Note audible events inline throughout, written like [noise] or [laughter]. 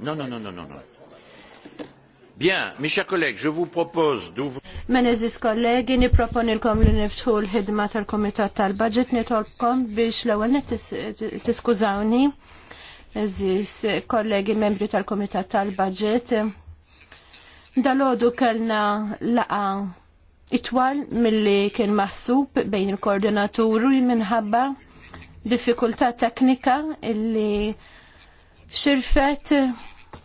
Non, non, non, non, non. non. Bien, mes chers collègues, je vous propose d'ouvrir. Menezis kollegi, ni niproponilkom li niftħu l-ħidma tal-Komitat tal-Budget, ni tolkom biex l-ewwel tiskużawni. Eżis, kollegi membri tal-Komitat tal-Budget. dal Dalodu kellna laqa itwal mill-li kien maħsub bejn il-koordinaturi minħabba diffikultà teknika illi xirfet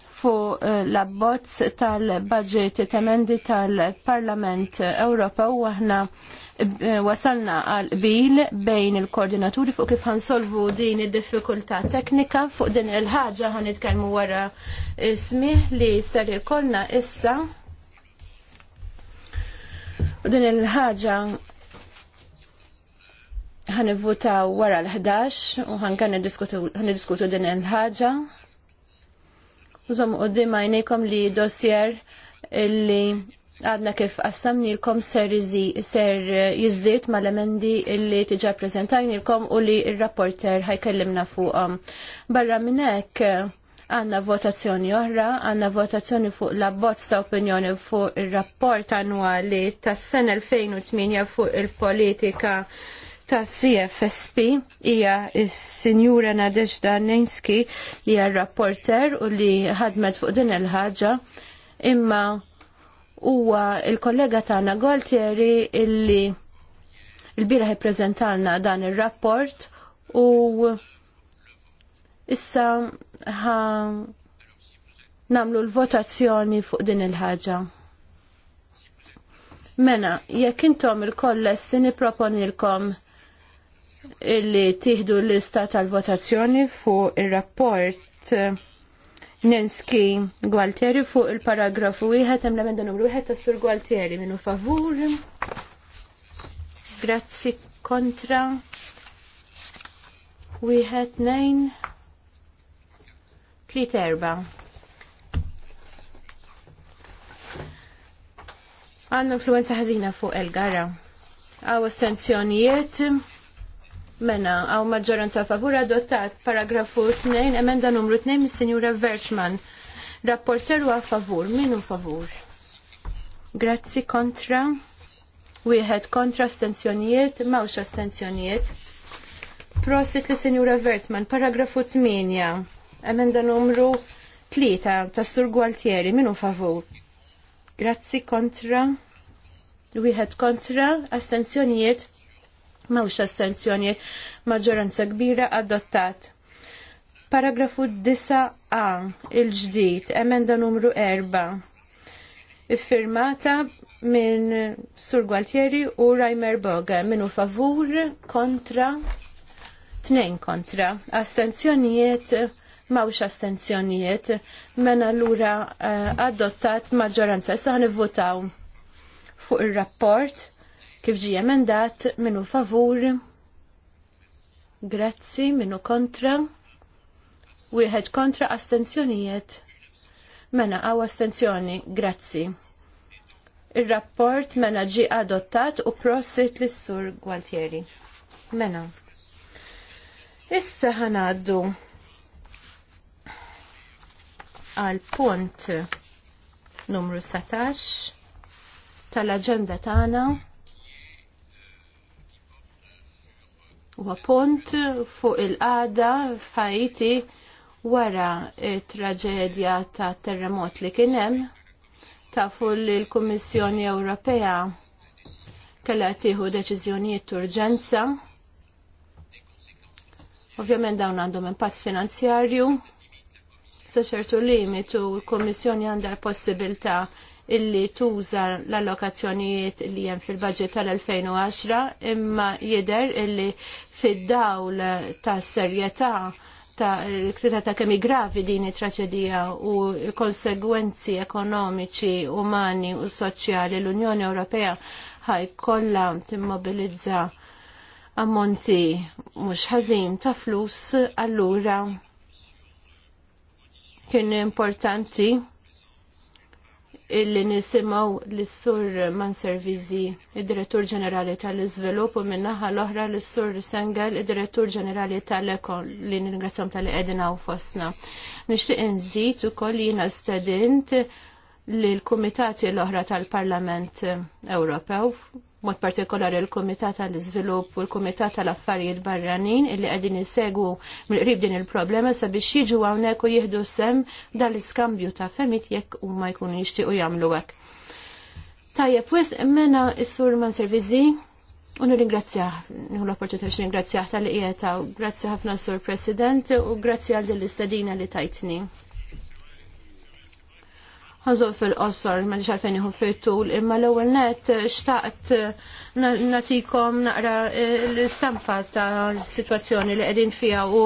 fu eh, l-abbozz tal-budget temendi tal-Parlament Ewropew u aħna eh, wasalna għal bil bejn il-koordinaturi fuq kif ħansolvu din id-diffikultà teknika fuq din il-ħaġa ħanitkellmu wara ismi li ser ikolna issa din il-ħaġa ħanivvutaw wara l-11 u ħankan diskutu din il-ħaġa. Użom u dimma jnejkom li dossier li għadna kif qassamnilkom ser ser jizdiet ma l-emendi li tiġa l-kom u li il-rapporter ħajkellimna fuqom. Barra minnek għanna votazzjoni oħra, għanna votazzjoni fuq la bozz ta' opinjoni fuq il-rapport annuali tas-sena 2008 fuq il-politika il politika ta' CFSP hija s-Sinjura Nadeġda Nenski hija rapporter u li ħadmet fuq din il-ħaġa imma huwa il-kollega tagħna Goltieri illi l-bira ippreżentalna dan ir-rapport u issa ħa namlu l-votazzjoni fuq din il-ħaġa. Mena, jekk intom il-kollessi proponilkom Illi tieħdu l-lista tal-votazzjoni fuq ir-rapport eh, Nenski Gualtieri fuq il-paragrafu wieħed hemm l-emenda numru wieħed tas-Sur Gualtieri minnu favur. Grazzi kontra. Wieħed nejn. Tliet erba'. Għandu influenza ħażina fuq il-gara. Għaw astenzjonijiet. Mena, għaw maġġoranza favur adottat paragrafu 2, emenda numru 2 mis sinjura Vertman. Rapporter huwa favur, minu favur? Grazzi kontra, wieħed kontra astenzjonijiet, mawx astenzjonijiet. Prosit li Senjura Vertman, paragrafu 8, emenda numru 3 ta' Sur Gualtieri, minu favur? Grazzi kontra, wieħed kontra, astenzjonijiet, mawx astenzjoni maġġoranza kbira adottat. Paragrafu 9a il-ġdid, emenda numru 4. Iffirmata minn Sur Gualtieri u Rajmer Boga minnu favur kontra tnejn kontra. Astenzjonijiet mawx astenzjonijiet mena l-ura uh, adottat maġġoranza. Issa votaw fuq il-rapport kif ġie emendat minnu favur, grazzi minnu kontra, wieħed kontra astenzjonijiet, mena għaw astenzjoni, grazzi. Il-rapport mena ġi adottat u prosit l-sur Gualtieri. Mena. Issa ħanaddu għal punt numru 17 tal-agenda tagħna huwa pont fuq il-qada fajti wara traġedja ta' terremot li kien hemm. fuq li l-Kummissjoni Ewropea kellha tieħu deċiżjonijiet urġenza. Ovvjament dawn għandhom impatt finanzjarju, sa ċertu limitu l-Kommissjoni għandha l-possibilità illi tuża l-allokazzjonijiet li hemm fil-budget tal-2010 imma jidher illi fid-dawl ta' serjetà ta' krita ta' kemi gravi din it-traċedija u konsegwenzi ekonomiċi, umani u soċjali l-Unjoni Ewropea ħaj kollha timmobilizza ammonti mhux ħażin ta' flus allura kien importanti illi nisimaw l-sur Manservizi, id-direttur ġenerali tal-izvilup, u minnaħa l-oħra l-sur Sengel, id-direttur ġenerali tal-ekon, li ningrazzjom tal-edina u fosna. Nixtieq u ukoll jina stedint l-kumitati l-oħra tal-Parlament Ewropew mod partikolari l-Komitat tal-Iżvilupp u l-Komitat tal-Affarijiet Barranin illi qegħdin insegwu mill-qrib din il-problema sabiex jiġu hawnhekk u jieħdu sem dal-iskambju ta' femit jekk huma jkunu jixtiequ jagħmlu hekk. Tajjeb, wis minna s sur man servizi u nirringrazzjah, nieħu l-opportunità biex nirringrazzjah tal u grazzi ħafna sur President u grazzi għal din l-istadina li tajtni ħazuq fil-qossor, ma nix għalfejn iħu fil-tul, imma l-ewel net eh, xtaqt eh, natikom naqra eh, l-istampa ta' situazzjoni li qegħdin fija u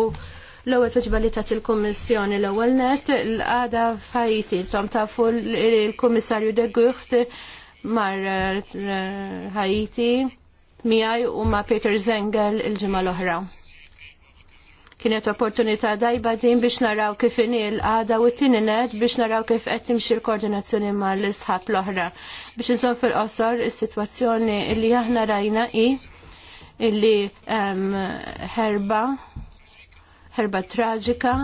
l-ewwel tweġbalitat il-Kummissjoni l-ewwel net l-għada fajti tom tafu l-Kummissarju de Gucht mar Haiti miegħi u ma' Peter Zengel il-ġimgħa l-oħra. Kienet opportunità dajba din biex naraw kif inil għada u t-tininet biex naraw kif qed xil l-koordinazzjoni mal l-isħab l-oħra. Biex nżomm fil-qosor is-sitwazzjoni li aħna rajna i illi herba herba traġika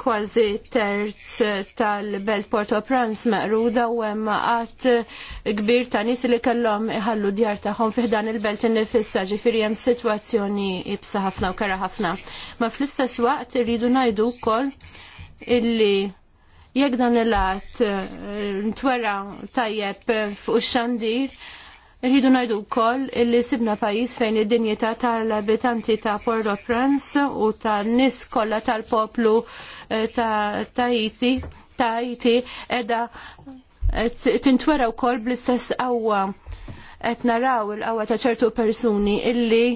kważi terz tal-Belt Port-au-Prince meqruda u hemm qatt kbir ta' nies li kellhom iħallu djar tagħhom fih dan il-belt innifissa ġifieri hemm sitwazzjoni ibsa ħafna u kera ħafna. Ma fl-istess waqt irridu ngħidu wkoll illi jekk dan il-għat eh, ntwera tajjeb fuq xandir, rridu najdu kol illi sibna pajis fejn id-dinjeta tal-abitanti ta' Port-au-Prince u ta' nis kolla tal-poplu Eh, ta' Tahiti Tahiti edha eh, tintwera wkoll bl-istess qawwa qed naraw il-qawwa ta' ċertu persuni illi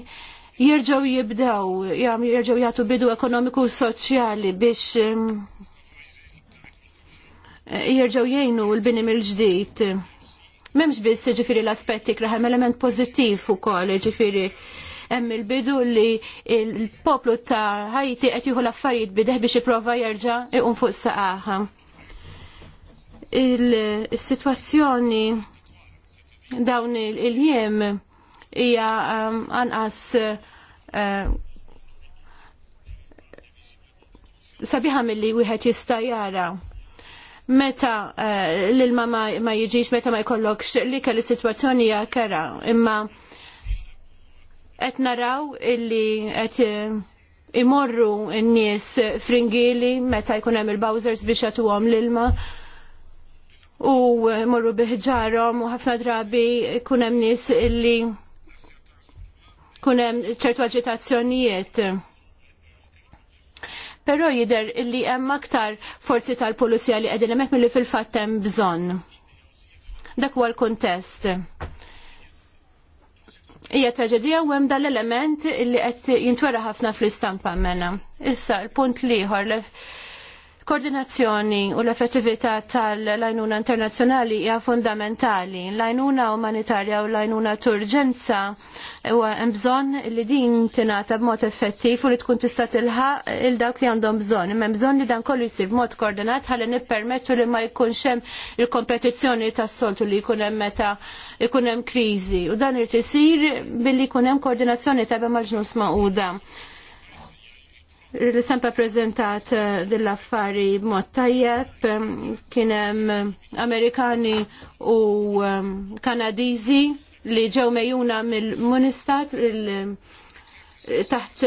jirġgħu jibdew, jirġaw jagħtu bidu ekonomiku u soċjali biex eh, jirġaw jgħinu l-bini mill-ġdid. Memx biss ġifiri l-aspetti kraħem element pozittiv u kol ġifiri hemm il-bidu li il-poplu ta' Ħajti qed jieħu l-affarijiet bideh biex jipprova jerġa' iqum fuq saqaħa. Il-sitwazzjoni dawn il-jiem hija um, anqas uh, sabiħa mill-li wieħed jista' jara meta uh, l-ilma ma, ma jiġix, meta ma jkollokx li kelli situazzjoni hija kera, imma qed naraw illi qed eh, imorru n-nies fringili meta jkun hemm il-bowsers biex jagħtuhom l-ilma u morru biħġarhom u ħafna drabi jkun hemm nies illi kun hemm ċertu aġitazzjonijiet. Però jidher illi hemm aktar forzi tal-pulizija li qegħdin hemmhekk milli fil-fatt hemm bżonn. Dak huwa l-kuntest hija traġedija u hemm dal-element li qed jintwera ħafna fl-istampa mena. Issa l-punt liħor koordinazzjoni u l-effettività tal-lajnuna internazzjonali hija fundamentali. Lajnuna umanitarja u lajnuna turġenza u hemm bżonn li din tingħata b'mod effettiv u li tkun tista' tilħaq il dawk li għandhom bżonn. Imma bżonn li dan kollu jsir b'mod koordinat ħalli nippermettu li ma jkunx hemm il-kompetizzjoni tas-soltu li jkun hemm meta ikun hemm kriżi u dan irid isir billi jkun hemm koordinazzjoni tajba mal-ġnus maquda. L-istampa prezentat dell-affari eh, mod tajjeb eh, kien hemm eh, Amerikani u Kanadiżi li ġew mejjuna mill-Munistat taħt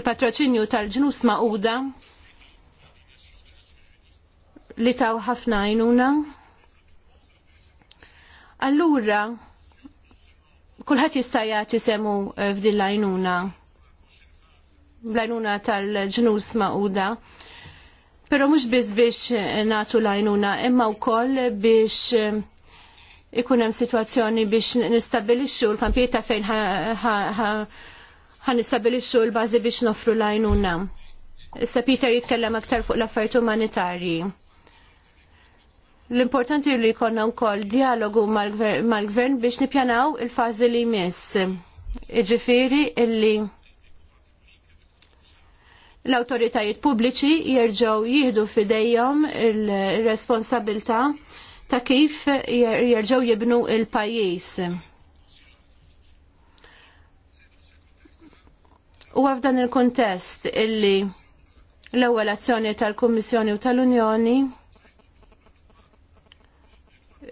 il-patroċinju tal-ġnus maquda li taw ħafna għajnuna Allura, kulħadd jista' jagħti semu eh, f'din l lajnuna l-għajnuna tal-ġnus maquda. Pero mux biz biex eh, natu lajnuna, imma u koll biex eh, ikunem situazzjoni biex nistabilixxu l-kampijiet ta' fejn ħan nistabilixxu l-bazi biex nofru lajnuna. Issa Peter jitkellem aktar fuq l-affarijiet umanitarji. L-importanti li jkollna wkoll dialogu mal-gvern biex nippjanaw il-fażi li jmiss. Iġifieri illi l-autoritajiet pubbliċi jerġgħu jieħdu fidejhom il-responsabilità ta' kif jerġgħu jibnu il-pajjiż. U f'dan il-kontest illi l-ewwel azzjoni tal-Kummissjoni u tal-Unjoni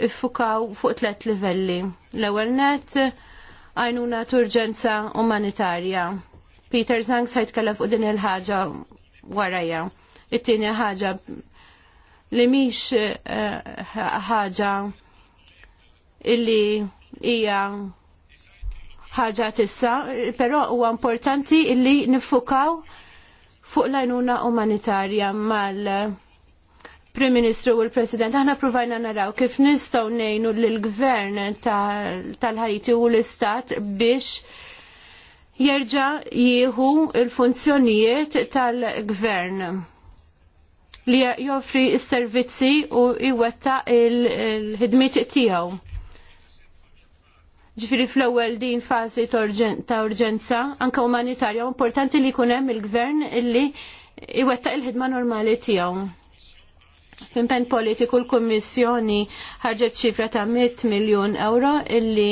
iffukaw fuq tlet livelli. L-ewwel net għajnuna turġenza umanitarja. Peter Zang se jitkellem fuq din il-ħaġa warajja. It-tieni ħaġa li mhix eh, ħaġa illi hija ħaġa tissa, però huwa importanti illi nifukaw fuq l-għajnuna umanitarja mal- Prim Ministru u l-President, aħna provajna naraw kif nistgħu ngħinu lill-Gvern tal-Ħajti u l-Istat biex jerġa' jieħu l-funzjonijiet tal-Gvern li joffri s-servizzi u jwetta il-ħidmiet tiegħu. Ġifiri fl-ewwel din fażi ta' urġenza, anke umanitarja, importanti li jkun hemm il-gvern illi iwettaq il-ħidma normali tiegħu. Fimpen politiku l-Kummissjoni ħarġet ċifra ta' 100 miljon euro illi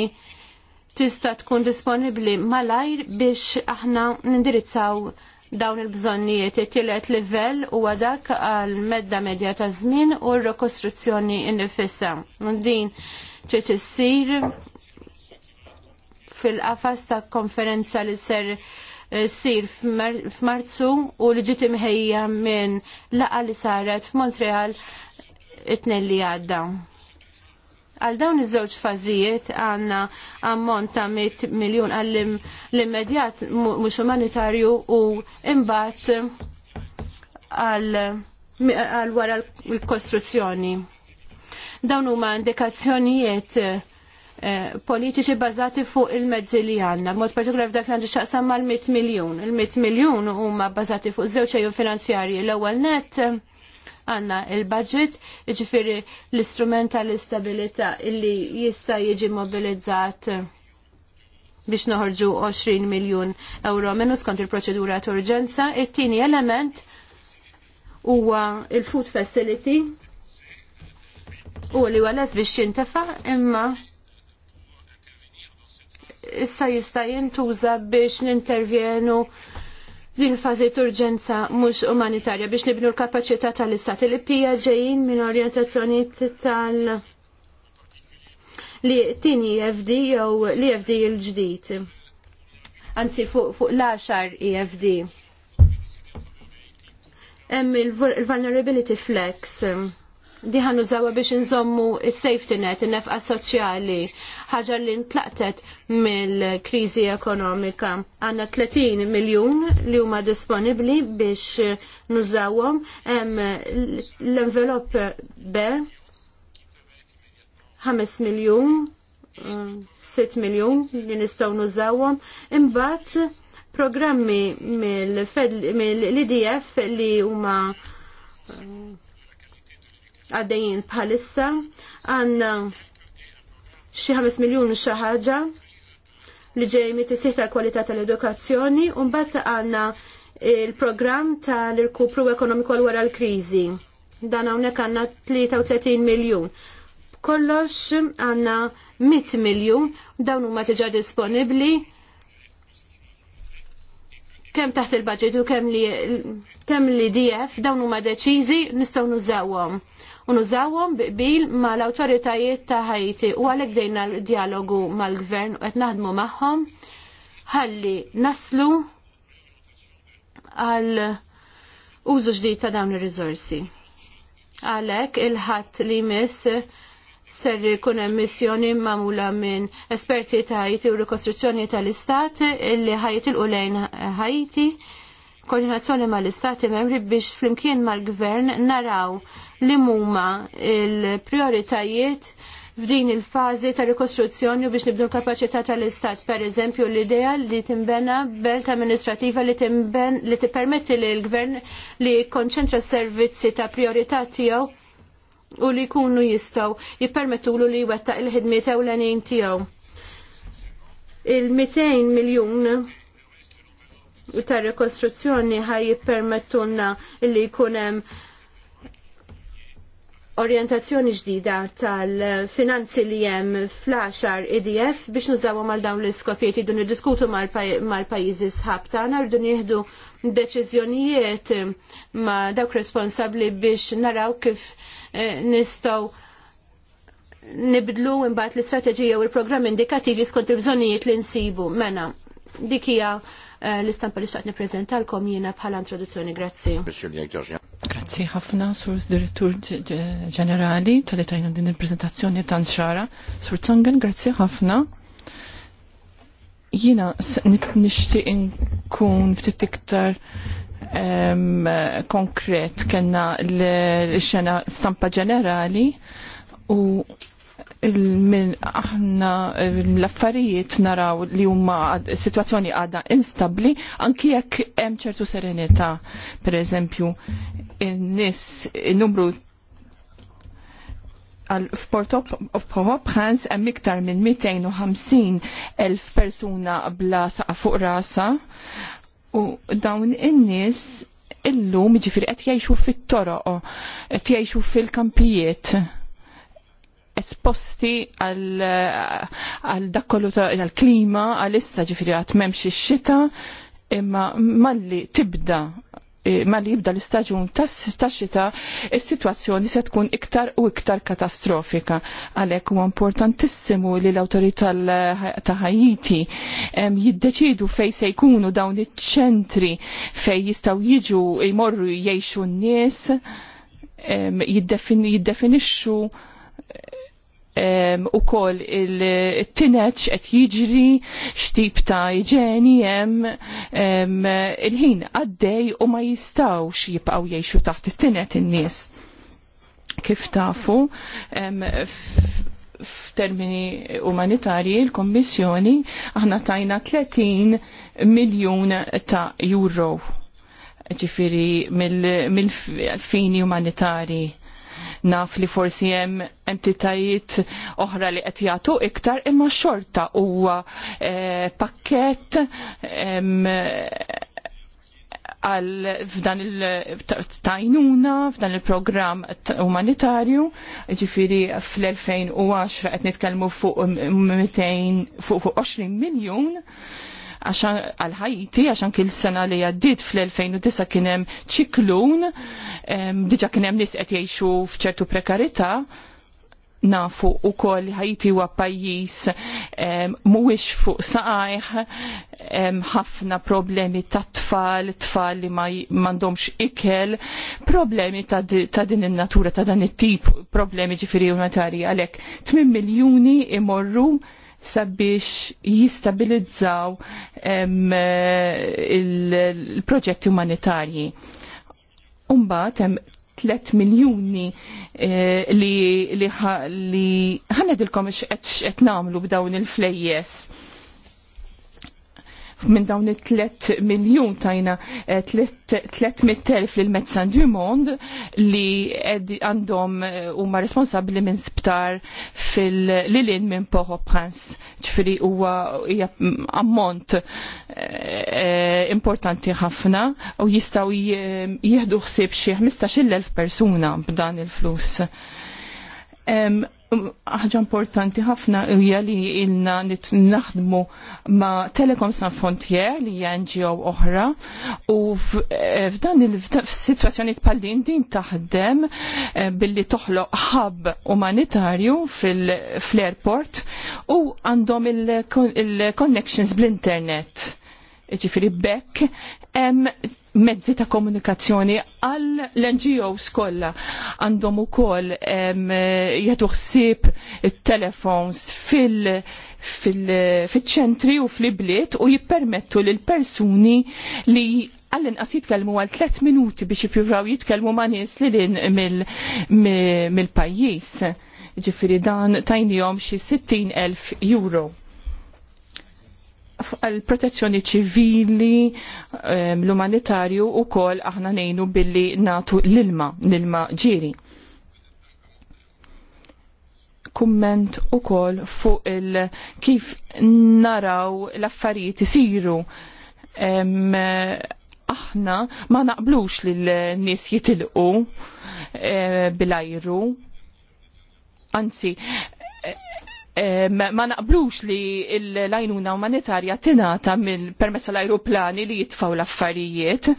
tista' tkun disponibbli malajr biex aħna nindirizzaw dawn il-bżonnijiet it-tielet livell huwa dak għal medda medja ta' żmien u r-rekostruzzjoni innifissa. Din trid issir fil-qafas ta' konferenza li ser Eh, sir f'Marzu u li ġiet imħejja minn laqa li saret f'Montreal it-tnejn li għadda. Għal dawn iż-żewġ fażijiet għandna ammont ta' 100 miljun għall l-immedjat mhux umanitarju u imbagħad għal wara l-kostruzzjoni. Dawn huma indikazzjonijiet Eh, politiċi bazati fuq il-mezzi li għanna. Mod partikolar f'dak għandu xaqsam mal 100 miljon. Il-100 miljon huma bazati fuq żewġ finanzjarji. L-ewwel net għanna il-budget, ġifiri l-istrument tal-istabilita illi jista jiġi mobilizzat biex noħorġu 20 miljon euro minnu skont il-proċedura ta' urġenza. It-tieni element huwa il-food facility u li għalas biex jintefa imma issa jista' jintuża biex nintervjenu din fażi urġenza mhux umanitarja biex nibnu l-kapaċità tal-istat. Il-pija ġejjin minn orientazzjoni tal- li tini EFD jew li EFD il-ġdid. Anzi fuq fuq l għaxar EFD. Hemm il-vulnerability flex diħan użawa biex nżommu il-safety net, il-nefqa soċjali, ħaġa li ntlaqtet mill-krizi ekonomika. Għanna 30 miljon li huma disponibli biex nużawhom l-envelop B 5 miljon, 6 mm, miljon li nistaw nużawhom. Imbagħad programmi mill-IDF li huma mm, għaddejjin bħalissa għanna xi 5 miljun xi ħaġa li ġej mitisih tal-kwalità tal-edukazzjoni u mbagħad għandna il-programm tal-irkupru ekonomiku għal wara l-kriżi. Dan hawnhekk għandna 33 miljun. Kollox għandna 100 miljun dawn huma diġà disponibbli kemm taħt il-budget u kemm li kemm li DF dawn huma deċiżi nistgħu nużawhom unużawom nużawhom ma mal-awtoritajiet ta' Ħajti u għalek dejna l-dialogu mal-gvern u qed naħdmu magħhom ħalli naslu għal użu ġdid ta' dawn ir rizorsi Għalhekk il-ħadd li jmiss ser ikun missjoni magħmula minn esperti ta' Ħajti u rikostruzzjoni tal-Istat illi ħajti l-ulejn Ħajti koordinazzjoni mal-istati membri biex flimkien mal-gvern naraw li huma il-prioritajiet f'din il-fazi ta' rikostruzzjoni biex nibdu kapacità tal-istat, per eżempju l-idea li timbena belt amministrativa li timben li tippermetti li l-gvern li konċentra servizzi ta' priorità tiegħu u li jkunu jistgħu jippermettulu li wettaq il-ħidmiet ewlenin tiegħu. Il-200 miljun ta' rekonstruzzjoni ħaj jippermettulna illi jkunem orientazzjoni ġdida tal-finanzi li jem fl-10 EDF biex nuzdawu mal dawn l-iskopiet jidun diskutu mal-pajizi sħab tagħna rridu nieħdu deċiżjonijiet ma dawk responsabbli biex naraw kif eh, nistgħu nibdlu imbagħad l-istrateġija u l-programm indikattivi skont il-bżonnijiet li nsibu mena. Dik hija Eh, l-istampa li xaqt niprezentalkom jiena bħala introduzzjoni. Grazzi. Grazzi ħafna, Sur Direttur Ġenerali, tal din il-prezentazzjoni tan xara. Sur Zangen, grazzi ħafna. Jiena nixtieq nkun ftit iktar konkret kena l-xena stampa ġenerali u aħna l-affarijiet naraw li huma situazzjoni għadha instabli anki jekk hemm ċertu serenità. Pereżempju, in-nies in-numru f'Port-au-Prince hemm iktar minn 250 elf persuna bla saqa fuq rasa u dawn in-nies illum jiġifieri qed jgħixu fit-toroq, qed jgħixu fil-kampijiet esposti għal dakollu għal klima għal issa ġifiri għat memx xita imma malli tibda e, malli jibda l-istaġun ta' xita il-situazzjoni se tkun iktar u iktar katastrofika għalek u importantissimu li l awtorità ta' Haiti jiddeċidu fej se jkunu dawn iċ-ċentri fej jistaw jiġu jmorru jiexu n-nies jiddefinixxu u kol il-tineċ et jiġri xtib ta' iġeni jem il-ħin għaddej u ma jistawx jibqaw jiexu taħt it tineċ in-nies. Kif tafu, f'termini umanitarji il-Kommissjoni aħna tajna 30 miljun ta' euro ġifiri mill-fini mil umanitarji Naf li forsi hemm entitajiet oħra li qed jagħtu iktar imma xorta huwa pakkett għal f'dan il-tajnuna, f'dan il-program umanitarju, ġifiri fl-2010 qed nitkellmu fuq 200, fuq 20 miljon, għal Ħajti għax anki l-sena li għaddiet fl-2009 kien hemm ċiklun, diġa' kien hemm nies qed jgħixu f'ċertu prekarità, nafu u koll ħajti huwa pajjiż mhuwiex fuq saqajh ħafna problemi ta' tfal, tfal li m'għandhomx ikel, problemi ta' din in-natura ta' dan it-tip, problemi ġifieri umanitarji għalhekk 8 miljuni imorru sabiex jistabilizzaw il-proġetti umanitarji. Umbat hemm 3 miljuni li ħanedilkom x'qed nagħmlu b'dawn il-flejjes minn dawn it-3 miljun tajna 300.000 eh, l-Medsan du Monde li għandhom eh, huma responsabbli minn sptar fil-lilin minn Port-au-Prince. Ġifieri huwa ammont eh, importanti ħafna u jistgħu jieħdu ħsieb xi 15,000 persuna b'dan il-flus. Um, ħaġa importanti ħafna hija li ilna naħdmu ma' Telekom San Frontier li hija NGO oħra u eh, f'dan il-sitwazzjoni bħal din din taħdem eh, billi toħloq ħab umanitarju fil-airport u għandhom il-connections bl-internet ġifiri bekk, hemm mezzi ta' komunikazzjoni għal l-NGOs kollha għandhom ukoll jagħtu ħsieb it-telefons fil-ċentri u fil-bliet u jippermettu l persuni li għall-inqas jitkellmu għal tliet minuti biex jippjuvaw jitkellmu ma' nies li lin mill-pajjiż. Ġifiri dan tajnijom xi 60,000 euro għal-protezzjoni ċivili, ehm, l-umanitarju u kol aħna nejnu billi natu l-ilma, l-ilma ġiri. Kumment u kol fuq il- kif naraw l-affarijiet isiru. Ehm, aħna ma naqblux li l-nis jitilqu eh, bil-ajru. Anzi, Eh, ma naqblux li l-lajnuna umanitarja tinata mill permezz l-ajruplani li jitfaw l-affarijiet.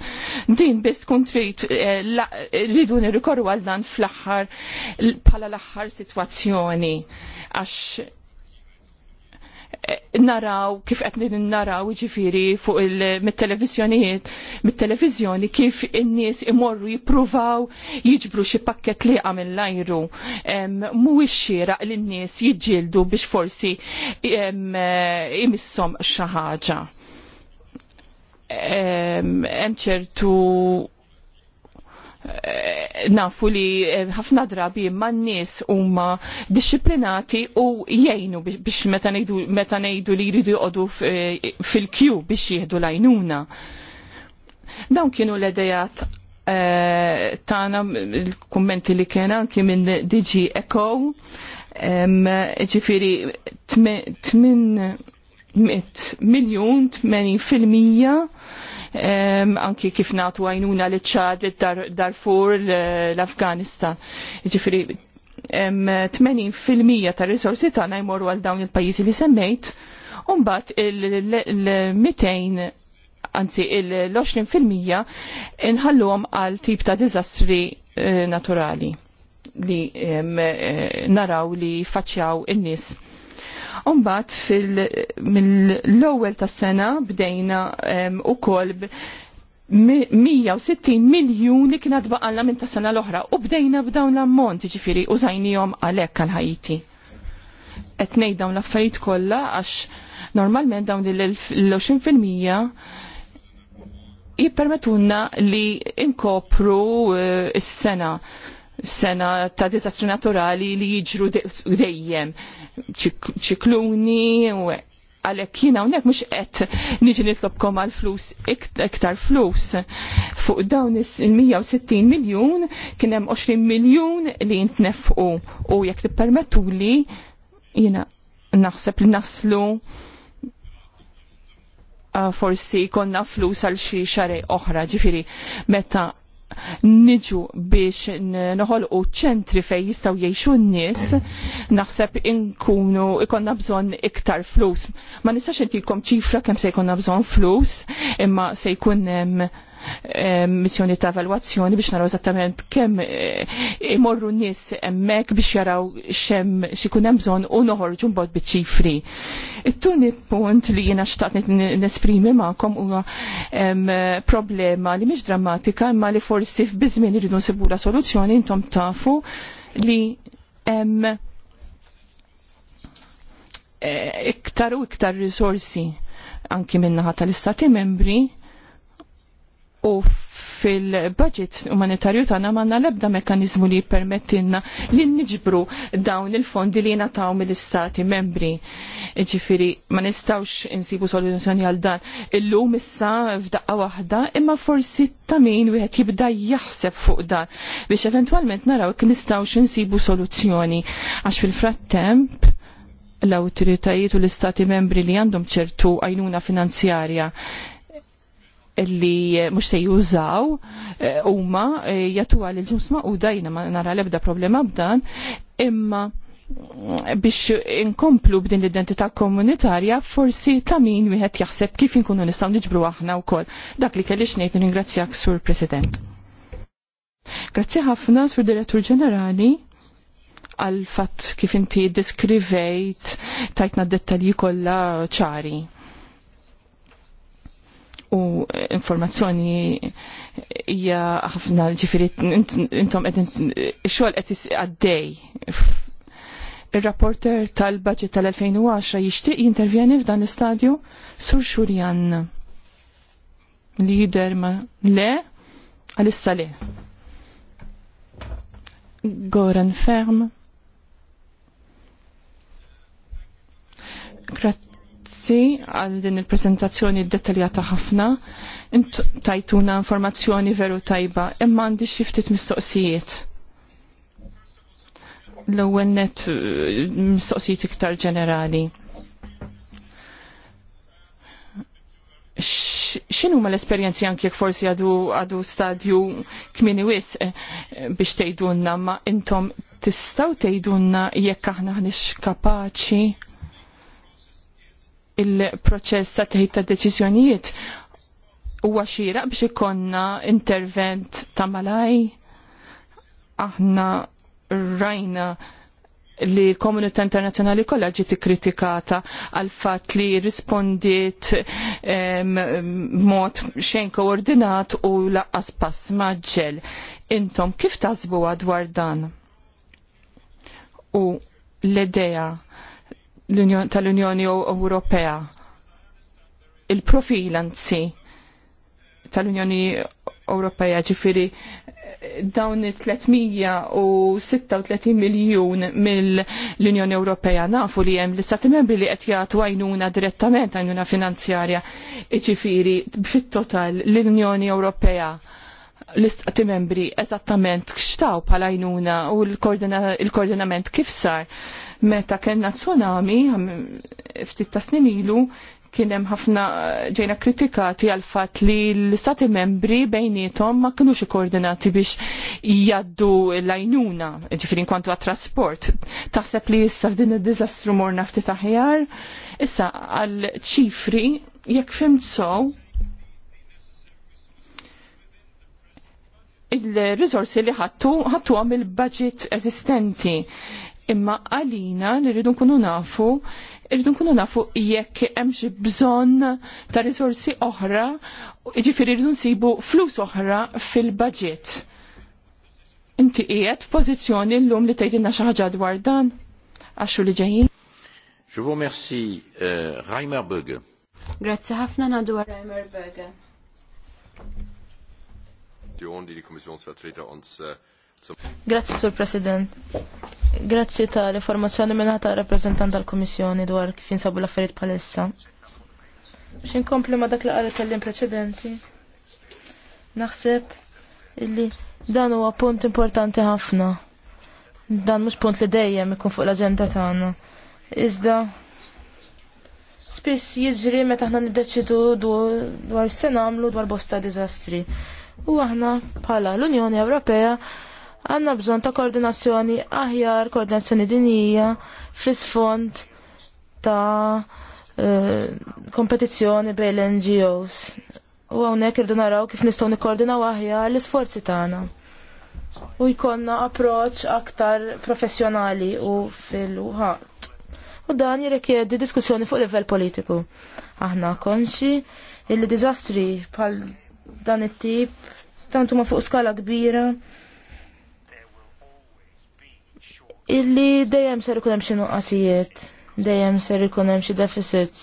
Din biss tkun trid eh, rridu nirrikorru għal dan fl-aħħar bħala l-aħħar sitwazzjoni għax Eh, naraw kif qed naraw ġifiri fuq il-televizjonijiet, mit-televizjoni kif in-nies imorru jippruvaw jiġbru xi pakket li għamil lajru. Mhuwiex xieraq li n-nies jiġġieldu biex forsi eh, imissom xi ħaġa. Hemm ċertu Eh, nafu li eh, ħafna drabi ma n-nies huma disciplinati u jgħinu biex meta ngħidu li jridu jqogħdu eh, fil-kju biex jieħdu lajnuna. Dawn kienu l edajat tagħna il-kummenti li kien anki minn DG Echo, ġifiri 8 miljon 80 fil-mija anki kif nagħtu għajnuna li ċad darfur l-Afganistan. Ġifiri, 80% ta' risorsi tagħna jmorru għal dawn il-pajjiżi li semmejt, u il-200 anzi il-20% inħalluhom għal tip ta' diżastri eh, naturali li eh, naraw li faċċjaw in-nies Umbat mill lowel tas-sena bdejna ukoll 160 miljun li kienet baqalna minn tas-sena l-oħra u bdejna b'dawn l-ammont, ġifieri użajnihom għalhekk għal Ħajti. Qed ngħid dawn l-affarijiet kollha għax normalment dawn l-20 jippermetunna li inkopru eh, s-sena. Uh, sena ta' dizastri naturali li jiġru dejjem ċikluni u għalek jina unnek mux qed niġi nitlobkom għal flus iktar flus fuq dawn il-160 miljon kien hemm 20 miljon li jintnefqu u jekk tippermettu li jina naħseb li naslu forsi konna flus għal xi xarej oħra ġifiri meta niġu biex noħolqu ċentri fej jistaw jiexu n-nies, naħseb inkunu ikonna bżon iktar flus. Ma nistax intikom ċifra kemm se jkollna bżon flus, imma se jkun missjoni ta' evalwazzjoni biex naraw eżattament kemm eh, imorru n-nies hemmhekk biex jaraw xemm xikun hemm bżonn u noħorġu mbagħad biċ-ċifri. It-tuni punt li jiena xtaqt nesprimi magħkom huwa problema li mhix drammatika imma li forsi f'biżmien iridu la soluzzjoni intom tafu li hemm eh, iktar u iktar risorsi anki minnaħa tal-istati membri u fil-budget umanitarju tagħna għandna l-ebda mekkaniżmu li jippermettilna li niġbru dawn il-fondi li jingħataw mill-istati membri. Ġifieri ma nistgħux insibu soluzzjoni għal dan illum issa f'daqqa waħda, imma forsi ta' min wieħed jibda jaħseb fuq dan biex eventwalment naraw kif nistgħux insibu soluzzjoni għax fil-frattemp l-autoritajiet u l-istati membri li għandhom ċertu għajnuna finanzjarja li eh, mux se jużaw eh, huma eh, jatu għal il-ġus maquda jina ma nara lebda problema b'dan imma biex inkomplu b'din l-identità komunitarja forsi ta' min wieħed jaħseb kif inkunu nistgħu niġbru aħna wkoll. Dak li kellix ngħid ningrazzjak sur President. Grazzi ħafna sur Direttur Ġenerali għal fatt kif inti deskrivejt tajtna d-dettalji kollha ċari u informazzjoni hija ħafna ġifiri intom qed xogħol qed għaddej. Ir-rapporter tal-budget tal-2010 jixtieq jintervjeni f'dan l-istadju sur xurjan lider ma le għal le. Goran ferm. grazzi għal din il-prezentazzjoni dettaljata ħafna. tajtuna informazzjoni veru tajba, imma għandi xi ftit mistoqsijiet. L-ewwel net eh, mistoqsijiet iktar ġenerali. xinu ma l-esperienzi anki jek forsi għadu, għadu stadju kmini wis eh, eh, biex tejdunna ma intom tistaw tejdunna jekk aħna ħnix kapaċi il-proċess ta' teħid ta' deċiżjonijiet huwa għaxira biex ikonna intervent ta' malaj aħna rajna li l-komunità internazjonali kollha ġiet ikkritikata għal fatt li rispondiet mod xejn koordinat u laqqas pass maġġel. Intom kif tasbu dwar dan? U l-idea tal-Unjoni Ewropea. Il-profil anzi tal-Unjoni Ewropea ġifiri dawn 336 miljun mill-Unjoni Ewropea nafu li hemm l-istati membri li qed jagħtu għajnuna direttament għajnuna finanzjarja ġifiri fit-total l-Unjoni Ewropea l-istati membri eżattament kxtaw palajnuna u l-koordinament kif sar meta kena tsunami ftit ta' snin ilu kien hemm ħafna eh, ġejna kritikati għal fatt li l-istati membri bejnietom ma kinux ikkoordinati biex jaddu l ajnuna ġifieri kwantu għat-trasport. Taħseb li issa f'din id-diżastru morna ftit aħjar, issa għal ċifri jekk fimt sow il-rizorsi li ħattu ħattu għam il-budget eżistenti. Imma għalina li rridu nkunu nafu, rridu nkunu nafu jekk hemm xi bżonn ta' rizorsi oħra, jiġifieri rridu nsibu flus oħra fil-budget. Inti qiegħed f'pożizzjoni llum li tgħidilna xi ħaġa dwar dan għaxu li ġejjin. Je vous remercie, uh, Reimer Böge. Grazie ħafna nadu Reimer Böge. Äh, Grazzi, Sur President. Grazzi tal-informazzjoni minna ta' rappresentant tal-Komissjoni dwar kif jinsabu l-affarijiet palessa. Biex inkompli ma dak li qalet tal-lim preċedenti, naħseb illi dan huwa punt importanti ħafna. Dan mhux punt li dejjem ikun fuq l-aġenda tagħna. Iżda spiss jiġri meta aħna niddeċidu dwar se nagħmlu dwar bosta diżastri u aħna bħala l-Unjoni Ewropea għanna bżon ta' koordinazzjoni aħjar, koordinazzjoni dinija, fl-isfond ta' eh, kompetizzjoni bejn l-NGOs. U għawnek irdu naraw kif nistaw nikkoordinaw aħjar l-isforzi tagħna. U jkonna approċ aktar professjonali u fil-ħat. U dan jirrikjedi diskussjoni fuq livell politiku. Aħna konxi illi dizastri pal dan it-tip, tantu ma fuq skala kbira. Illi dejjem ser ikun hemm xi nuqqasijiet, dejjem ser ikun hemm xi deficits.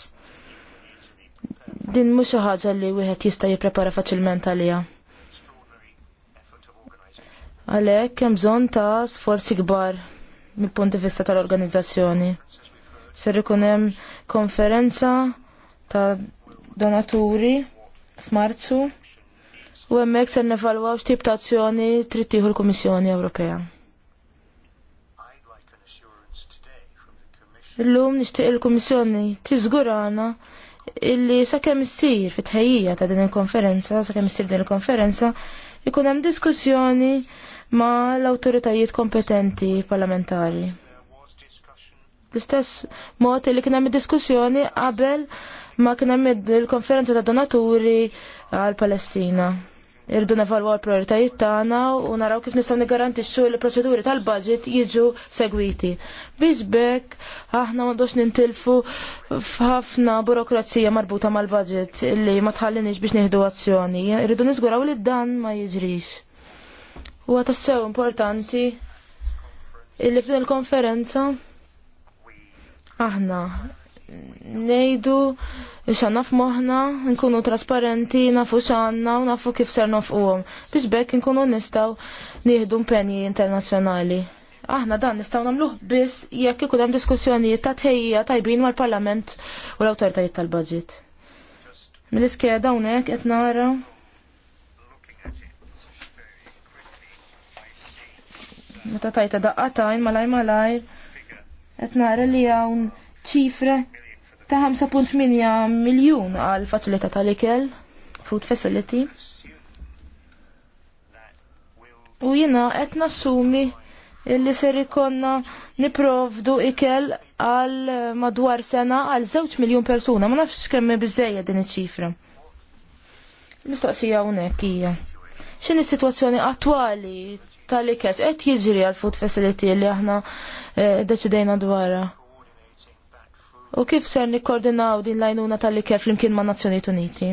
Din mhux xi ħaġa li wieħed jista' jipprepara faċilment għaliha. Għalhekk hemm bżonn ta' sforzi kbar mill-punt di vista tal-organizzazzjoni. Ser ikun hemm konferenza ta' donaturi f'Marzu U hemmhekk se nevalwaw x'tip ta' azzjoni trid tieħu l-Kummissjoni Ewropea. Illum nixtieq il-Kummissjoni tiżgurana illi sakemm issir fit ta' din il-konferenza, sakemm issir din il-konferenza, ikun hemm diskussjoni ma' l-awtoritajiet kompetenti parlamentari. L-istess mod li kien hemm diskussjoni qabel ma kien hemm il-konferenza ta' donaturi għal Palestina irdu nevalwaw l-prioritajiet tagħna u naraw kif nistgħu nigarantixxu li proċeduri tal-budget jiġu segwiti. Biex bekk aħna m'għandux nintilfu f'ħafna burokrazija marbuta mal-budget li ma tħallinix biex nieħdu azzjoni. Irridu niżguraw li dan ma jiġrix. Huwa tassew importanti illi f'din il-konferenza aħna nejdu naf f'moħna, nkunu trasparenti, nafu xanna u nafu kif ser nofquhom. Biex bekk nkunu nistaw nieħdu mpenji internazzjonali. Aħna dan nistaw nagħmluh biss jekk ikun hemm diskussjonijiet ta' tħejjija tajbin mal-Parlament u l-awtoritajiet tal budget Mill-iskeda hawnhekk qed nara Meta tajta daqqatajn malaj malaj qed nara li hawn ċifre ta' 5.8 miljun għal faċilità tal-ikel, food facility. U jina qed nassumi illi ser ikonna niprovdu ikel għal madwar sena għal 2 miljun persuna, ma nafx kemm biżejja din iċ-ċifra. Mistoqsija hawnhekk hija. X'inhi s-sitwazzjoni attwali tal-ikel qed jiġri għal food facility li aħna eh, deċidejna dwarha? U kif ser nikkoordinaw din l-għajnuna tal-ikel flimkien ma' Nazzjonijiet Uniti?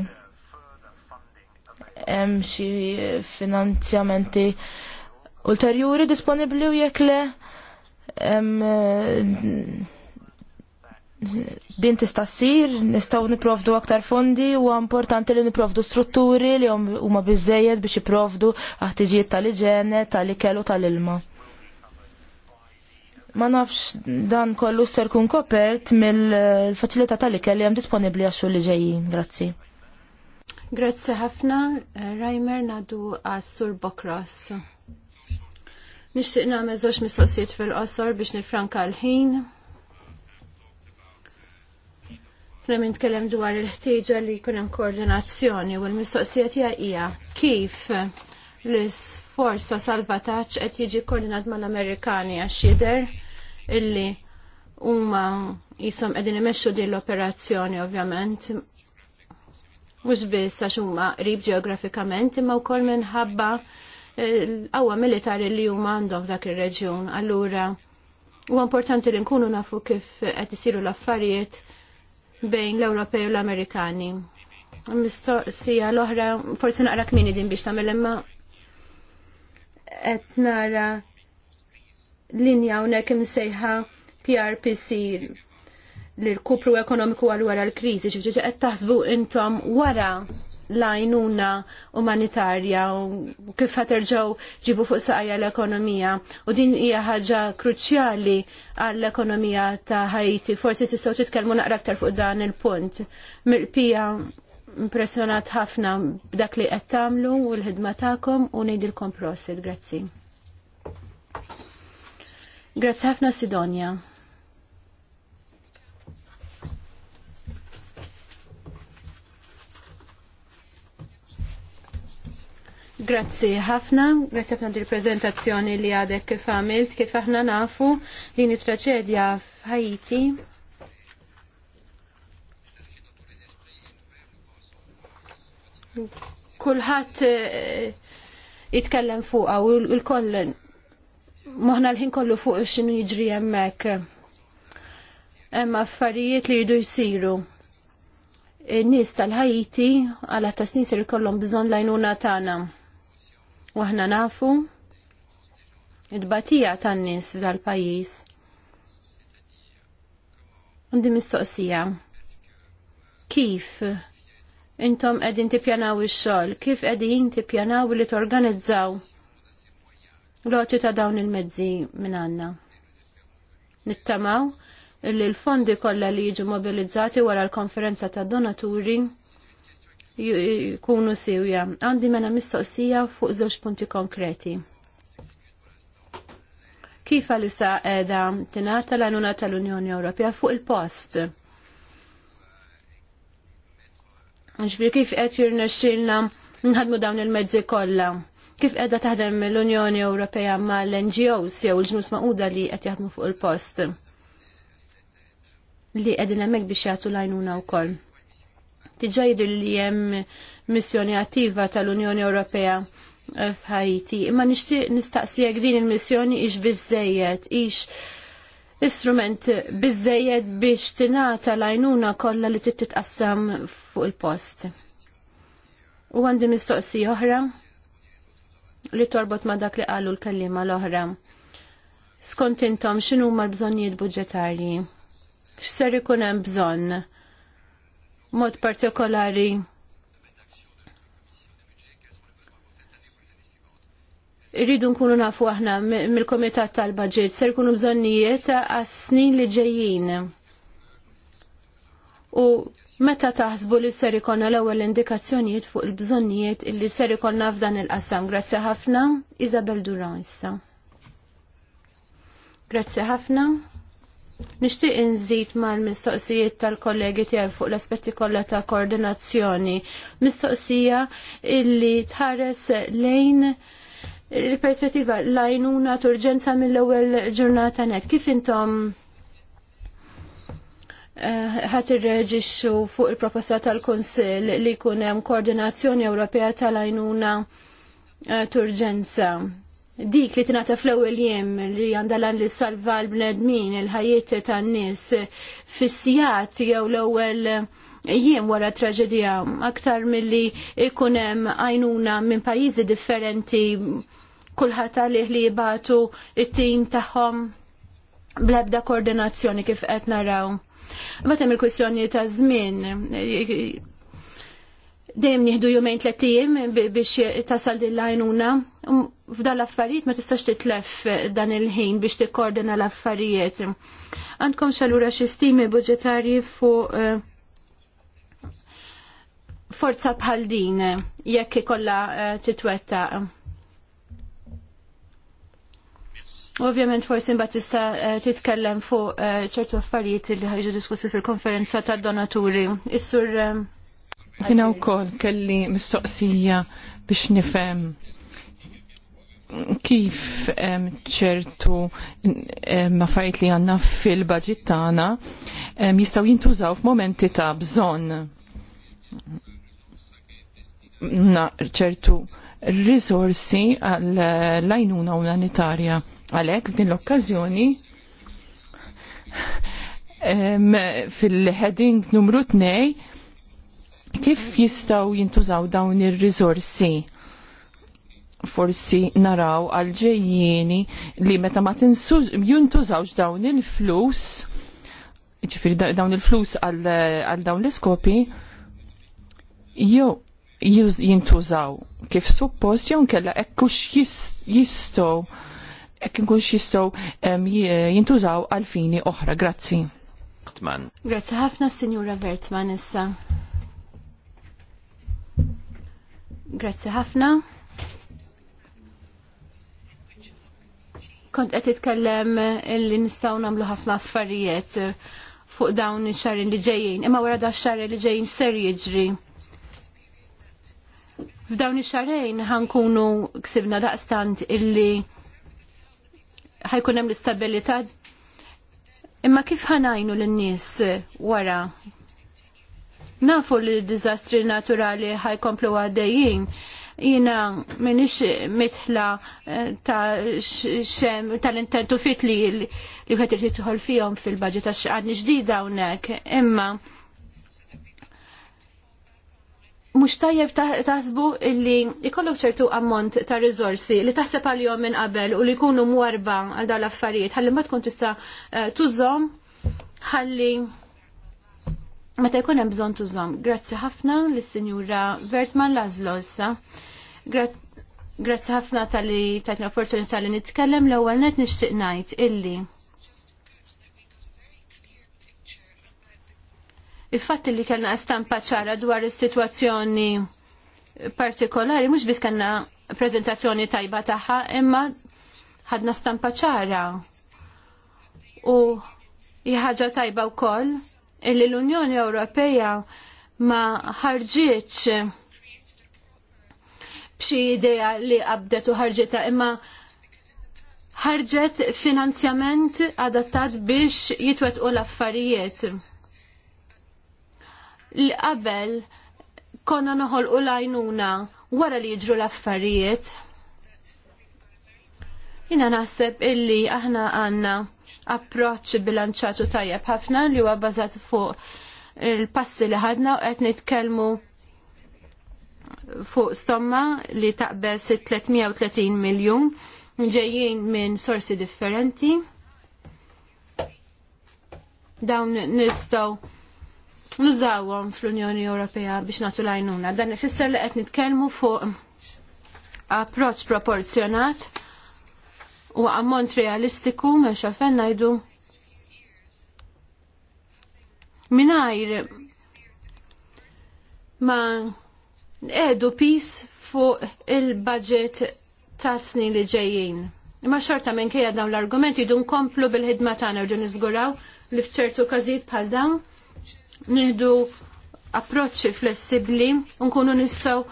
Hemm xi finanzjamenti ulterjuri disponibbli u jekk le eh, din tista' ssir, nistgħu niprovdu aktar fondi u importanti li niprovdu strutturi li huma biżejjed biex jipprovdu ħtiġijiet tal-iġene, tal-ikel u tal-ilma ma nafx dan kollu ser kun kopert mill-faċilità tal-ikel li hemm disponibbli għax li ġejjin. Grazzi. Grazzi ħafna, Rajmer nadu għas-Sur Bokros. Nixtieq nagħmel żewġ mistoqsijiet fil-qosor biex nifranka l-ħin. Kemm nitkellem dwar il-ħtieġa li jkun hemm koordinazzjoni u l mistoqsijiet tiegħi hija kif l isforza salvataġġ qed jiġi koordinat mal-Amerikani għax jidher illi huma jisom qegħdin imexxu din l-operazzjoni ovvjament. Mhux biss għax huma qrib ġeografikament imma wkoll minħabba eh, l-qawwa militari li huma għandhom f'dak ir-reġjun. Allura huwa importanti li nkunu nafu kif qed isiru l-affarijiet bejn l-Ewropej u l-Amerikani. Mistoqsija l-oħra, forsi naqra kmini din biex tagħmel imma qed nara linja unek imsejħa PRPC l-kupru ekonomiku għal wara l-krizi, ċifġiġi qed taħsbu intom wara l umanitarja u kif ħaterġaw ġibu fuq saqajja l-ekonomija. U din hija ħaġa kruċjali għall-ekonomija ta' Haiti. Forsi tistgħu titkellmu naqra aktar fuq dan il-punt. Mirpija impressjonat ħafna b'dak li qed tagħmlu u l-ħidma tagħkom u ngħidilkom prosit. Grazzi. Grazzi ħafna Sidonja. Grazzi ħafna, grazzi ħafna dir prezentazzjoni li għadek kif għamilt, kif aħna nafu li nitraċedja f'Haiti. Kulħadd eh, jitkellem fuqha u l kollen moħna l-ħin kollu fuq xinu jiġri jemmek. Emma affarijiet li jridu jisiru. Nis tal-ħajti għala ta' snin li kollom bżon lajnuna tana. Waħna nafu id-batija tan-nis tal-pajis. Għandi mistoqsija. Kif intom qegħdin tippjanaw ix-xogħol? Kif qegħdin tippjanaw li torganizzaw? loċi ta' dawn il-mezzi minn għanna. Nittamaw li l-fondi kollha li jiġu mobilizzati wara l-konferenza ta' donaturi jkunu siwja. Għandi mena mistoqsija fuq żewġ punti konkreti. Kif għalissa edha tinata l-għanuna tal-Unjoni Ewropea fuq il-post? Ġviri kif qed jirnexxilna nħadmu dawn il-mezzi kollha kif edha taħdem l-Unjoni Ewropea mal-NGOs jew l-ġnus maquda li qed jaħdmu fuq il-post li qegħdin hemmhekk biex jagħtu lajnuna wkoll. Tiġa jidhir li hemm missjoni attiva tal-Unjoni Ewropea f'Ħajti, imma nixtieq nistaqsijek din il-missjoni ix biżejjed, ix istrument biżejjed biex l lajnuna kollha li titqassam fuq il-post. U għandi mistoqsija oħra li torbot ma dak li qalu l-kallima l-oħra. Skont intom x'inhu l-bżonnijiet budġetarji? X'ser ikun hemm bżonn? Mod partikolari irridu nkunu nafu aħna mill-Komitat tal-Budget ser ikunu bżonnijiet għas snin li ġejjin. U Meta taħsbu li ser ikonna l-ewwel indikazzjonijiet fuq il-bżonnijiet illi ser ikonna f'dan il-qasam. Grazzi ħafna, Isabel Duran issa. Grazzi ħafna. Nixtieq inżid mal-mistoqsijiet tal-kollegi tiegħi fuq l-aspetti kollha ta' koordinazzjoni. Mistoqsija illi tħares lejn il-perspettiva l-għajnuna turġenza mill-ewwel ġurnata net. Kif intom Eh, ħat irreġixxu fuq il-proposta tal-Kunsill li jkun hemm koordinazzjoni Ewropea tal-għajnuna eh, turġenza. Dik li tingħata fl-ewwel jiem li għandalan li salva l-bnedmin il-ħajiet tan-nies fissijat jew l-ewwel jiem wara traġedija aktar milli ikun hemm għajnuna minn pajjiżi differenti kulħadd għalih li jibatu it-tim tagħhom bl-ebda koordinazzjoni kif qed naraw Meta il kwistjoni ta' żmien dejjem nieħdu jumejn tletijiem biex tasal din l-għajnuna. Um, f'dan l-affarijiet ma tistax titlef dan il-ħin biex tikkordina l-affarijiet. Għandkom xalura xi stimi budġetarji fuq eh, forza bħal din jekk ikollha eh, titwettaq. Ovvjament forsi mbagħad tista' eh, titkellem fuq eh, ċertu affarijiet li ħajġu diskussi fil-konferenza tad donaturi. Is-sur eh, Kina wkoll kelli mistoqsija biex nifhem kif ċertu affarijiet li għandna fil-baġit tagħna jistgħu jintużaw f'momenti ta' bżonn ċertu risorsi għal lajnuna umanitarja Għalhekk f'din l-okkażjoni fil-heading numru 2 kif jistgħu jintużaw dawn ir-riżorsi forsi naraw għal-ġejjieni li meta ma jintużawx dawn il-flus, ġifiri dawn il-flus għal dawn l-iskopi, jo jintużaw kif suppost jew kella ekkux jistgħu jekk nkun jistgħu jintużaw għal fini oħra. Grazzi. Grazzi ħafna Sinjura Vertman issa. Grazzi ħafna. Kont qed titkellem illi nistgħu nagħmlu ħafna affarijiet fuq dawn ix-xarri li ġejjin, imma wara da x-xarri li ġejjin ser jiġri. F'dawn ix-xarrejn ħankunu ksibna daqstant illi ħajkun hemm l-istabilità. Imma kif ħanajnu lin-nies wara? Nafu li d-diżastri naturali ħajkomplu għaddejjin jina minix mitħla eh, tal-intentu fit li li għetir titħol fil-bagġi ta' xaqadni ġdida unnek, imma mux tajjeb taħsbu illi ikollok ċertu ammont ta' rizorsi li taħseb għal-jom minn qabel u li jkunu mwarba għal dawn l-affarijiet, ħalli ma tkun tista' eh, tużom, ħalli meta jkun hemm bżonn tużom. Grazzi ħafna lis-Sinjura Vertman Lazlo issa. Grazzi ħafna tal-li tajt l-opportunità li nitkellem l-ewwel net nixtieq ngħid illi il-fatt li kellna stampa ċara dwar is-sitwazzjoni partikolari mhux biss kellna preżentazzjoni tajba tagħha imma ħadna stampa ċara. U ħaġa tajba wkoll illi l-Unjoni Ewropea ma ħarġitx b'xi idea li qabdet u ħarġitha imma ħarġet finanzjament adattat biex jitwettqu l-affarijiet li qabel konna noħol u lajnuna wara li jġru l-affarijiet. Jina naħseb illi aħna għanna approċ bilanċatu tajjeb ħafna li huwa bażat fuq il-passi li ħadna u qed nitkellmu fuq stomma li taqbel 330 miljun ġejjin minn sorsi differenti. Dawn nistgħu nużawhom fl-Unjoni Ewropea biex nagħtu lajnuna. Dan ifisser li qed nitkellmu fuq approċċ proporzjonat u ammont realistiku m'hemmx xafen ngħidu mingħajr ma edu pis fuq il-budget ta' snin li ġejjin. Imma xorta minn kejja dawn l-argumenti dun komplu bil-ħidma tagħna u dun niżguraw li fċertu każijiet bħal dawn nidu approċċi flessibbli u nkunu nistgħu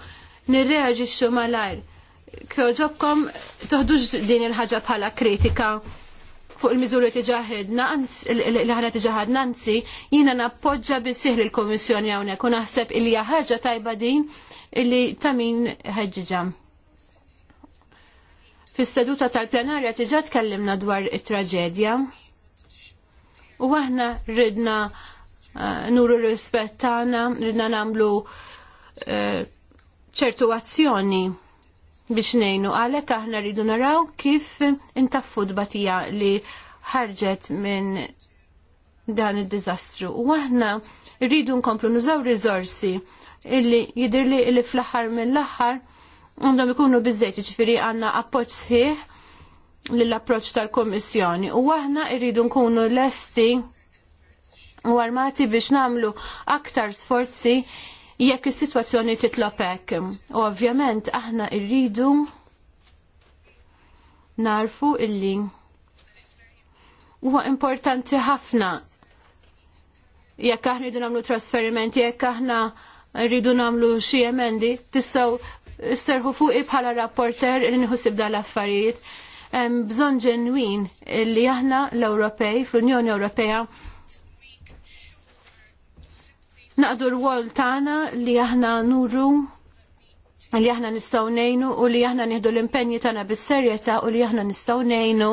nirreaġixxu malajr. Kjoġobkom toħdux din il-ħaġa bħala kritika fuq il-miżuri li tiġaħedna, li ħana tiġaħedna, nanzi, jina nappoġġa bisih l-Komissjoni hawnhekk u naħseb illi ħaġa tajba din illi tamin ħeġġiġa. Fis-seduta tal-plenarja tiġa tkellimna dwar it-traġedja u aħna ridna Eh, nuru rispett tagħna, ridna nagħmlu eh, ċertu azzjoni biex ngħinu għalhekk aħna rridu naraw kif intaffu d-batija li ħarġet minn dan id-diżastru. U aħna rridu nkomplu nużaw riżorsi illi li illi fl-aħħar mill-aħħar għandhom ikunu biżejt ġifieri għandna appoġġ sħiħ l-approċ tal-Komissjoni u aħna rridu nkunu lesti u armati biex namlu aktar sforzi jekk is-sitwazzjoni titlob hekk. U ovvjament aħna rridu narfu illi huwa importanti ħafna jekk aħna rridu nagħmlu trasferimenti, jekk aħna rridu nagħmlu xi emendi, tistgħu serħu fuq bħala rapporter li nħossib dal-affarijiet. Bżonn ġenwin li aħna l-Ewropej, fl-Unjoni Ewropea, naqdu l-wol tagħna li aħna nuru li aħna nistgħu ngħinu u li aħna nieħdu l-impenji tagħna bis-serjetà u li aħna nistgħu ngħinu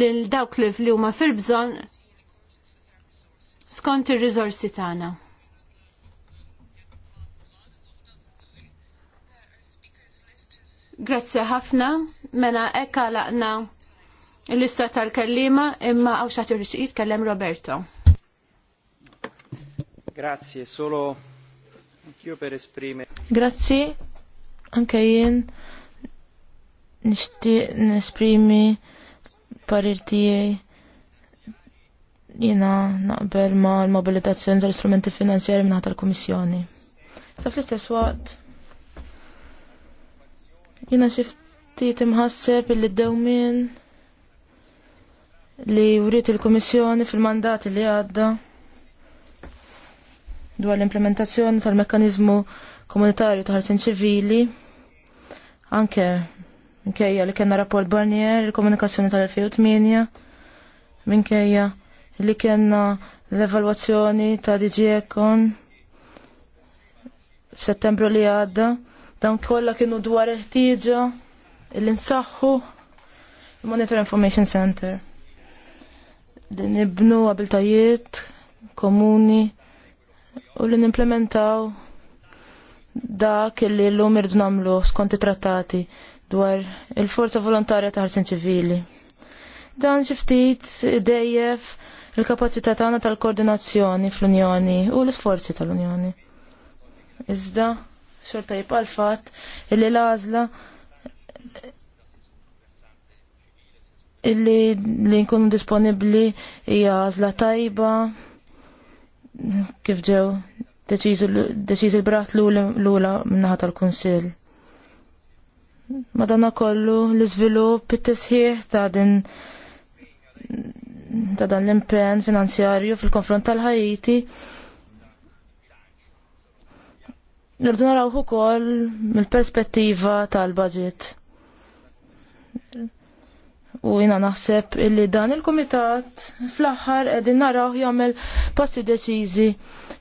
lil dawk li huma fil-bżonn skont ir-riżorsi tagħna. Grazzi ħafna, mena ekka laqna l-lista tal-kellima imma ir-rixqid kellem Roberto. Grazie, solo anch'io per esprimere. Grazie, anche jien nixtieq nesprimi parir tiegħi jina naqbel ma l-mobilitazzjoni tal-istrumenti finanzjari minna tal-Komissjoni. Sa fl-istess waqt jina xifti timħasseb illi dewmin li writ il-Komissjoni fil-mandati li għadda dwar l-implementazzjoni tal-mekkanizmu komunitarju ta' ħarsin ċivili. Anke minkejja li kena rapport Barnier, il-komunikazzjoni tal-2008, minkejja li kena l-evalwazzjoni ta' DG Econ f'Settembru li għadda. dan kolla kienu dwar il-ħtieġa l-insaħħu il-Monitor Information Center. Din ibnu għabiltajiet komuni u li nimplementaw dak li l-lum irdu namlu skont trattati dwar il-forza volontarja ta' ħarsin ċivili. Dan xiftit dejjef il-kapacità tagħna tal-koordinazzjoni fl-Unjoni u l-isforzi tal-Unjoni. Iżda xorta jibqa' l-fatt illi l-għażla illi li nkunu disponibbli hija għażla tajba kif ġew deċiż il-brat l-ula minnaħat tal konsil Madonna kollu l-izvilup it-tisħiħ ta' din ta' dan l-impen finanzjarju fil-konfront tal-Ħajiti. Nirdu naraw ukoll mill-perspettiva tal-budget. U jina naħseb illi dan il-komitat fl-axħar edin naraw jagħmel passi deċiżi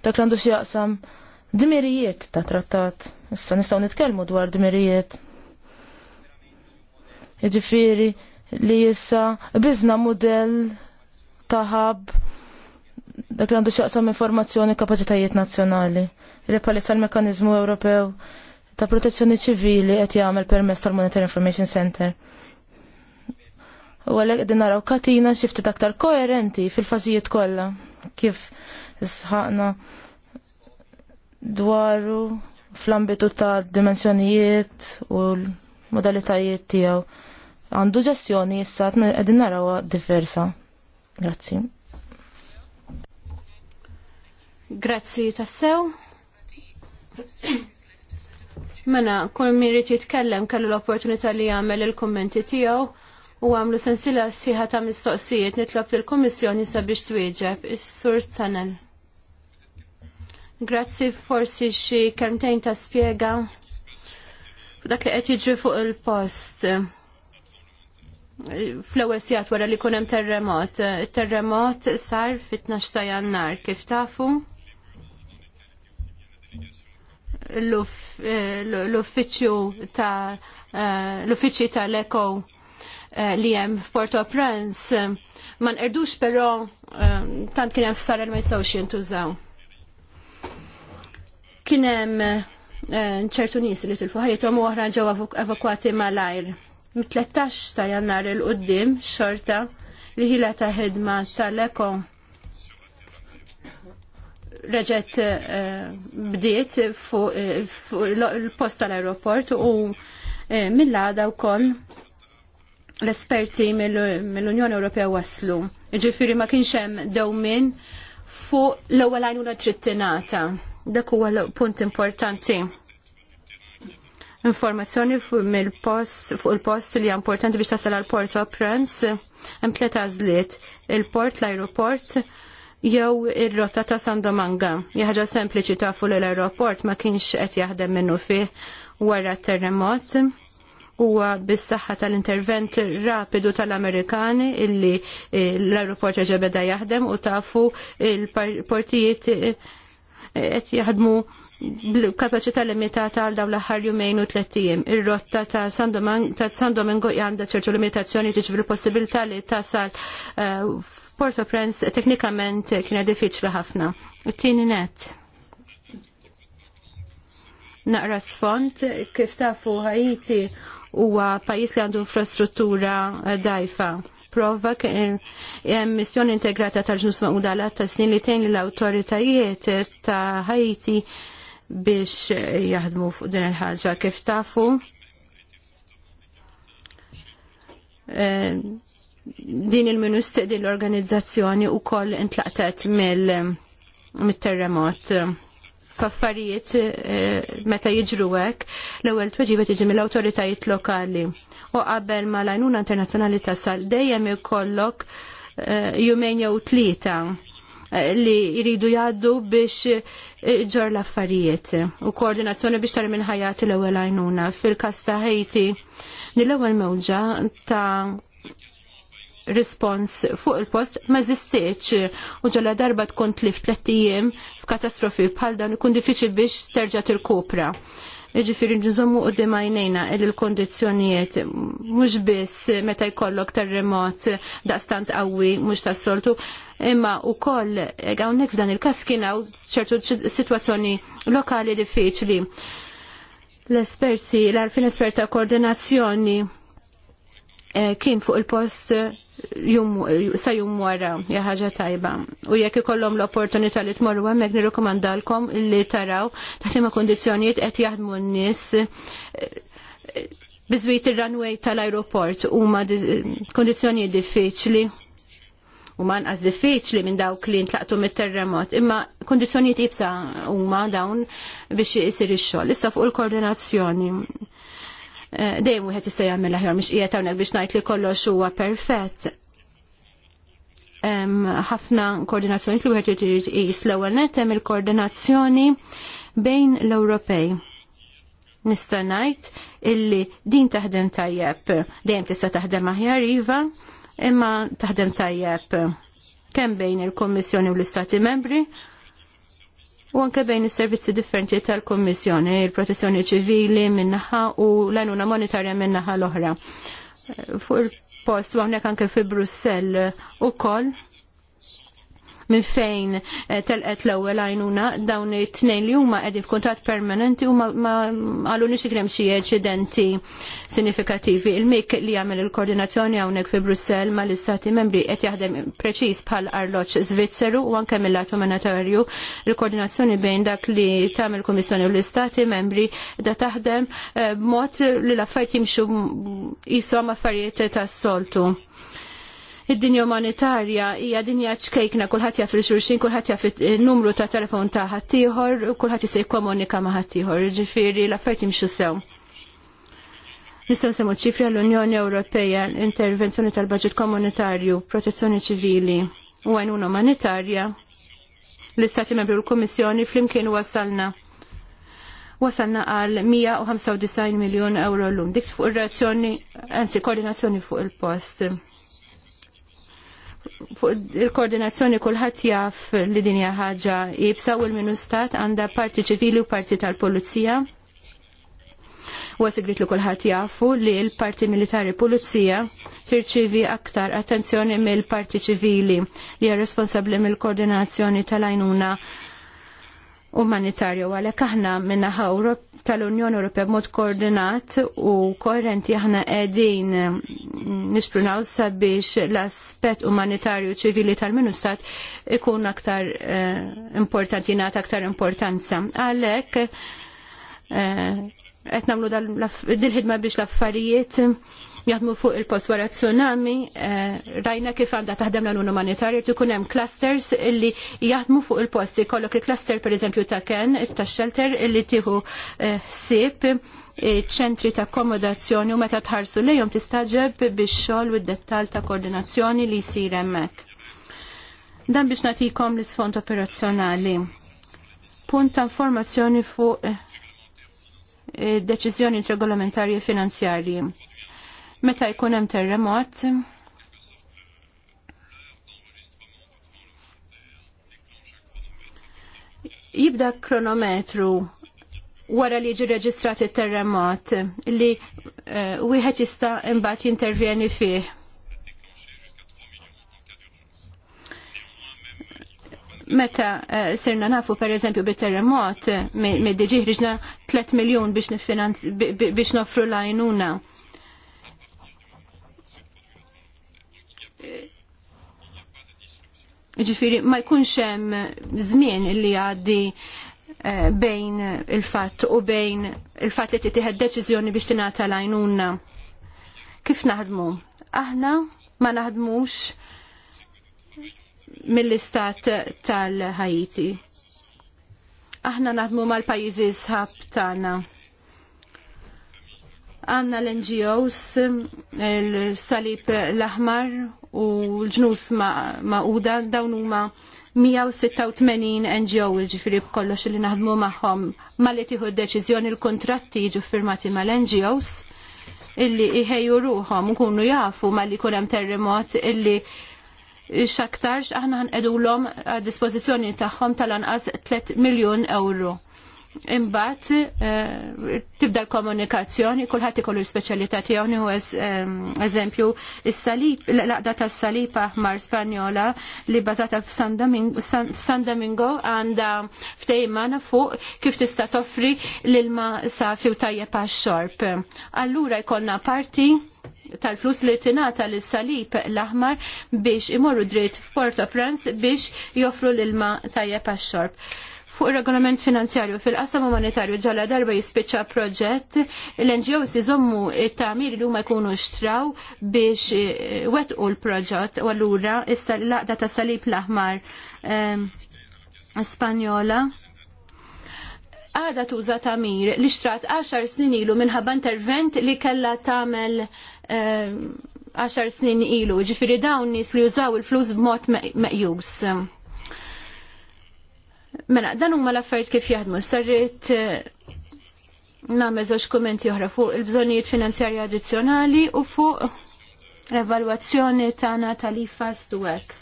ta' klandu x'jaqsam dmirijiet ta' trattat. Issa nistgħu nitkellmu dwar dmirijiet. Jiġifieri li issa biżna mudell ta' ħab dak li għandu x'jaqsam informazzjoni kapaċitajiet nazzjonali. Li palissa l-mekanizmu Ewropew ta' protezzjoni ċivili qed jagħmel permess tal monetary Information Center U għalek din naraw katina xiftit aktar koerenti fil-fazijiet kollha kif sħaqna dwaru fl-ambitu ta' dimensjonijiet u l-modalitajiet tiegħu. Għandu ġestjoni issa qegħdin narawha diversa. Grazzi. Grazzi tassew. Mena, kull min jitkellem kellu l-opportunità li jagħmel il-kummenti tiegħu u għamlu sensila sħiħa ta' mistoqsijiet nitlob lill kummissjoni sabiex twieġeb is-Sur Tsanel. Grazzi forsi xi kemtejn ta' spjega Dak li qed jiġri fuq il-post fl-ewwel sigħat wara li jkun hemm terremot. Terremot sar fit-12 ta' Jannar kif tafu. L-uffiċċju ta' eh, l-uffiċċji l eko Eh, li hemm f'Port-au-Prince eh, ma nqerdux però eh, tant kien hemm f'sar ma jistgħux jintużaw. Kien hemm ċertu nies li tilfu ħajjithom u oħra ġew evakwati malajr. Mit-13 ta' jannar il-qoddim xorta li ħila ta' ħidma tal-eko reġet bdiet fuq il-post tal-aeroport u mill-għada u koll l-esperti mill-Unjoni Ewropea waslu. Ġifiri ma kienx hemm dewmin fuq l-ewwel għajnuna trittinata. Dak huwa punt importanti. Informazzjoni mill-post fuq il-post li hija importanti biex tasal għal Port au Prince hemm tliet għażliet il-port, l-ajruport jew ir-rotta ta' San Domanga. ħaġa sempliċi tafu l-aeroport ma kienx qed jaħdem minnu fih wara t terremot huwa bis-saħħa tal-intervent rapidu tal-Amerikani illi eh, l-aeroport ġa beda jaħdem u tafu il-portijiet eh, qed jaħdmu kapaċità limitata għal dawn l-aħħar jumejn u tlettijiem. Ir-rotta ta' San Domingo għandha ċertu limitazzjoni l possibilità li tasal eh, Porto prince teknikament kienet diffiċli ħafna. It-tieni net naqra sfond kif tafu ħajti huwa pajjiż li għandu infrastruttura eh, dajfa. Prova eh, hemm missjoni integrata tal-ġnus maqudala ta' snin li tgħin l-awtoritajiet eh, ta' Haiti biex jaħdmu fuq din il-ħaġa kif tafu. Din il-ministri din l-organizzazzjoni u koll intlaqtet mill-terremot. Mil f'affarijiet eh, meta jiġru hekk, l-ewwel tweġiba tiġi mill-awtoritajiet lokali. U qabel ma l-għajnuna internazzjonali tasal dejjem ikollok eh, jumejn jew tlieta eh, li jridu jgħaddu biex ġor l-affarijiet u koordinazzjoni biex tar minn ħajati l-ewwel għajnuna. Fil-kas ta' Haiti, l-ewwel mewġa ta' respons fuq il-post ma zistieċ u ġala darba tkun tlif tlettijiem f'katastrofi bħal dan ikun diffiċi biex terġa tirkupra. Iġifiri nżommu u dimajnejna il-kondizjonijiet, mux biss meta jkollok terremot daqstant għawi, mux tas soltu, imma u koll għawnek f'dan il-kas kienaw ċertu situazzjoni lokali diffiċli. L-esperti, l-arfin esperta koordinazzjoni Eh, kien fuq il-post eh, sa jum wara ja ħaġa tajba. U jekk ikollhom l-opportunità li tmorru hemmhekk nirrikomandalkom li taraw taħt ma' kondizzjonijiet qed jaħdmu n-nies eh, biżwit ir-runway tal-ajruport huma kondizzjonijiet diffiċli u manqas diffiċli minn dawk li ntlaqtu mit-terremot, imma kondizzjonijiet ibsa huma dawn biex isir ix-xogħol. Issa fuq il-koordinazzjoni Eh, dejjem wieħed jista' jagħmel aħjar mhux qiegħed hawnhekk biex ngħid li kollox huwa perfett. Ħafna koordinazzjoni li wieħed irid qis l-ewwel net hemm il-koordinazzjoni bejn l-Ewropej. Nista' ngħid illi din taħdem tajjeb dejjem tista' taħdem aħjar iva, imma taħdem tajjeb kemm bejn il-Kommissjoni u l-Istati Membri u anke bejn is-servizzi differenti tal-Kommissjoni, il-protezzjoni ċivili minnaħa u l-għanuna monetarja minnaħa l-oħra. Fuq il-post u għamnek anke fi Brussell u koll minn fejn eh, telqet l-ewwel għajnuna dawn it-tnejn li huma qegħdin f'kuntatt permanenti u ma għalu nix ikrem xi eċidenti sinifikattivi. Il-mik li jagħmel il-koordinazzjoni hawnhekk fi Brussell mal-Istati Membri qed jaħdem preċiż bħal arloġġ Svizzeru u anke mill-lat umanitarju il-koordinazzjoni bejn dak li tagħmel kummissjoni u l-Istati Membri da taħdem eh, b'mod li l-affarijiet jimxu qishom affarijiet tas-soltu id-dinja umanitarja hija dinja ċkejkna kulħadd jaf il-xulxin, kulħadd jaf il-numru ta' telefon ta' ħaddieħor, kulħadd jista' jikkomunika ma' ħaddieħor, ġifieri l-affarijiet jimxu sew. Nistgħu semmu ċifri għall-Unjoni Ewropea, intervenzjoni tal-Baġit Komunitarju, Protezzjoni Ċivili u għajnuna umanitarja l-Istati Membri u l-Kummissjoni flimkien wasalna wasalna għal 195 miljon euro l-lum. Dik fuq il-reazzjoni, anzi koordinazzjoni fuq il-post fuq il-koordinazzjoni kulħadd jaf li din hija ħaġa jibsaw il minustat għanda għandha parti ċivili u parti tal-pulizija. U li kulħadd jafu li l-parti militari pulizija tirċivi aktar attenzjoni mill-parti ċivili li hija responsabbli mill-koordinazzjoni tal ajnuna umanitarja għalhekk aħna min-naħa tal-Unjoni Ewropea b'mod koordinat u korrenti aħna qegħdin mm, nisprunaw sabiex l-aspett umanitarju ċivili tal-Minustat ikun aktar eh, importanti ngħata aktar importanza. Għalhekk eh, qed eh, nagħmlu dil-ħidma biex l-affarijiet jaħdmu fuq il-post wara tsunami, eh, rajna kif għandha taħdem l-għun umanitarju, tkun hemm clusters illi jaħdmu fuq il-post. Ikollok il-cluster pereżempju ta' ken, ta' shelter illi tieħu eh, sip, ċentri ta' akkomodazzjoni u meta tħarsu lejhom tistaġeb biex xogħol u d-dettal ta' koordinazzjoni li jsir hemmhekk. Dan biex nagħtikom l-isfond operazzjonali. Punt ta' informazzjoni fuq eh, deċiżjoni regolamentarji e finanzjarji meta jkun hemm terremot. Jibda kronometru wara li ġi reġistrat it-terremot li uh, wieħed jista' imbagħad jintervjeni fih. meta uh, sirna nafu per eżempju bit-terremot, mid-diġi ħriġna 3 miljon biex, biex nofru lajnuna. Ġifiri, ma jkunx hemm żmien li għaddi eh, bejn il-fatt u bejn il-fatt li titieħed deċiżjoni biex tingħata lajnuna. Kif naħdmu? Aħna ma naħdmux mill-istat tal-Ħajti. Aħna naħdmu mal-pajjiżi sħab tagħna għanna l-NGOs, il-Salib l-Ahmar u l-ġnus maquda dawn huma 186 NGO ġifiri b'kollox li naħdmu magħhom ma li tieħu d-deċiżjoni l-kontratti ġu firmati mal-NGOs illi iħejju ruħhom nkunu jafu ma li jkun hemm terremot illi xaktarx aħna l-om għad dispożizzjoni tagħhom tal-anqas 3 miljun euro. Imbagħad eh, tibda l-komunikazzjoni, kulħadd ikollu l-speċjalità tiegħu nieħu eżempju is-salib, l-laqda tas-salib aħmar Spanjola li bbażata f'San Domingo għandha ftejmana fuq kif tista' toffri l-ilma safi u tajjeb għax-xorb. Allura jkollna parti tal-flus li tinata l salib l-aħmar biex imorru dritt f'Port-au-Prince biex joffru l-ilma tajjeb għax-xorb fuq il-regolament finanzjarju fil-qasam umanitarju ġala darba jispiċċa proġett l-NGOs jizommu il tamir li huma jkunu xtraw biex eh, wetqu l-proġett u allura l-laqda ta' salib l-aħmar ehm, Spanjola għada tuża tamir li xtrat 10 snin ilu minħabba intervent li kella tamel 10 ehm, snin ilu, ġifiri dawn nis li jużaw il-flus b'mod meqjus. Mela, dan huma l-affarijiet kif jaħdmu. Sarrit eh, nagħmel żewġ kummenti oħra fuq il-bżonnijiet finanzjarji addizzjonali u fuq l-evalwazzjoni tagħna tal-IFAS to work.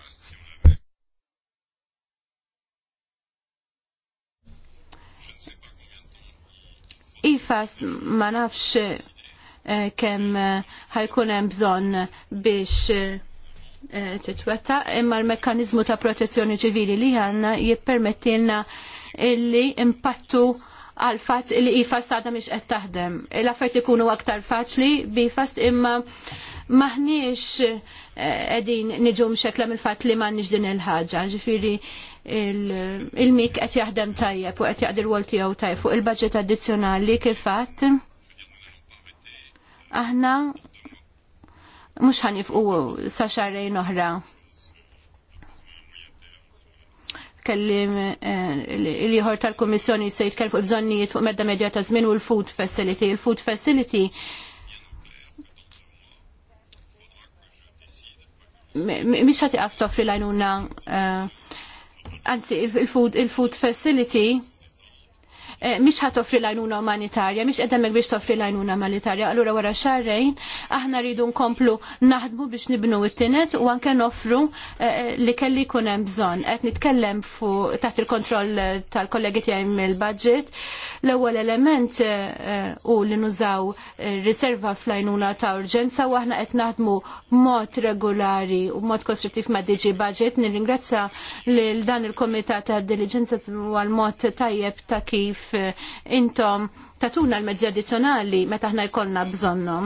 IFAS ma nafx eh, kemm eh, ħajkun hemm bżonn biex Eh, titwetta imma l-mekkanizmu ta' protezzjoni ċivili li għanna jippermettilna illi impattu għal fatt li ifast għadha miex qed taħdem. l affett ikunu aktar faċli bifast imma maħniex eh, qegħdin niġu xekla mill-fatt li m'għandniex din il-ħaġa. Ġifiri il-mik qed jaħdem tajjeb u qed jaqdi l-wol tiegħu tajjeb fuq il-baġġet addizzjonali kif fatt. Aħna mhux ħanifqu sa xarrejn oħra. kellim il-ieħor eh, tal-Komissjoni se jitkell fuq bżonnijiet fuq medda medja ta' żmien u l-food facility. Il-food facility miex ħati għaf toffri lajnuna, eh, anzi il-food facility mish eh, ħat toffri l-għajnuna umanitarja, mish qed hemmhekk biex toffri l-għajnuna umanitarja. Allura wara xarrejn aħna rridu nkomplu naħdmu biex nibnu it-tinet u anke noffru eh, eh, li kelli jkun hemm bżonn. Qed nitkellem fuq taħt il-kontroll tal-kollegi tiegħi mill-budget. L-ewwel element u li nużaw riserva fl ajnuna ta' urġenza u aħna qed naħdmu mod regolari u mod kostruttiv ma' diġi Budget. Nirringrazzja lil dan il-Komitat ta' Diligenza u għal mod tajjeb ta' kif Eh, intom tatuna l-mezzi addizzjonali meta ħna jkollna bżonnom.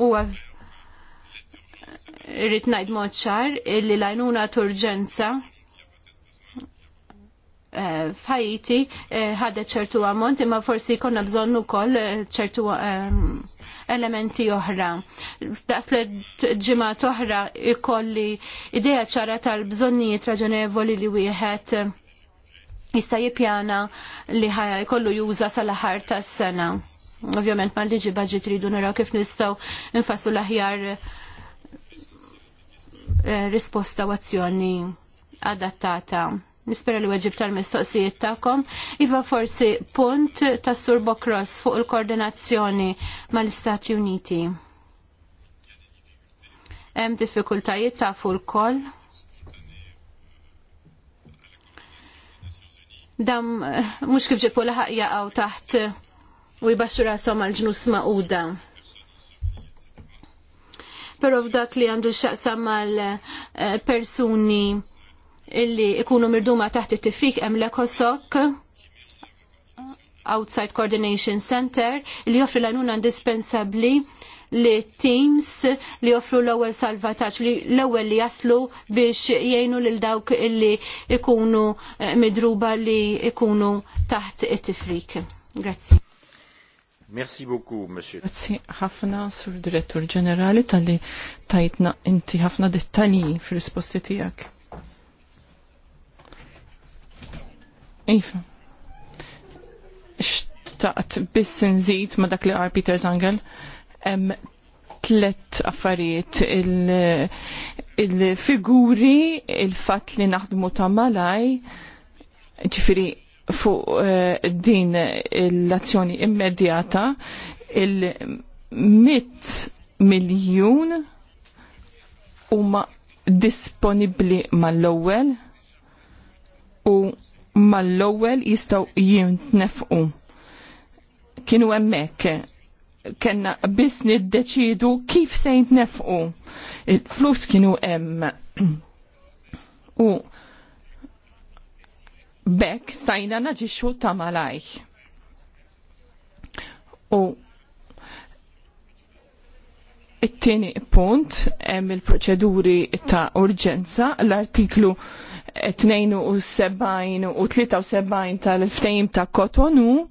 U rrit ngħid mod ċar illi lajnuna turġenza eh, f'Ħajti eh, ħadet ċertu ammont imma forsi konna bżonnu kol ċertu elementi oħra. Daqs li ġimgħat oħra ikolli idea ċara tal-bżonnijiet raġonevoli li wieħed jista' jippjana li jkollu juża sal-aħar tas-sena. Ovvjament ma liġi budget ridu naraw kif nistgħu nfassu l-aħjar eh, risposta u azzjoni adattata. Nispera li weġib tal-mistoqsijiet tagħkom. Iva forsi punt tas Sur Bokros fuq il-koordinazzjoni mal-Istati Uniti. Hemm diffikultajiet tafu l-koll dam eh, mhux kif ġipu laħaq jaqgħu taħt eh, u jbaxxu rashom għal ġnus maquda. Però f'dak li għandu x'aqsam mal-persuni eh, illi ikunu mirduma taħt it-tifrik hemm l-ekosok Outside Coordination Center li joffri l-għanuna indispensabli li teams li joffru l-ewwel salvataġġ li l-ewwel li jaslu biex jgħinu lil dawk li ikunu eh, midruba li ikunu taħt it-tifrik. Grazzi. Merci beaucoup, monsieur. Grazzi ħafna sur direttur ġenerali tal-li tajtna inti ħafna dettalji fil-risposti tijak. Iva. Xtaqt biss nżid ma dak li għar Peter Zangel Em tlet affarijiet il-figuri, il il-fat li naħdmu ta' malaj, ġifiri fuq uh, din l-azzjoni immedjata, il-100 miljun huma disponibli mal-ewwel u mal-ewwel jistgħu jintnefqu kienu hemmhekk kena biss niddeċidu kif se jtnefqu Il-flus kienu hemm. U bekk stajna naġixxu ta' malajħ. U it-tieni punt hemm il-proċeduri ta' urġenza l-artiklu 72 u 73 tal-ftejim ta' Kotonu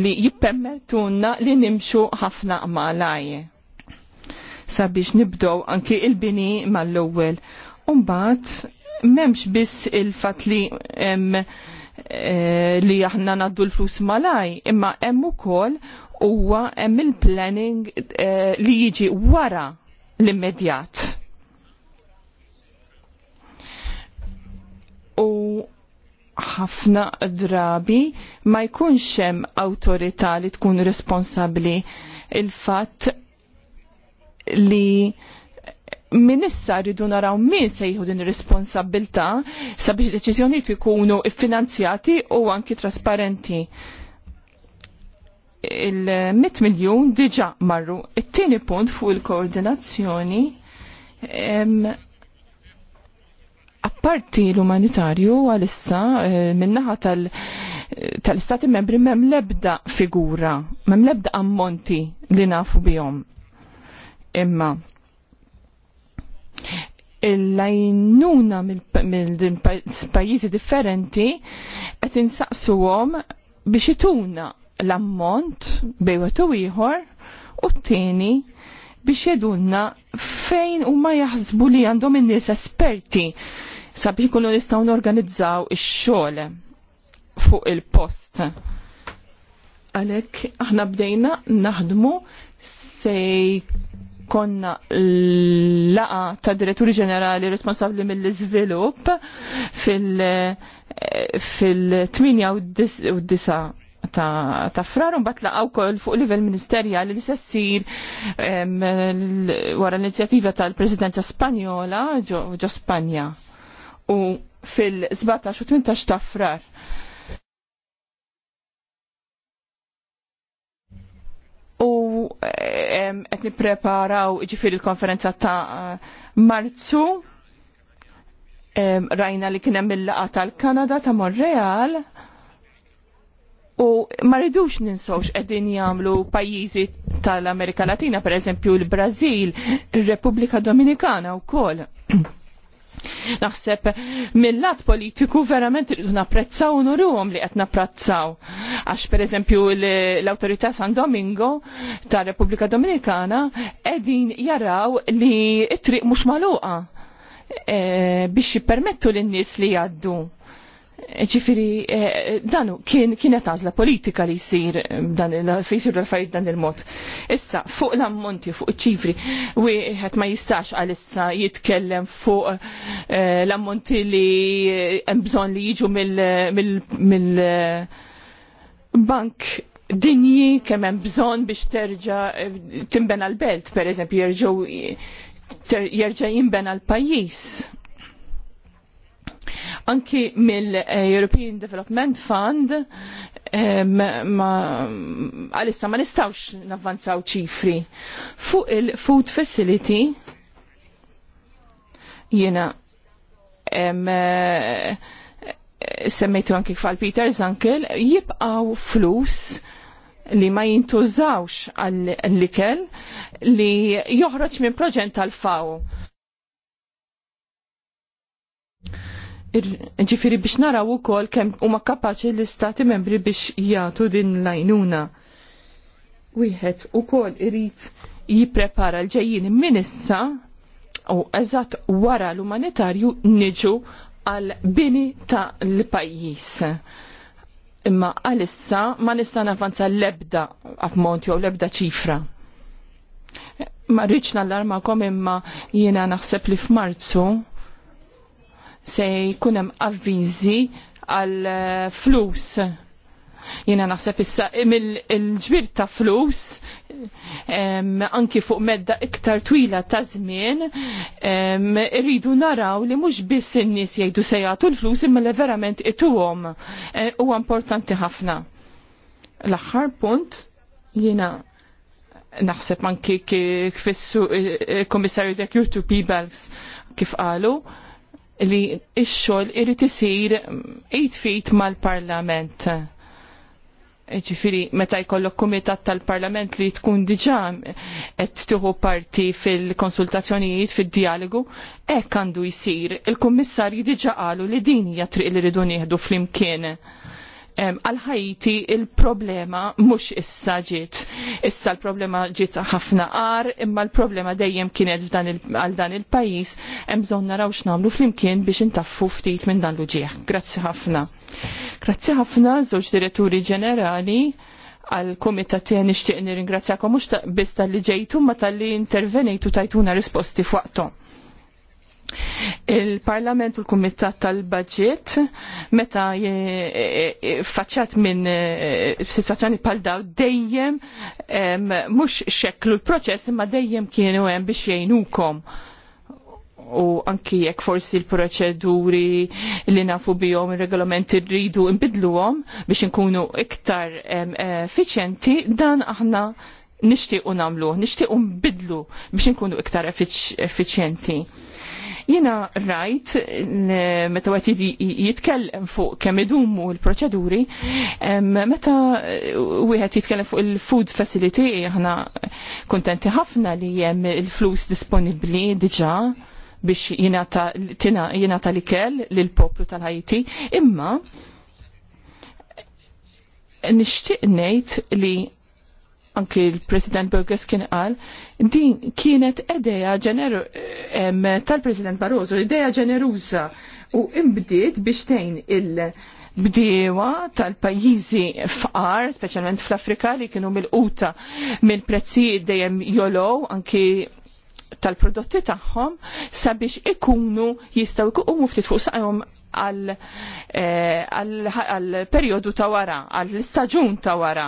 li jippermettunna li nimxu ħafna malaj. Sabiex nibdow anki il-bini mal-ewwel. Umbat, memx biss il-fat li em, eh, li aħna naddu l-flus malaj, imma hemm ukoll huwa hemm il-planning eh, li jiġi wara l-immedjat ħafna drabi ma jkunx hemm awtorità li tkun responsabbli il-fatt li min issa rridu naraw min se jieħu din ir-responsabilità sabiex deċiżjonijiet ikunu iffinanzjati u anki trasparenti. Il-100 miljun diġa marru. It-tieni punt fuq il-koordinazzjoni apparti l-umanitarju għalissa eh, minnaħa tal-istati membri mem lebda figura, mem lebda ammonti li nafu bihom. Imma il-lajnuna mill-pajizi differenti qed insaqsuhom biex ituna l-ammont bejwetu ieħor u t-tieni biex jedunna fejn huma jaħsbu li għandhom in-nies esperti sabiex nkunu nistgħu norganizzaw ix-xogħol fuq il-post. Għalhekk aħna bdejna naħdmu se konna laqa ta' diretturi ġenerali responsabbli mill-iżvilupp fil- fil-8 u 9 ta', ta frar un batlaqaw kol fuq livell ministerjali li sessir wara l-inizjativa tal-Presidenza Spanjola ġo Spanja u fil-17 u 18 ta' frar. U qed nippreparaw ġifir il-konferenza ta' Marzu rajna li kien hemm il-laqa tal-Kanada ta' Montreal u ma rridux ninsawx qegħdin jagħmlu pajjiżi tal-Amerika Latina, pereżempju l-Brażil, ir-Repubblika Dominikana wkoll. [clears throat] Naħseb mill-lat politiku verament irridu napprezzaw nuruhom li qed napprezzaw. Għax pereżempju l-Awtorità San Domingo tar Repubblika Dominikana qegħdin jaraw li t-triq mhux magħluqa eh, biex jippermettu lin-nies li jgħaddu ċifiri, eh, danu, kien, kienet għazla politika li jisir eh, dan il fisir l-fajt dan il-mod. Issa, fuq l-ammonti, fuq ċifri, u għet ma jistax għalissa jitkellem fuq eh, l-ammonti li mbżon li jiġu mill-bank dinji kemm hemm bżonn biex terġa timbena l-belt, per eżempju, jerġgħu jerġa' jinben l-pajjiż Anki mill-European Development Fund għalissa ma nistawx navvanzaw ċifri. Fuq il-Food Facility jiena eh, semmejtu anki kfal Peter Zankel, jibqaw flus li ma jintużawx għall-likel li joħroġ minn proġent tal-faw. ġifiri biex naraw ukoll kemm huma kapaċi l-istati membri biex jagħtu din l-għajnuna. Wieħed ukoll irrit jipprepara l-ġejjin minissa u eżatt wara l-umanitarju niġu għal bini ta' l-pajjiż. Imma għalissa ma nista' avanza l-ebda ammont jew l-ebda ċifra. Ma rridx kom imma jiena naħseb li f'Marzu se jkun hemm avviżi għal eh, flus. Jiena naħseb issa eh, il ġbir ta' flus anki fuq medda iktar twila ta' żmien irridu naraw li mhux biss in-nies jgħidu se jagħtu l-flus imma li verament ituhom eh, huwa importanti ħafna. L-aħħar punt jiena naħseb anki kif fissu komissarju Dekjurtu Peebles kif qalu li x-xogħol irid isir 8 feet mal-Parlament. Ġifiri, meta jkollok kumitat tal-Parlament li tkun diġà qed tieħu parti fil-konsultazzjonijiet fid-dialogu, hekk għandu jsir. Il-kummissarji diġà qalu li din hija triq li rridu nieħdu flimkien għal ħajti il-problema mhux issa ġiet. Issa l-problema ġiet ħafna qar, imma l-problema dejjem kienet għal dan il-pajjiż hemm bżonn naraw x'nagħmlu flimkien biex intaffu ftit minn dan l-uġieħ. Grazzi ħafna. Grazzi ħafna żewġ diretturi ġenerali għal komitati nixtieq nirringrazzjakom mhux biss tal-li ġejtu ma tal-li intervenejtu tajtuna risposti fuqtom il-Parlament u l-Kumitat tal-Budget meta e- e- faċċat minn e- situazzjoni pal daw dejjem mhux xeklu l-proċess imma dejjem kienu hemm biex jgħinukom u anki jekk forsi l-proċeduri li nafu bihom ir-regolamenti rridu nbidluhom biex inkunu iktar efficienti dan aħna nixtiequ nagħmluh, nixtiequ nbidlu biex inkunu iktar effiċjenti. Jina rajt, meta għet jitkellem fuq kemm idumu l-proċeduri, meta wieħed jitkellem fuq il-food facility, aħna kontenti ħafna li hemm il-flus disponibbli diġà biex jina tal-ikel l-poplu tal-ħajti, imma nishtiq ngħid li anki l-President Burgess kien qal, din kienet edeja ġeneru tal-President Barroso, ideja ġeneruża u imbdiet biex tejn il-bdiewa tal-pajjiżi fqar, speċjalment fl-Afrika li kienu mill-quta minn prezzi dejjem jolow anki tal-prodotti tagħhom sabiex ikunu jistgħu jkunu ftit fuq saqhom għal-periodu eh, ta' wara, għall istaġun ta' wara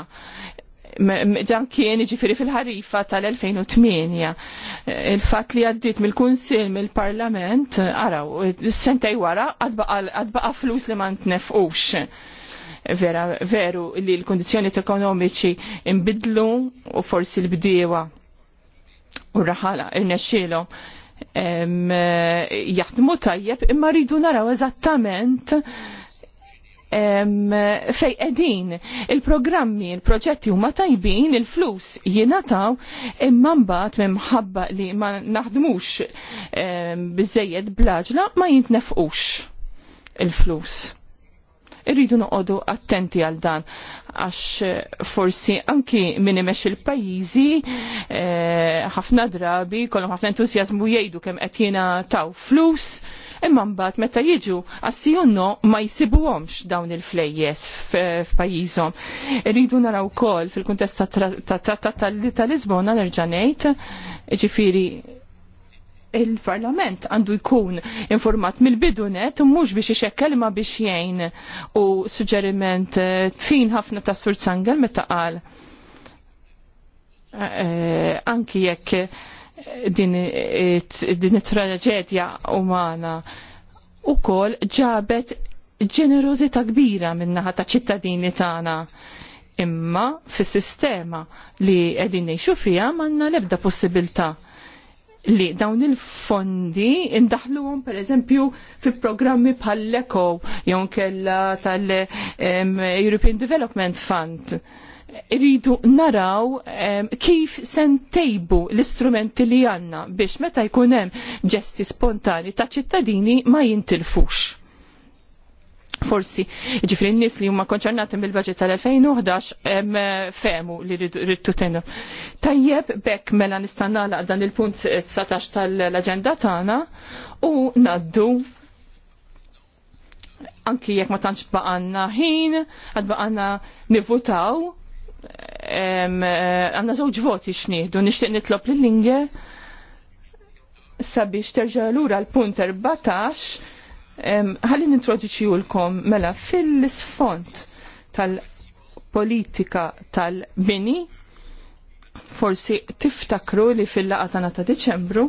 dan kien ġifiri fil-ħarifa tal-2008 il-fat li għaddit mill-Kunsil mill-Parlament araw sentej wara għadbaqa flus li ma nefqux. vera veru li l-kondizjoni ekonomiċi imbidlu u forsi l-bdiewa u raħala il-nexilu jaħdmu tajjeb imma rridu naraw eżattament fej edin. Il-programmi, il-proġetti huma tajbin, il-flus jinataw, imma mbagħad minħabba li ma naħdmux bizzejed blaġla ma jintnefqux il-flus. Irridu noqogħdu attenti għal dan għax forsi anki minn imex il-pajizi eh, ħafna drabi kollhom ħafna entużjażmu jgħidu kemm qed jiena taw flus imma mbagħad meta jiġu għas no ma jsibuhomx dawn il-flejjes f'pajjiżhom. Irridu naraw ukoll fil-kuntest tal-Lisbona nerġa' ngħid, ġifieri il-parlament għandu jkun informat mill-bidunet u mux biex ixekkel ma biex jgħin u suġġeriment tfin eh, ħafna ta' Sur Sangel meta qal. Eh, eh, anki jekk din it-traġedja umana u kol ġabet ġenerozita kbira minnaħa ta' ċittadini tagħna. Imma fis sistema li qegħdin ngħixu fiha manna l-ebda possibilità li dawn il-fondi indaħluhom pereżempju fi programmi bħal eco jew tal-European Development Fund rridu naraw um, kif sentejbu l-istrumenti li għanna biex meta jkun hemm ġesti spontani ta' ċittadini ma jintilfux. Forsi, ġifri n-nis li huma konċernati mill-budget tal-2011 femu li rridu tenu. Tajjeb bekk mela nistannala dan il-punt 19 tal-agenda tagħna u naddu anki jekk ma tantx baqanna ħin, għad baqanna nivutaw Eh, għanna żewġ voti xnieħdu, nixtieq nitlob l linge sabiex terġa' lura l-punt 14 ħalli ulkom mela fil-sfont tal-politika tal-bini forsi tiftakru li fil-laqa tagħna ta' Diċembru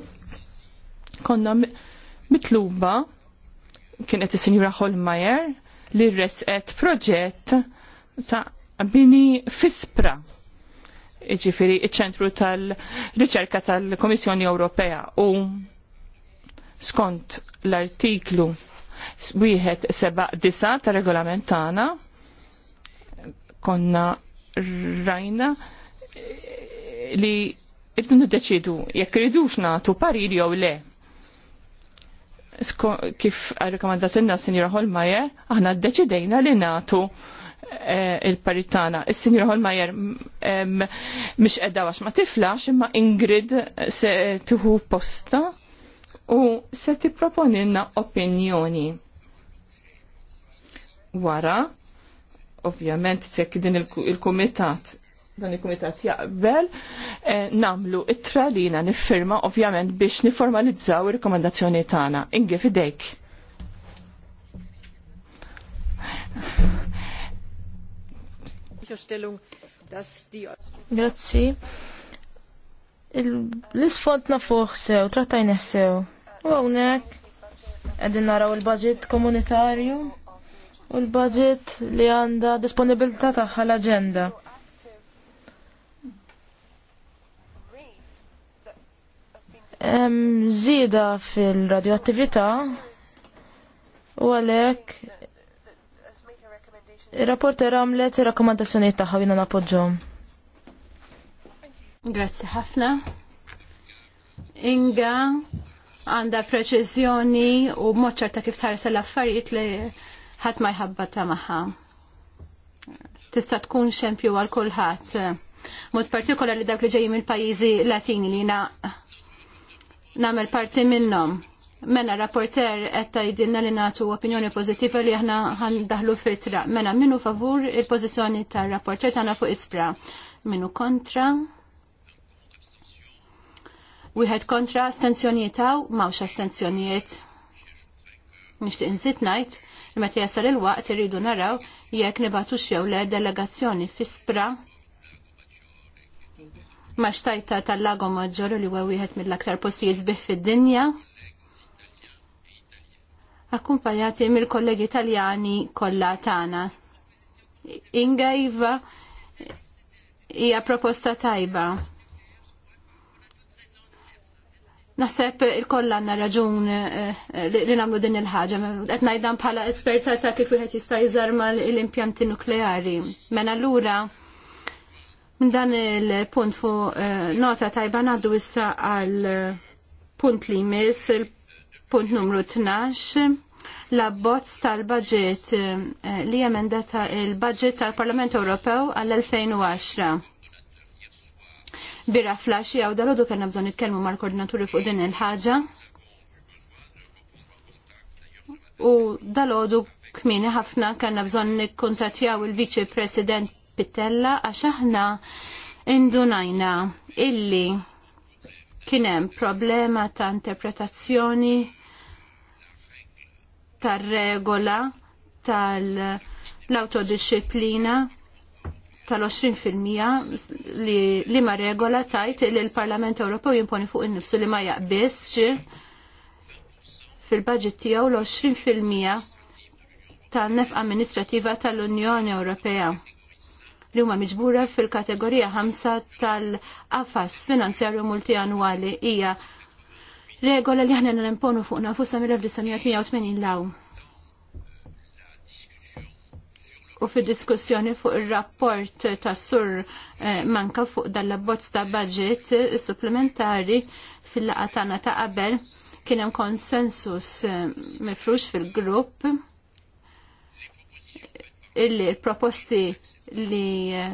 konna mitluba kienet is-Sinjura Holmajer li resqet proġett ta' bini fispra ġifiri iċ-ċentru tal-riċerka tal-Komissjoni Ewropea u skont l-artiklu wieħed seba' disa regolament tagħna konna rajna li irdu niddeċidu jekk iridux nagħtu parir jew le. Kif rekomandat inna Sinjora Holmaje, aħna ddeċidejna li nagħtu Eh, il-paritana. is signor Holmajer mhix qiegħda għax ma tiflax imma Ingrid se tuħu posta u se tipproponilna opinjoni. Wara, ovvjament se din il-kumitat dan il-kumitat jaqbel, eh, namlu it-tra li niffirma ovvjament biex niformalizzaw ir-rekomendazzjoni tagħna. Inge fidejk. Grazzi. L-isfond nafuħ sew, trattajna sew. U għonek, għedin naraw il-budget komunitarju u l-budget li għanda disponibilità taħħa l-agenda. Zida fil-radioattività u għalek Il-rapporter għamlet il-rakkomandazzjoni taħħa jina napoġġom. Grazzi ħafna. Inga għanda preċizjoni u moċċar ta' kif tħares l-affarijiet li ħadd ma jħabba ta' maħħa. Tista' tkun xempju għal kulħadd. Mod partikolari dawk li ġejjin mill-pajjiżi Latini li na nagħmel parti minnhom. Mena rapporter qed tgħidilna li nagħtu opinjoni pozitiva li aħna daħlu fitra. Mena minu favur il-pożizzjoni tar-rapporter tagħna fuq ispra. Minu kontra. Wieħed kontra astenzjonijiet hawn m'hawnx astenzjonijiet. Nixtieq inżid ngħid meta jasal il-waqt irridu naraw jekk nibatu xew le delegazzjoni fispra. ma xtajta tal-lago maġġoru li huwa wieħed mill-aktar postijiet sbieħ fid-dinja akkumpanjati mill-kollegi Italjani kollha tagħna. Inga Iva hija proposta tajba. Naħseb il-kolla għanna raġun eh, li nagħmlu din il ħaġa Qed najdan bħala esperta ta' kif wieħed jista' jżarma l-impjanti nukleari. Mena l minn dan il-punt fu eh, nota tajba ngħaddu issa għal eh, punt li jmiss, il-punt numru 12, l-abbozz tal-budget eh, li emendata il-budget tal-Parlament Ewropew għall-2010. Bira flaxi għaw dal-ħodu kena bżon nitkelmu mal-koordinaturi fuq din il-ħagġa. U dal-ħodu kmini ħafna kena bżon nikkontatjaw il-Vice President Pitella għax aħna indunajna illi kienem problema ta' interpretazzjoni tar-regola tal-autodisciplina tal-20% li, li ma regola tajt li l-Parlament Ewropew jimponi fuq innifsu li ma jaqbis fil-budget tiegħu l-20% tan-nef amministrativa tal-Unjoni Ewropea li huma miġbura fil-kategorija 5 tal-qafas finanzjarju multianwali hija regola li ħna nimponu fuq nafusa mill-1988 law. U fil-diskussjoni fuq il-rapport ta' sur eh, manka fuq dal bozz ta' budget eh, supplementari fil-laqatana ta' qabel kien hemm konsensus eh, mifrux fil-grupp illi proposti li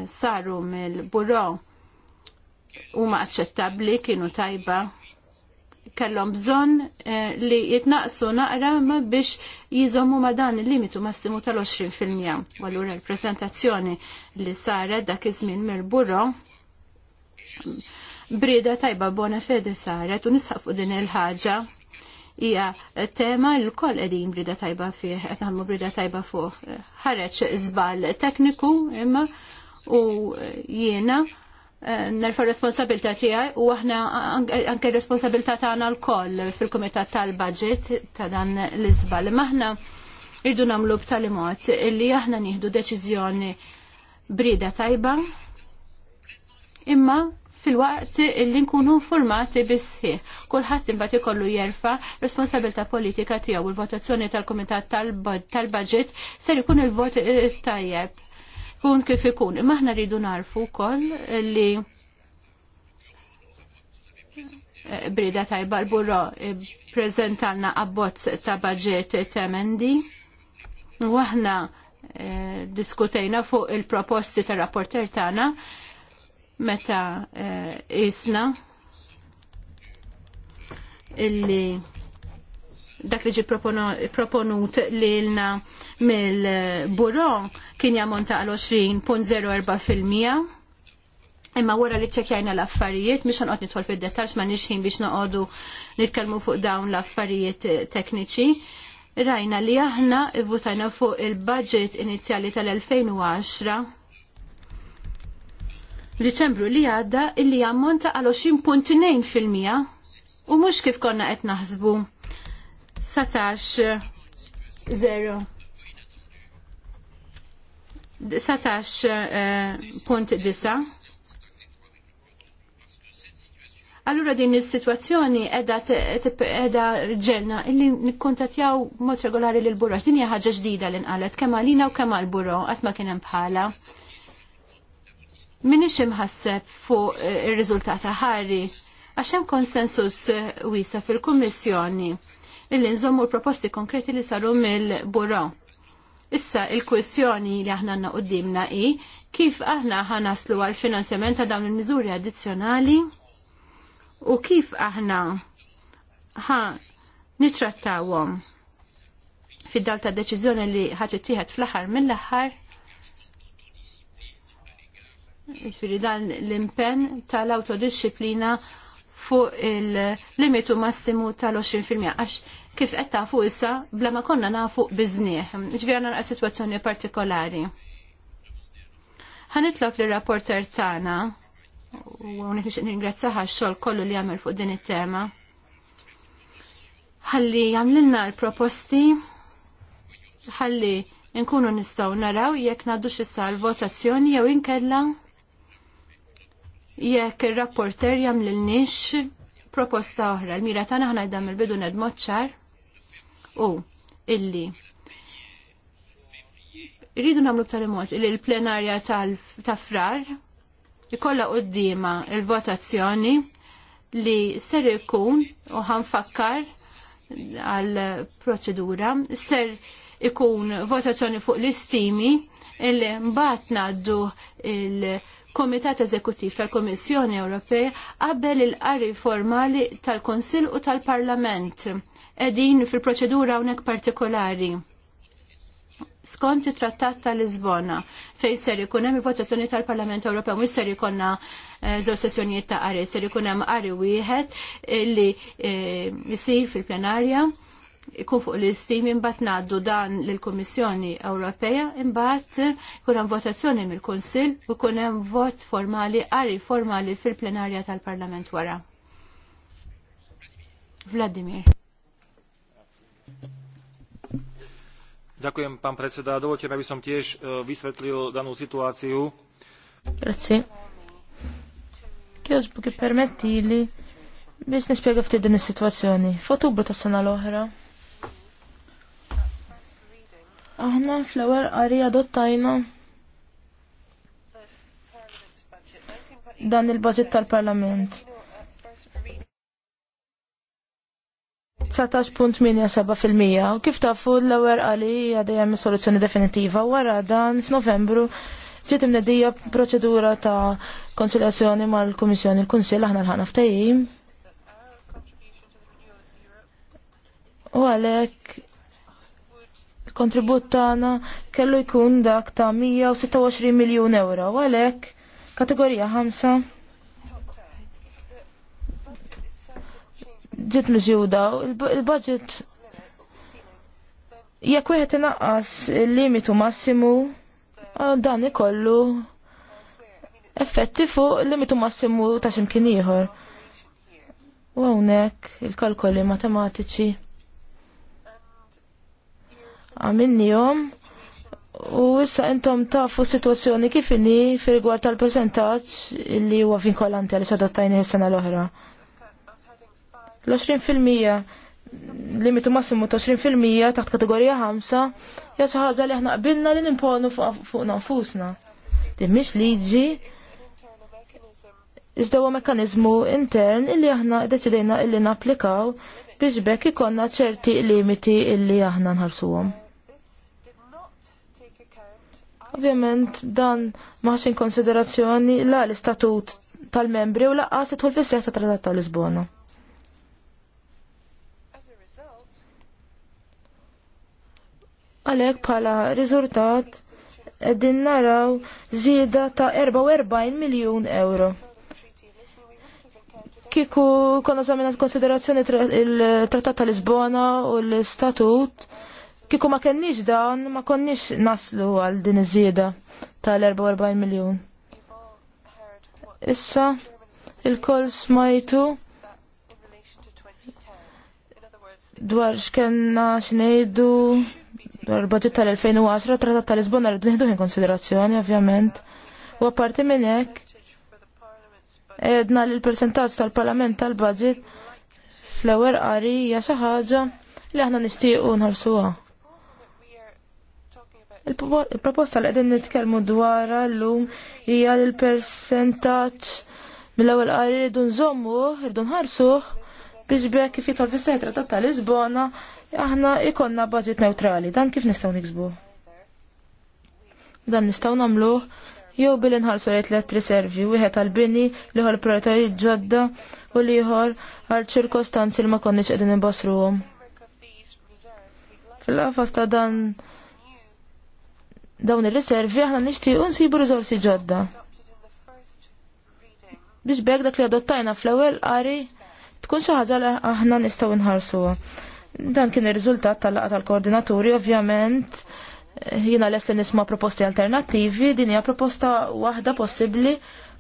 saru mill-buro huma aċċettabbli kienu tajba kellhom bżonn eh, li jitnaqsu naqra biex jizommu ma dan il-limitu massimu tal-20%. U allura l-prezentazzjoni li saret dak iż-żmien mill-burro brida tajba bona fede saret u nisħaq fuq din il-ħaġa hija tema l koll qegħdin brida tajba fih, qed nagħmlu brida tajba fuq ħareġ żball tekniku imma u jiena Eh, nerfa responsabilta tiegħi u aħna anke responsabilta tagħna l-koll fil-kumitat tal-budget ta' dan l-iżbal. Maħna irdu nagħmlu b'tali mod illi aħna nieħdu deċiżjoni brida tajba imma fil-waqt illi nkunu formati bisħiħ. Kulħadd imbagħad ikollu jerfa responsabilta politika tiegħu il votazzjoni tal-kumitat tal-budget ser ikun il-vot eh, tajjeb kun kif ikun. Imma aħna rridu narfu wkoll li brida tajba l-burro eh, prezentalna abbozz ta' budget temendi. U aħna eh, diskutejna fuq il-proposti ta' rapporter tagħna meta eh, isna illi dak li ġi proponut lilna mill-buro kien jammonta għal 20.04% imma wara li ċekjajna l-affarijiet, biex għanqot nitħol fil-dettax ma nixħin biex noqodu nitkalmu fuq dawn l-affarijiet tekniċi. Rajna li aħna votajna fuq il-budget inizjali tal-2010 F'Diċembru li għadda illi jammonta għal 20.2% u mux kif konna qed naħsbu satax eh, zero. Satax eh, punt disa. Allura din is-sitwazzjoni qiegħda ġenna illi nikkuntatjaw mod regolari lil burro din hija ħaġa ġdida li nqalet kemm għalina u kemm għall-burro qatt ma kien hemm bħala. Minix imħasseb fuq eh, ir-riżultat ħari għax hemm konsensus wiesa fil-Kummissjoni illi nżommu l-proposti konkreti li saru mill-buro. Issa il-kwestjoni li aħna għanna qoddimna i kif aħna ħanaslu għal finanzjament ta' dawn il-miżuri addizzjonali u kif aħna ħa nitrattawhom fid-dal ta' deċiżjoni li ħaġa fl-aħħar mill-aħħar Ġifiri dan l-impen tal-autodisciplina fuq il-limitu massimu tal-20% għax kif qed tafu issa bla ma konna nafu biżnieħ. Ġifieri naqa situazzjoni partikolari. Ħanitlok li rapporter tagħna u hawnhekk nixtieq x-xogħol kollu li jagħmel fuq din it-tema. Ħalli għamlilna l-proposti ħalli nkunu nistgħu naraw jekk ngħaddux issa l-votazzjoni jew inkella jekk ir rapporter jagħmlilniex proposta oħra. L-mira tagħna ħna jdam il-bidu nedmoċċar u illi rridu namlu b'tali mod illi l-plenarja ta' frar ikolla qoddima il-votazzjoni li ser ikun u ħanfakkar għal-proċedura ser ikun votazzjoni fuq l-istimi illi mbagħad ngħaddu il- Komitat Eżekuttiv tal kummissjoni Ewropea qabel il-qari formali tal-Konsil u tal-Parlament edin fil-proċedura unek partikolari. Skont it-trattat ta' lisbona fej ser ikun hemm votazzjoni tal-Parlament Ewropew, mhux ser ikonna eh, żew sessjonijiet ta' qari, ser ikun hemm qari wieħed li jsir eh, fil-plenarja ikun fuq l-istim imbagħad ngħaddu dan lill-Kummissjoni Ewropea imbagħad ikun hemm votazzjoni mill-Kunsill u jkun hemm vot formali qari formali fil-plenarja tal-Parlament wara. Vladimir. Ďakujem, pán predseda. Dovolte mi, aby som tiež e, vysvetlil danú situáciu. Grazie. permetti li biex ftit din is-sitwazzjoni. F'Ottubru tas-sena l-oħra. Aħna fl dan il-budget tal-Parlament. 19.87% u kif tafu l-ewwel qali hija dejjem soluzzjoni definitiva wara dan f'Novembru ġiet imnedija proċedura ta' konsiljazzjoni mal-Kummissjoni l-Kunsill aħna l-ħana ftehim. U għalhekk kontribut tagħna kellu jkun dak ta' 126 miljun euro u għalhekk kategorija 5 ġiet miġjuda il-budget jekk wieħed inaqqas il-limitu massimu dan ikollu effetti fuq il limitu massimu ta' ximkien ieħor. U hawnhekk il-kalkoli matematiċi Għamilnihom u issa intom tafu situazzjoni kif inhi fir rigward tal preżentaġġ li huwa vinkolanti għal adottajni s-sena l-oħra. L-20% limitu massimu ta' 20% taħt kategorija 5 hija xi ħaġa li aħna qbilna li nimponu fuq nafusna. Din liġi iżda huwa mekkaniżmu intern illi aħna deċidejna illi napplikaw biex bekk ikonna ċerti limiti illi aħna nħarsuhom. Ovvjament dan maħx konsiderazzjoni la l-istatut tal-membri u se idħol fis-seħħ ta' Trattat ta' Lisbona. Għalhekk bħala riżultat qegħdin naraw żieda ta' 44 miljun euro. Kiku konna żaminat konsiderazzjoni il-Trattat ta' Lisbona u l-Statut, kiku ma kenniex dan ma konniex naslu għal din iż-żieda l 44 miljun. Issa, il-koll smajtu dwar x'kenna x'ngħidu l-budget tal-2010 trattat tal-Lisbona rridu nieħdu konsiderazzjoni ovvjament. U apparti minn hekk edna l-persentaġġ tal-Parlament tal-budget fl-ewwel qari hija xi ħaġa li aħna nixtiequ nħarsuha. Il-proposta li qegħdin nitkellmu dwar llum hija li l-persentaġġ mill-ewwel qari rridu nżommuh, rridu nħarsuh biex bekk kif jitol fis-setra ta' Lisbona aħna ikonna budget neutrali, dan kif nistgħu niksbu? Dan nistgħu nagħmluh jew billi nħallsu rejt let riservi, wieħed għal bini għal prioritajiet ġodda u liħor għal ċirkostanzi li ma konniex qegħdin għom. Fil-qafas ta' dan dawn ir reservi aħna nixtiequ nsibu rizorsi ġodda. Biex bek dak li adottajna fl-ewwel qari tkun xi ħaġa li aħna nistgħu għom. Dan kien ir-riżultat tal-laqa tal-koordinaturi, ovvjament jina l li nisma proposti alternativi, din hija proposta waħda possibbli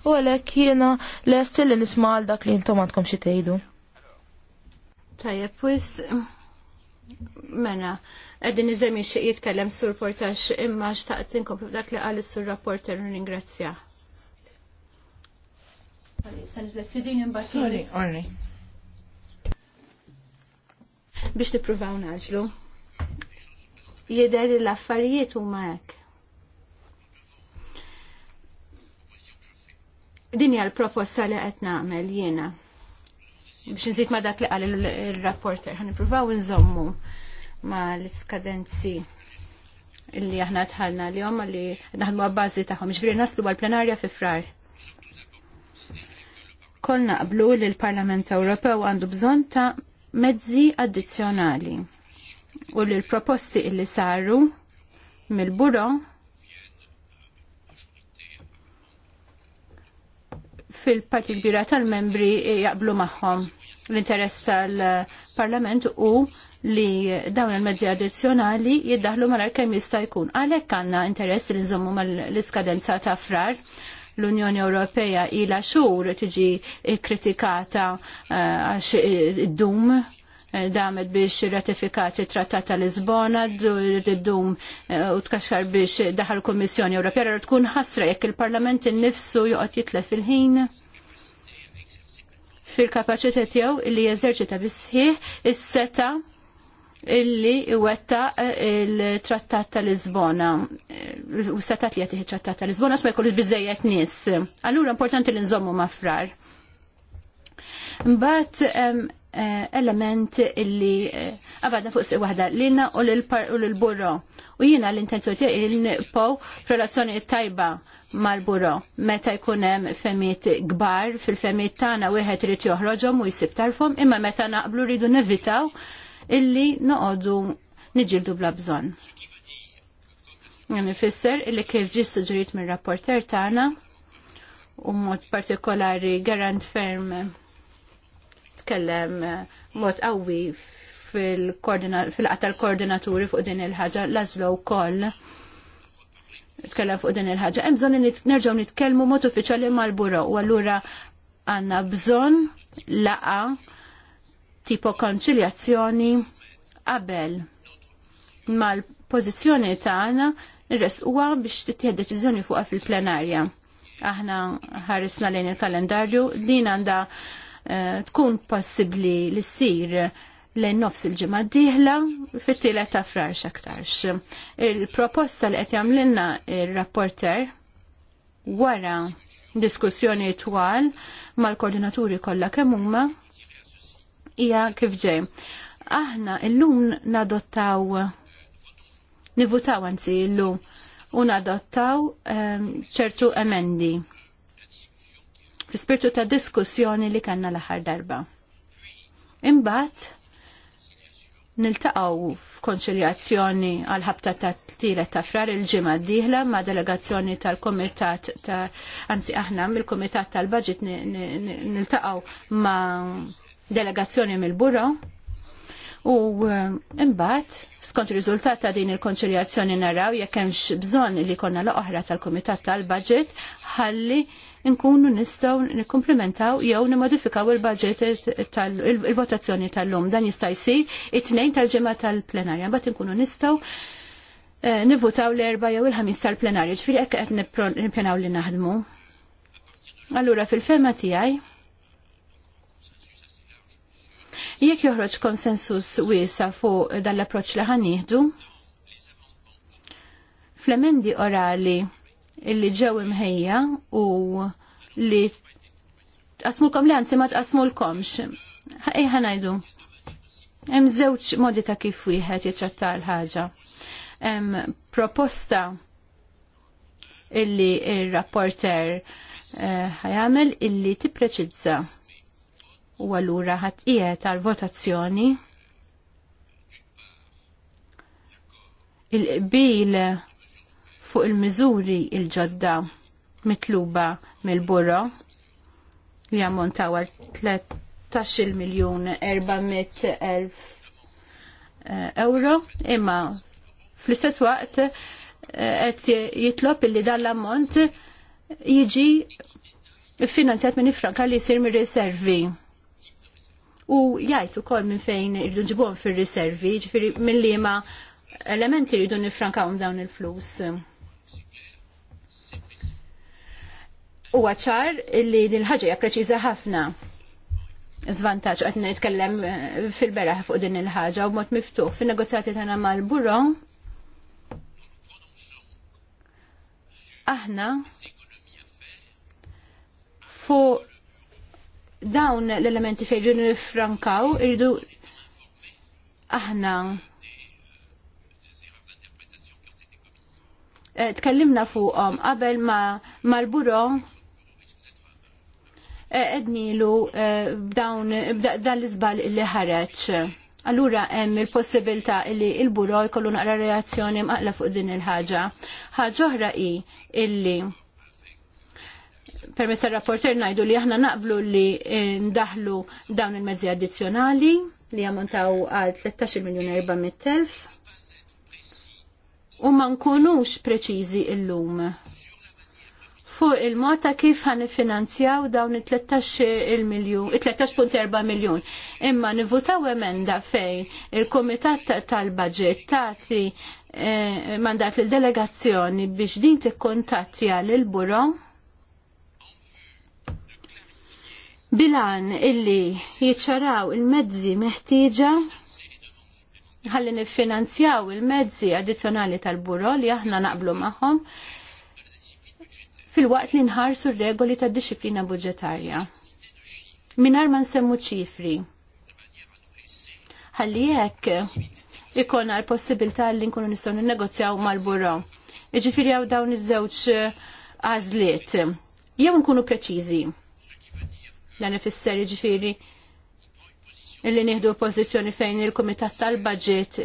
u għalhekk jiena l li nisma għal dak li jintom għandkom xi tgħidu. Tajjeb, wis mena, għedin iżemmi xie jitkellem sur portax imma xtaqt inkomplu dak li għal sur rapporter u ningrazzja. Sorry, sorry biex nippruvaw naġlu. Jidher li l-affarijiet huma hekk. Din hija l-proposta li qed nagħmel jiena. Biex nżid ma dak li qal il-rapporter, ħan nippruvaw nżommu ma l-iskadenzi illi aħna tħallna li jom li naħdmu għabbażi taħħom. Ġviri naslu għal-plenarja fi frar. Kolna qblu li l-Parlament Ewropew għandu bżon ta' mezzi addizzjonali u li l-proposti illi saru mill-buro fil-parti kbira tal-membri jaqblu magħhom l-interess tal-Parlament u li dawn il-mezzi addizzjonali jiddaħlu malar kemm jista' jkun. Għalhekk għandna interess li nżommu mal-iskadenza ta' frar l-Unjoni Ewropea ila xhur tiġi kritikata eh, għax eh, id-dum eh, damet biex ratifikat it-trattat ta' Lisbona, id-dum u tkaxar biex daħal Kommissjoni Ewropea, tkun ħasra jekk il-Parlament innifsu joqgħod jitlef il-ħin fil-kapaċità tiegħu illi jeżerċita bis-sħiħ is-seta' illi iwetta eh, il-trattat tal-Lisbona. Eh, u setat li il trattat tal-Lisbona, ma jkollu bizzejiet nis. Allura importanti li nżommu mafrar. Mbat eh, element illi għabadna fuq si wahda lilna u l-burro. U jina l-intenzjoni il-pow relazzjoni tajba mal burro Meta jkunem femit gbar fil femit tana u jħed rrit joħroġom u jisib tarfom, imma meta naqblu rridu nevitaw illi noqogħdu niġildu bla bżonn. Jan fisser illi kif ġi suġrit mir-rapporter tagħna u mod partikolari Garant Ferm tkellem eh, mod qawwi fil-qatal koordinaturi fuq din il-ħaġa lażlu wkoll tkellem fuq din il-ħaġa. Hemm bżonn nerġgħu nitkellmu mod uffiċjali mal-buro u allura għandna bżonn laqa tipo konċiljazzjoni qabel mal-pożizzjoni tagħna irresquha biex tittieħed deċiżjoni fuqha fil-plenarja. Aħna ħarisna lejn il-kalendarju din għandha eh, tkun possibbli li ssir lejn nofs il-ġimgħa d-dieħla fit-tielet ta' frar aktarx. Il-proposta li qed jagħmlilna ir-rapporter wara diskussjoni twal mal-koordinaturi kollha kemm huma hija kif ġej. Aħna illum nadottaw nivutaw anzi illum u nadottaw ehm, ċertu emendi fi spirtu ta' diskussjoni li kanna l-aħħar darba. Imbagħad niltaqgħu f'konċiljazzjoni għal ħabta ta' tielet ta' frar il-ġimgħa d ma' delegazzjoni tal-Kumitat ta' anzi aħna mill-Kumitat tal-Baġit niltaqgħu ma' delegazzjoni mill-buro u eh, imbagħad skont riżultat ta' din il-konċiljazzjoni naraw jekk hemmx bżonn li konna l-oħra tal-Kumitat tal-Budget ħalli nkunu nistgħu nikkumplimentaw jew nimodifikaw il-budget il-votazzjoni tal-lum. Dan jista' jsir it-tnejn tal-ġimgħa tal-plenarja, mbagħad inkunu nistgħu eh, nivvutaw l-erba jew il-ħamis tal-plenarja, ġifieri hekk qed nippjanaw li naħdmu. Allura fil-fema tiegħi Jekk joħroġ konsensus wiesa fuq dal-approċ li ħanieħdu, fl-emendi orali illi ġew imħejja u li tqasmulkom li għanzi ma tqasmulkomx. Ejħa najdu. Hemm żewġ modi ta' kif wieħed jitratta l-ħaġa. Hemm proposta illi ir-rapporter eh, ħajamel illi tippreċizza u għallura ħat tal-votazzjoni il-qbil fuq il-miżuri il-ġodda mitluba mill-burro li għamonta għal 13 miljon 400 elf euro imma fl-istess waqt eh, qed jitlob illi dan l-ammont jiġi finanzjat minn ifranka li jsir mir-riservi u jgħid ukoll minn fejn irridu nġibuhom fir-riservi, ġifiri minn liema elementi rridu nifrankaw dawn il-flus. U ċar li din ħaġa hija ħafna zvantaġġ qed nitkellem eh, fil-beraħ fuq din il-ħaġa u mod miftuħ fin-negozjati tagħna mal burro Aħna fuq dawn l-elementi fejġu nifrankaw irridu aħna eh, tkellimna fuqhom qabel ma mal-buro eh, ednilu eh, dawn dan l-iżbal li ħareġ. Allura hemm il-possibilità li l-buro jkollu naqra reazzjoni maqla fuq din il-ħaġa. Ħaġa oħra hi illi permess tal-rapporter najdu li aħna naqblu li eh, ndaħlu dawn il-mezzi addizjonali li jammontaw għal 13 miljon telf u ma nkunux preċizi illum fuq il-mod ta' kif ħan finanzjaw dawn il-13 miljon, il-13.4 miljon. Imma nivutaw emenda fejn il-Komitat tal-Budget tagħti eh, mandat il-delegazzjoni biex din tikkontattja il buro bilan illi jiċċaraw il-mezzi meħtieġa ħalli nifinanzjaw il-mezzi addizzjonali tal-buro li aħna naqblu magħhom fil-waqt li nħarsu r-regoli tad disciplina budġetarja. Minar ma nsemmu ċifri. Ħalli hekk ikonna l-possibilità li nkunu nistgħu nnegozjaw mal-buro. Iġifieri hawn dawn iż-żewġ għażliet. Jew nkunu preċiżi dan ifisser ġifiri illi nieħdu pożizzjoni fejn il-Kumitat tal-Budget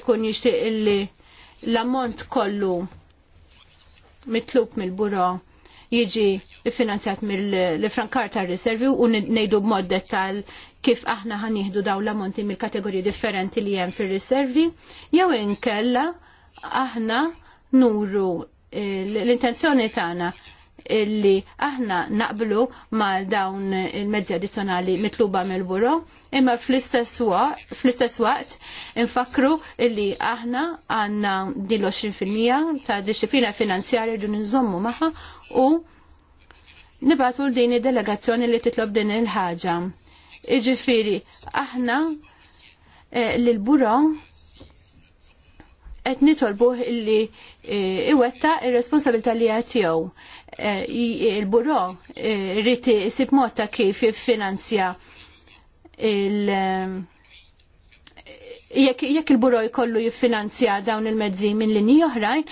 ikun jixtieq illi l-ammont kollu mitlub mill-buro jiġi finanzjat mill-Frankar tar-Riservi u ngħidu mod dettal kif aħna jihdu daw l-ammonti mill-kategoriji differenti li hemm fir-riservi jew inkella aħna nuru eh, l-intenzjoni tagħna illi aħna naqblu mal dawn il-mezzi addizzjonali mitluba mill-buro, imma fl-istess waqt infakru illi aħna għanna din l-20% ta' disciplina finanzjarja dun nżommu maħħa u nibatu l-din delegazzjoni li titlob din il-ħaġa. Iġifiri, aħna eh, l-buro qed nitolbu illi eh, iwetta ir-responsabilità li qed Eh, il-buro eh, rrit sib mod ta' kif finanzja il- eh, jekk il-buro jkollu jiffinanzja dawn il-mezzi minn linji oħrajn,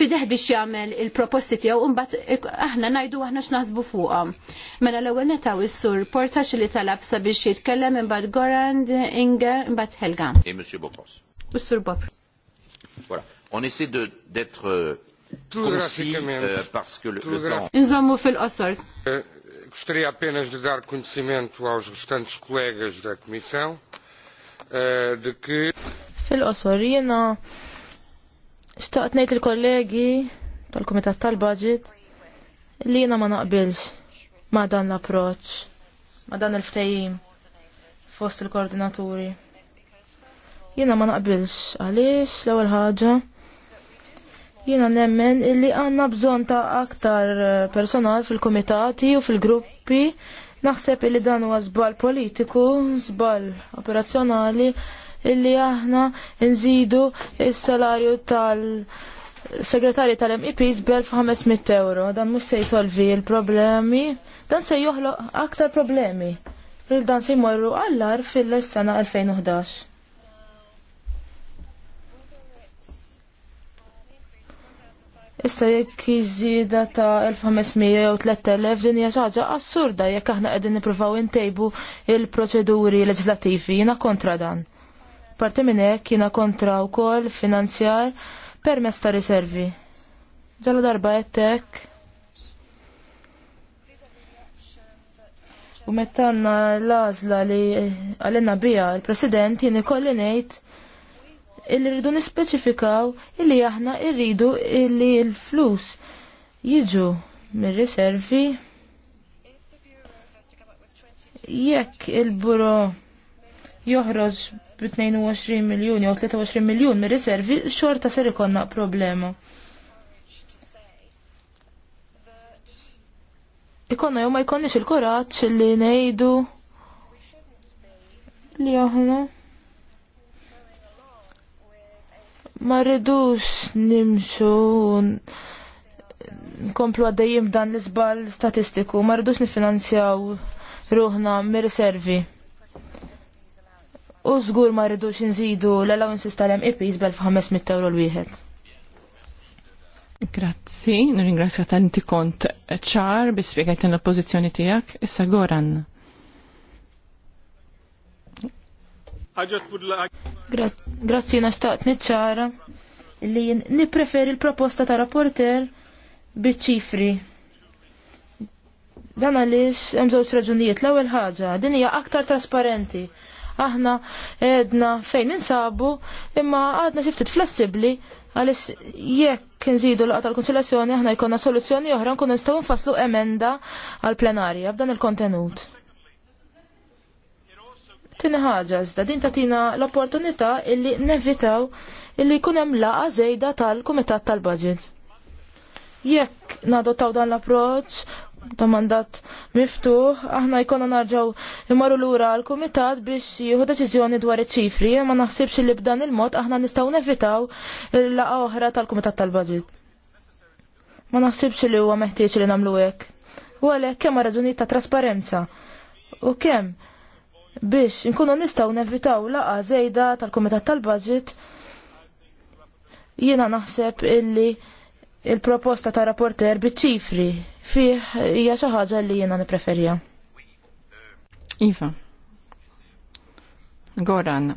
fideħ biex jagħmel il-proposti tiegħu imbagħad aħna ngħidu aħna x'naħsbu fuqhom. Mela l-ewwel netaw is-sur portax li talab sabiex jitkellem imbagħad Gorand Inge imbagħad Helga. Monsieur Is-sur Voilà. On essaie d'être euh, Eh, Inżommu fil-qosor. Eh, gostaria apenas de dar conhecimento aos restantes colegas da Comissão eh, de que. Fil-qosor, jena xtaqt nejt il-kollegi tal-Komitat tal-Budget li jena ma naqbilx ma dan l-approċ, ma dan il-ftejim fost il-koordinaturi. Jena ma naqbilx għalix l-ewwel ħaġa. Jiena nemmen illi għandna bżonn ta' aktar eh, personal fil-komitati u fil-gruppi. Naħseb illi dan huwa żball politiku, żball operazzjonali illi aħna nżidu is-salarju tal- segretari tal-MEPs bel-500 euro, dan mhux se jisolvi il-problemi, dan se joħloq aktar problemi. Il-dan se jmorru għallar fil-sena 2011. Issa jekk jiżida ta' 1500 jew 3000 din hija xi ħaġa assurda jekk aħna qegħdin nippruvaw intejbu il-proċeduri leġislattivi jiena kontra dan. Parti minn hekk jiena kontra wkoll finanzjar permezz ta' riservi. Ġala darba qed hekk. U meta l-għażla li għalina biha l president jien ikolli ngħid illi rridu nispeċifikaw illi aħna rridu illi l-flus jiġu mir-riservi jekk il-buro joħroġ bi 22 miljun jew 23 miljun mir-riservi xorta ser ikonna problema. Ikonna jew ma jkonniex il-kuraġġ li ngħidu li aħna ma rridux nimxu nkomplu għaddejjim dan l izbal statistiku, ma rridux nifinanzjaw ruħna mir-reservi. U żgur ma rridux nżidu l-allowances tal-MEP jizbel f-500 euro l-wieħed. Grazzi, nirringrazzja tal-inti kont ċar bispiegħajten l-pozizjoni tijak, issa Goran. Grazzi naxtaqt niċċara li nipreferi l-proposta ta' rapporter biċ-ċifri. Dan għaliex hemm żewġ raġunijiet. L-ewwel ħaġa, din hija aktar trasparenti. Aħna edna fejn insabu, imma għadna xiftit ftit flessibbli għaliex jekk nżidu l tal konsilazzjoni aħna jkollna soluzzjoni oħra nkun nistgħu nfasslu emenda għall plenarja b'dan il-kontenut. Tini ħaġa iżda din tatina l-opportunità illi nevitaw illi jkun hemm laqa żejda tal-Kumitat tal-Budget. Jekk nadottaw dan l-approċċ ta' mandat miftuħ, aħna jkonna narġaw l lura għal-Kumitat biex jieħu deċiżjoni dwar iċ-ċifri, ma naħsibx li b'dan il-mod aħna nistgħu nevitaw il-laqa oħra tal-Kumitat tal-Budget. Ma naħsibx li huwa meħtieġ li nagħmlu hekk. U għalhekk kemm raġuni ta' trasparenza u kemm biex nkunu nistaw nevitaw laqa zejda tal-Komitat tal-Budget jiena naħseb illi il-proposta ta' rapporter biċ-ċifri fih hija xi ħaġa li jiena nippreferija. Iva. Goran,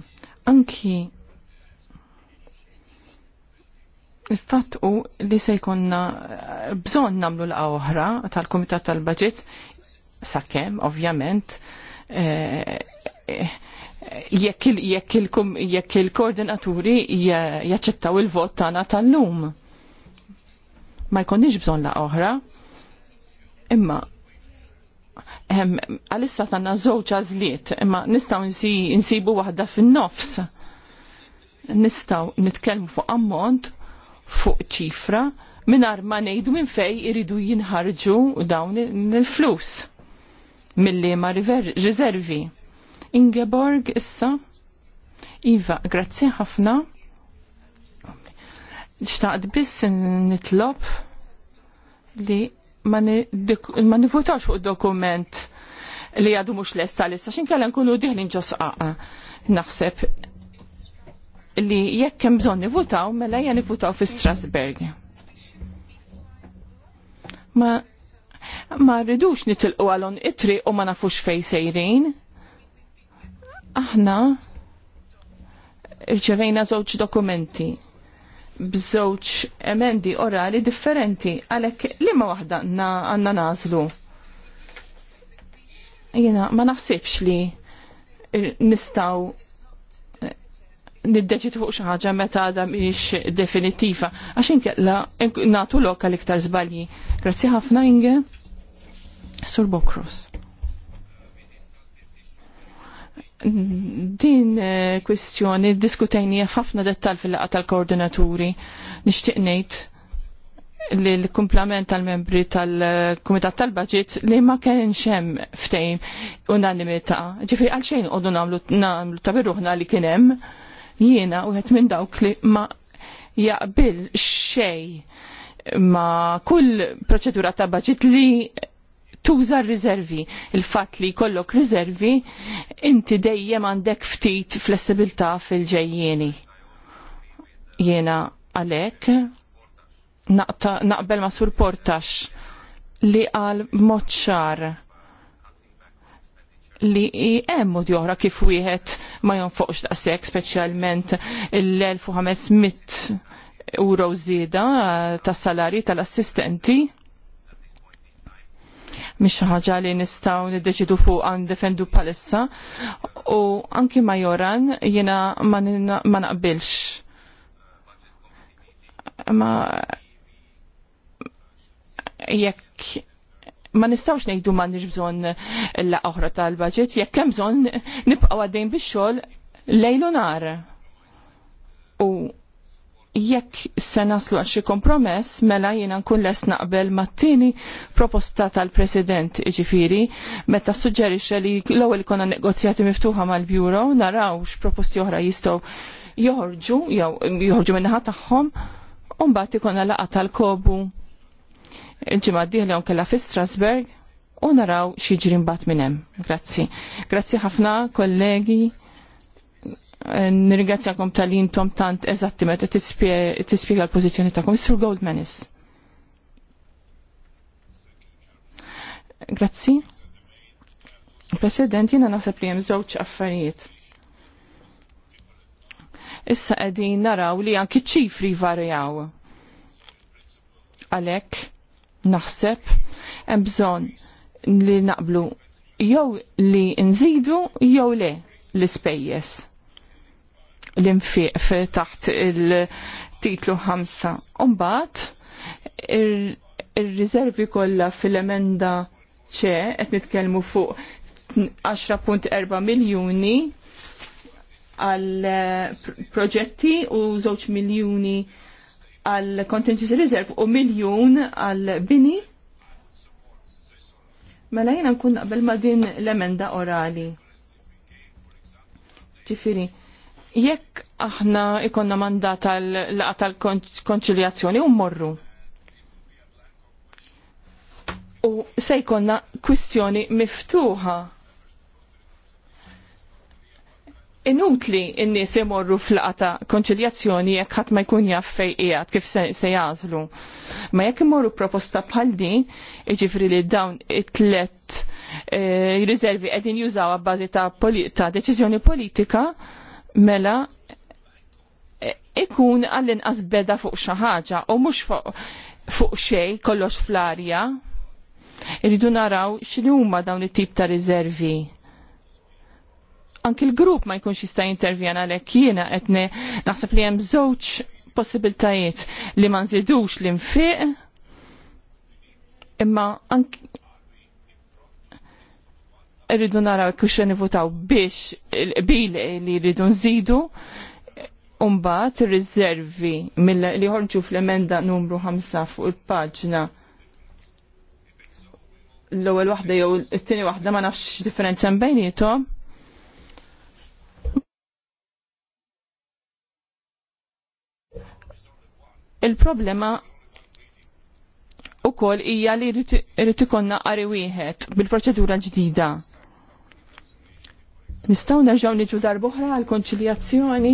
anki il-fatt u li se jkunna eh, bżon namlu l oħra tal-Kumitat tal-Budget sakemm, ovvjament, jekk il-koordinaturi jaċċettaw il-vot tagħna tal-lum. Ma jkunniex bżonn la oħra. Imma ehm, għalissa tanna żewġ għażliet, imma nistgħu nsibu waħda fin-nofs. Nistgħu nitkellmu fuq ammont fuq ċifra mingħajr ma ngħidu minn fejn iridu jinħarġu dawn il-flus. il flus mill-li ma riservi. Ingeborg issa, Iva, grazzi ħafna. Xtaqt biss nitlob li ma nivutax fuq dokument li għadu mux li lissa, xin kalla nkunu diħlin ġosqaqa. Naħseb li jekk hemm bżonn nivutaw, mela hija nivutaw fi Strasberg. Ma ma rridux nitilqu għalhom itri u ma nafux fejn sejrin. Aħna rċevejna żewġ dokumenti bżewġ emendi orali differenti għalhekk liema waħda għandna nażlu. Jiena ma naħsibx li nistaw eh, niddeċi fuq xi ħaġa meta għadha mhix definittiva għax inkella nagħtu lokal iktar żbalji. Grazzi ħafna Inge. Sur Bokros. Din eh, kwistjoni diskutajni ħafna dettal fil-laqa tal-koordinaturi. Nixtieq ngħid li l-kumplament tal-membri tal-Kumitat tal-Budget li ma kienx hemm ftejn unanimità. Ġifri għal xejn namlu, nagħmlu nagħmlu li kien hemm jiena wieħed minn dawk li ma jaqbil xej ma kull proċedura ta' budget li tuża r-riservi. Il-fatt li jkollok riservi, inti dejjem għandek ftit flessibilità fil-ġejjieni. Jiena għalhekk naqbel ma' surportax li għal moċċar li hemm mod oħra kif wieħed ma jonfoqx daqshekk speċjalment l-1500 euro żieda tas-salari tal-assistenti mhix xi ħaġa li nistgħu niddeċidu fuq ndefendu palissa u anki ma joran jiena ma naqbilx. Ma jekk ma nistawx nejdu ma nix bżon la oħra tal-budget, jekk hemm bżon nibqgħu għaddejn bix-xogħol lejlu nar. U jekk se naslu għal xi kompromess mela jiena nkun lest naqbel mat-tieni proposta tal-President ġifiri meta suġġerixxa li l-ewwel ikun negozjati miftuħa mal-Bjuro naraw x'proposti oħra jistgħu joħorġu jew joħorġu min-naħa tagħhom u mbagħad ikun laqgħa tal-kobu il-ġimgħa d-dieħla kellha fi Strasberg u naraw xi ġri mbagħad minn hemm. Grazzi. Grazzi ħafna kollegi Eh, nirringrazzjakom tal-intom tant eżattiment tispjega l-pożizzjoni tagħkom. Mr. Goldmanis. Grazzi. President, jiena naħseb li hemm żewġ affarijiet. Issa qegħdin naraw li anki ċifri varjaw. Għalhekk naħseb hemm bżonn li naqblu jew li nżidu jew le l-ispejjeż l-infiq taħt il-titlu 5. Umbat, il-rizervi kolla kollha fil-emenda ċe, qed nitkellmu fuq 10.4 miljuni għal eh, proġetti u żewġ miljuni għal contingency reserve u miljun għal bini. Mela jena nkun naqbel ma din l-emenda orali. Ġifiri, Jekk aħna ikonna mandat tal-laqa tal-konċiljazzjoni u morru. U se jkonna kwistjoni miftuħa. Inutli n-nies imorru fl-laqa ta' konċiljazzjoni jekk ħadd ma jkun jaf fejn qiegħed kif se, jażlu. Ma jekk imorru proposta bħal din, jiġifieri li dawn it-tlet eh, riservi qegħdin jużaw għabbażi ta deċiżjoni politika, mela ikun għall-inqas beda fuq xi ħaġa u mhux fuq fuq xejn kollox fl-arja. Irridu naraw x'inhu huma dawn it-tip ta' riservi. Anki l-grupp ma jkunx jista' jintervjena għalhekk jiena qed naħseb li hemm żewġ possibiltajiet li ma nżidux l-infiq imma anki rridu naraw kuxa nivutaw biex il-qbil li rridu nżidu Umbat rizervi li ħorġu fl-emenda numru 5 fuq il-paġna l-ewwel waħda jew it-tieni waħda ma nafx differenza bejnietom. Il-problema u kol ija li rritikonna ikonna qari wieħed bil-proċedura ġdida. Nistaw nerġaw niġu darbohra għal-konċiljazzjoni.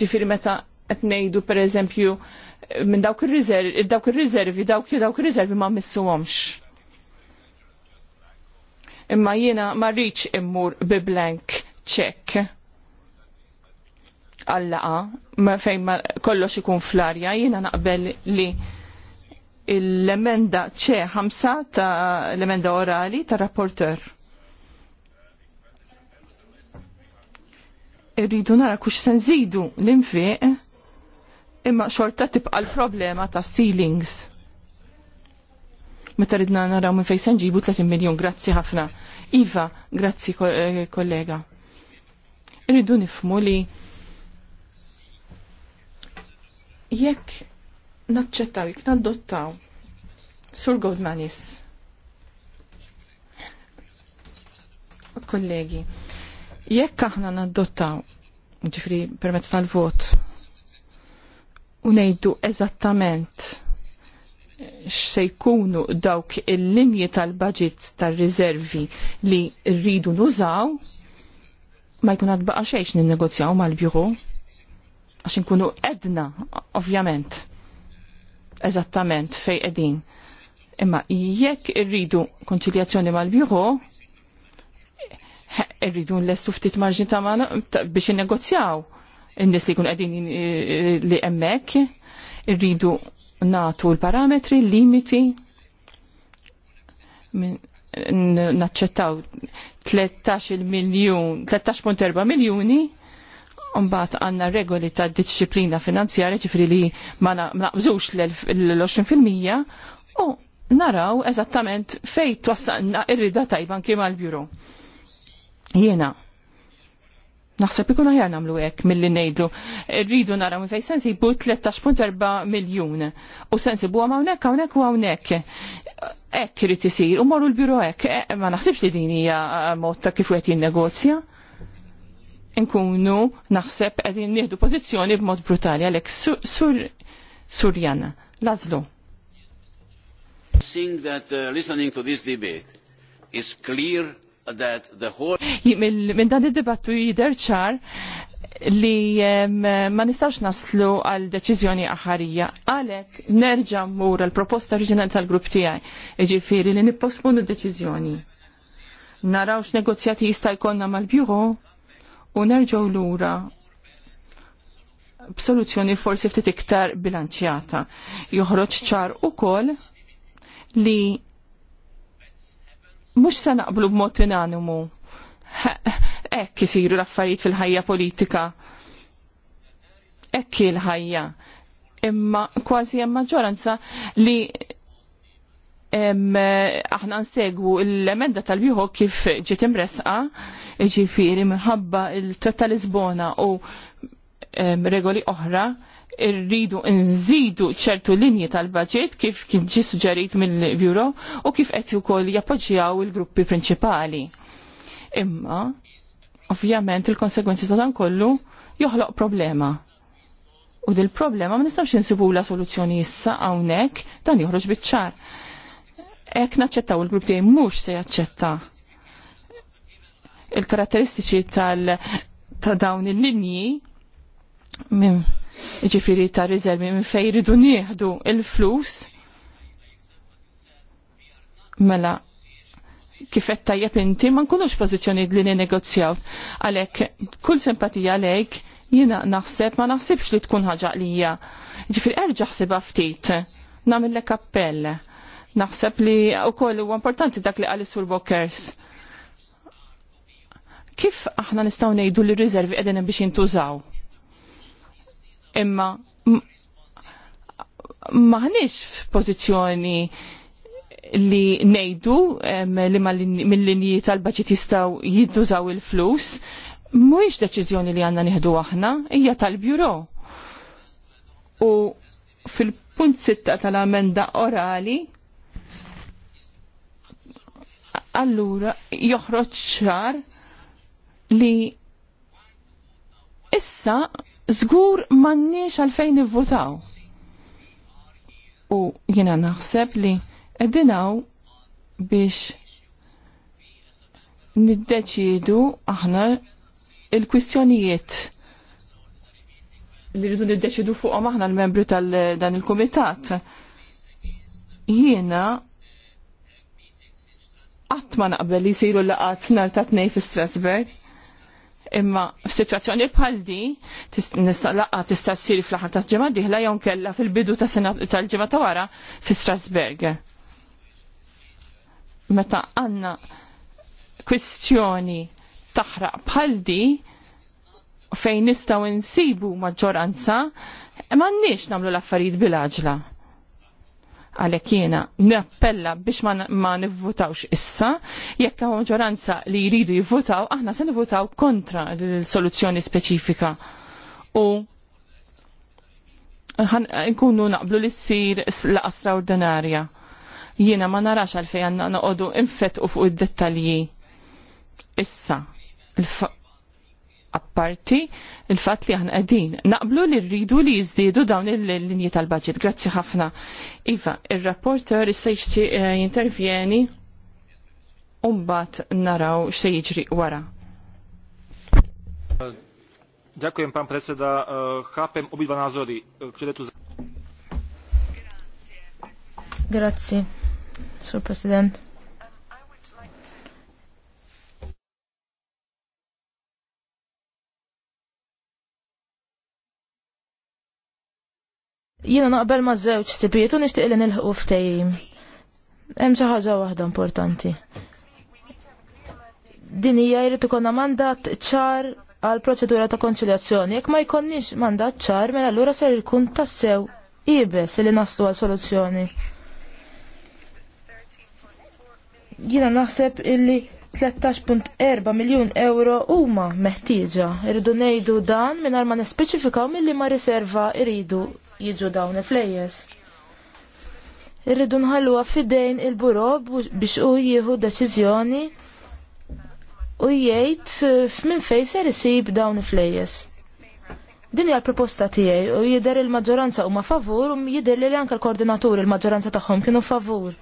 Ġifiri meta qed ngħidu pereżempju minn dawk ir-riservi, dawk ir-riservi, dawk dawk ir-riservi ma missuhomx. Imma jiena ma rridx immur bi blank check ma fejn ma kollox ikun fl-arja jiena naqbel li l-emenda ċe ħamsa ta' l-emenda orali ta' rapporter irridu nara kux se nżidu l-infiq imma xorta tibqa l-problema ta' ceilings. Meta ridna naraw minn fejn se nġibu 30 miljon, grazzi ħafna. Iva, grazzi eh, kollega. Irridu nifmu li jekk naċċettaw, jekk naddottaw Sur Goldmanis. Kollegi, Jekk aħna naddottaw, ġifri permezz tal-vot, u ngħidu eżattament x'se jkunu dawk il-linji tal-budget tar-riservi li rridu nużaw, ma jkun għad baqa xejx ninnegozjaw mal-bjuħu, għax nkunu edna, ovvjament, eżattament fej edin. Imma jekk irridu konċiljazzjoni mal-bjuħu, irridu nlessu ftit marġin ta' biex innegozjaw in-nies li kun qegħdin eh, eh, li hemmhekk irridu natu l-parametri, l-limiti naċċettaw 13 miljon, 13.4 miljoni Umbat għanna regoli ta' disċiplina finanzjarja ġifri li ma naqbżux l-20% u naraw eżattament fejt twassalna irrida tajban kima l-bjuru. Jena, Naħseb ikun aħjar nagħmlu hekk milli ngħidu rridu naraw fejn sensi jbu 13.4 miljun. U sensi bu hawnhekk hawnhekk u hawnhekk. Hekk irid isir u morru l-biro hekk. Eh, eh, ma naħsibx li din hija eh, mod ta' kif qed jinnegozja. Inkunu naħseb qegħdin nieħdu pożizzjoni b'mod brutali għalhekk sur Surjana. Lazlu. Seeing that uh, listening to this debate is clear that the whole Min dan id-dibattu jidher ċar li ma nistax naslu għal deċiżjoni aħarija. Għalek nerġa' mmur l proposta oriġinali tal-grupp tiegħi, jiġifieri li nipposponu d-deċiżjoni. Narawx negozjati jista' jkollna mal-bjuħu u nerġgħu lura b'soluzzjoni forsi ftit iktar bilanċjata. Joħroġ ċar ukoll li mhux se naqblu b'mod inanimu. [laughs] Hekk isiru l-affarijiet fil-ħajja politika. Hekk il-ħajja. Imma kważi hemm maġġoranza li aħna nsegwu l-emenda tal-bjuħu kif ġiet imresqa, ġifiri minħabba il tal Lisbona u regoli oħra Irridu nżidu ċertu linji tal-budget kif kien ġi suġġerit mill bureau u kif qed ukoll jappoġġjaw il-gruppi prinċipali. Imma, ovvjament il-konsegwenzi ta' dan kollu joħloq problema. U dil problema ma nistgħux insibu la soluzzjoni issa hawnhekk dan joħroġ biċ-ċar. Hekk naċċettaw il-grupp tiegħi mhux se jaċċetta il-karatteristiċi tal ta' dawn il-linji minn ġifiri ta' riservi minn fej ridu nieħdu il-flus mela kifet tajjeb inti ma nkunux pozizjoni li negozjaw. għalhekk kull simpatija lejk jina naħseb ma naħsibx li tkun ħaġa għalija. Ġifir erġa' ħsibha ftit, nagħmellek appell. Naħseb li wkoll huwa importanti dak li għalis sur Bokers. Kif aħna nistgħu ngħidu li rizervi qegħdin biex jintużaw? imma maħniex f'pożizzjoni li nejdu li mill-linji tal-baċit jistaw jiddużaw il-flus, mhuwiex deċiżjoni li għandna nieħdu aħna, hija tal-bjuro. U fil-punt sitta tal-amenda orali, allura joħroġ ċar li issa zgur mannix għalfejn nivvotaw. U jina naħseb li eddinaw biex niddeċidu aħna il-kwistjonijiet li rridu niddeċidu fuqhom aħna l-membri tal-dan il-kumitat. Jiena qatt ma naqbel li jsiru laqat nhar ta' tnejn fi Strasberg Imma f'sitwazzjoni bħal di nistaqlaqa tista' ssir fl-aħħar ta' ġimgħa diħla jew kella fil-bidu ta' sena tal-ġimgħa ta' wara fi Strasberg. Meta għandna kwistjoni taħraq bħal di fejn nistgħu insibu maġġoranza nix nagħmlu l-affarijiet bil-aġla għalhekk jiena nappella biex ma nivvutawx issa, jekk għu maġġoranza li jridu jivvutaw, aħna se nivvutaw kontra l-soluzzjoni speċifika. U nkunu naqblu li ssir laqa straordinarja. Jiena ma narax għalfejn għandna noqogħdu u fuq id-dettalji issa apparti il-fat li għan għedin. Naqblu li rridu li jizdidu dawn il-linji tal-budget. Grazzi ħafna. Iva, il-rapporter issa jixti eh, jintervjeni umbat naraw xe jiġri wara. Dziękuję pan predseda, eh, Chapem obidwa nazory, eh, Grazie. Grazie, sur president. Jiena naqbel ma' żewġ sibiet u nixtieq li nilħu ftehim. Hemm xi ħaġa waħda importanti. Din hija jrid ikolna mandat ċar għal proċedura ta' konċiljazzjoni. Jekk ma jkollniex mandat ċar, mela allura ser ikun tassew ibes li naslu għal soluzzjoni. Jiena naħseb illi 13.4 miljun euro huma meħtieġa. Irridu ngħidu dan mingħajr ma nispeċifikaw milli ma riserva iridu jiġu dawn il-flejjes. Irridu nħalluha fidejn il-buro biex hu jieħu deċiżjoni u jgħid eh, f'min fejn ser isib dawn il-flejjes. Din hija l-proposta tiegħi u jidher il-maġġoranza huma favur u jidher li anke l-koordinatur il-maġġoranza tagħhom kienu favur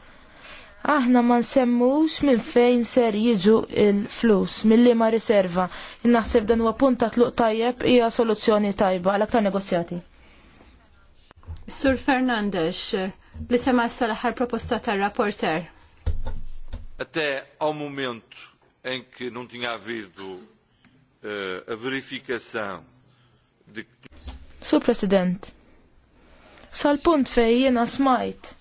aħna ma nsemmux minn fejn ser jiġu il-flus, mill ma riserva. Naħseb dan huwa punta tluq tajjeb hija soluzzjoni tajba għal aktar negozjati. Sur Fernandez, li sema s-salaħar proposta tar rapporter. Até għaw moment, enk non tinga tinha eh, verifika uh, Sur President, sal punt fej jena smajt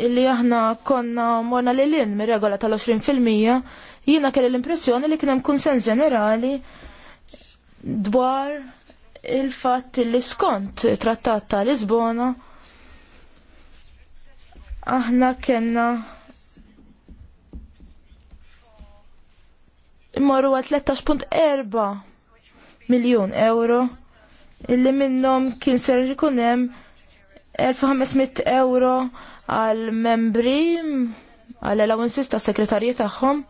illi aħna konna morna li l-in mir-regola tal-20% jina kelli l-impressjoni li kienem konsens ġenerali dwar il-fatt li skont trattat ta' Lisbona aħna kena imorru 13.4 miljon euro illi minnom kien ser ikunem 1500 euro għal-membri, għal-allowances ta' sekretarji tagħhom.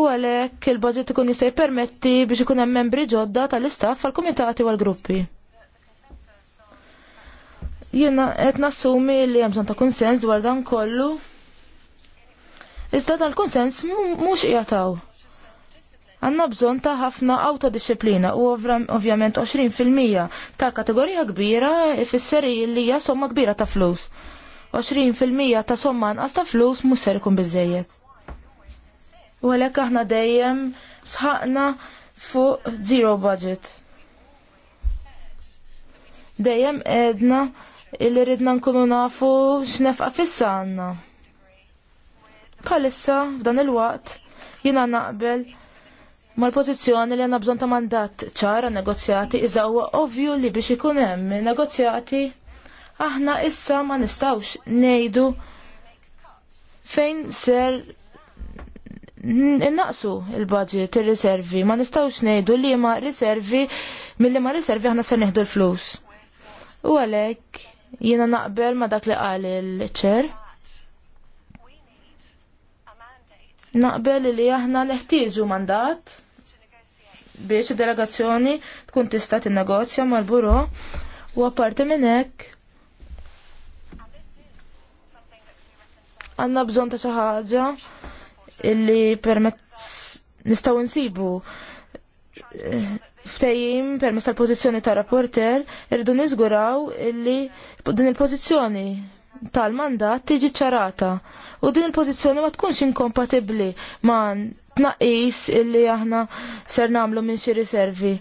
U għalhekk il-budget ikun jista' jippermetti biex ikun hemm membri ġodda tal-istaff għall-kumitati u għall-gruppi. Jiena qed nassumi li hemm ta' kunsens dwar dan kollu. Iżda dan il-kunsens mhux jataw. Għanna bżon ta' ħafna autodisciplina u ovvjament 20% ta' kategorija kbira ifisser li hija somma kbira ta' flus. 20% ta' somma nqas ta' flus mhux ser ikun biżejjed. U għalhekk aħna dejjem sħaqna fuq zero budget. Dejjem edna illi ridna nkunu nafu x'nefqa fissa għandna. Bħalissa f'dan il-waqt jiena naqbel mal-pozizjoni li għanna bżon ta' mandat ċara negozjati, iżda huwa ovvju li biex ikun hemm negozjati aħna issa ma nistawx nejdu fejn ser innaqsu il-budget, il-riservi, ma nistawx nejdu li ma riservi, mill-li ma riservi aħna ser neħdu l-flus. U għalek, jiena naqbel ma dak li qal il-ċer. Naqbel li aħna neħtieġu mandat biex id-delegazzjoni tkun tista' tinnegozja mal-buro u apparti minn hekk għanna bżon ta' xi ħaġa illi permezz nistgħu nsibu eh, ftejim permezz tal-pożizzjoni ta' rapporter irdu niżguraw illi din il-pożizzjoni tal-mandat tiġi ċarata u din il-pożizzjoni ma tkunx inkompatibbli ma' tnaqqis illi aħna ser nagħmlu minn xi riservi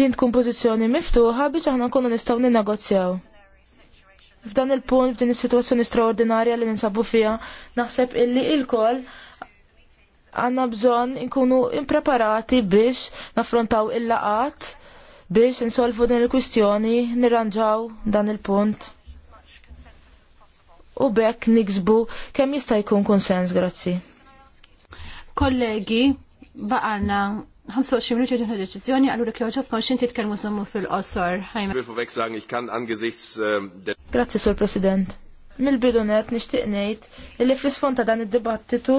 din tkun pożizzjoni miftuħa biex aħna nkunu nistgħu ninnegozjaw. F'dan il-punt, f'din is-sitwazzjoni straordinarja li ninsabu fiha, naħseb illi il kol għanna bżon nkunu impreparati biex naffrontaw il-laqat, biex insolvu din il-kwistjoni, nirranġaw dan il-punt. U bekk niksbu kemm jista' jkun konsens, grazzi. Kollegi, baqarna 25 minuti ġeħna deċizjoni, għallu rik joġob konxinti t-kelmu zammu fil-qosor. Ähm, Grazzi, Sur President. Mil-bidunet nishtiqnejt ngħid illi fl-isfond ta' dan id-dibattitu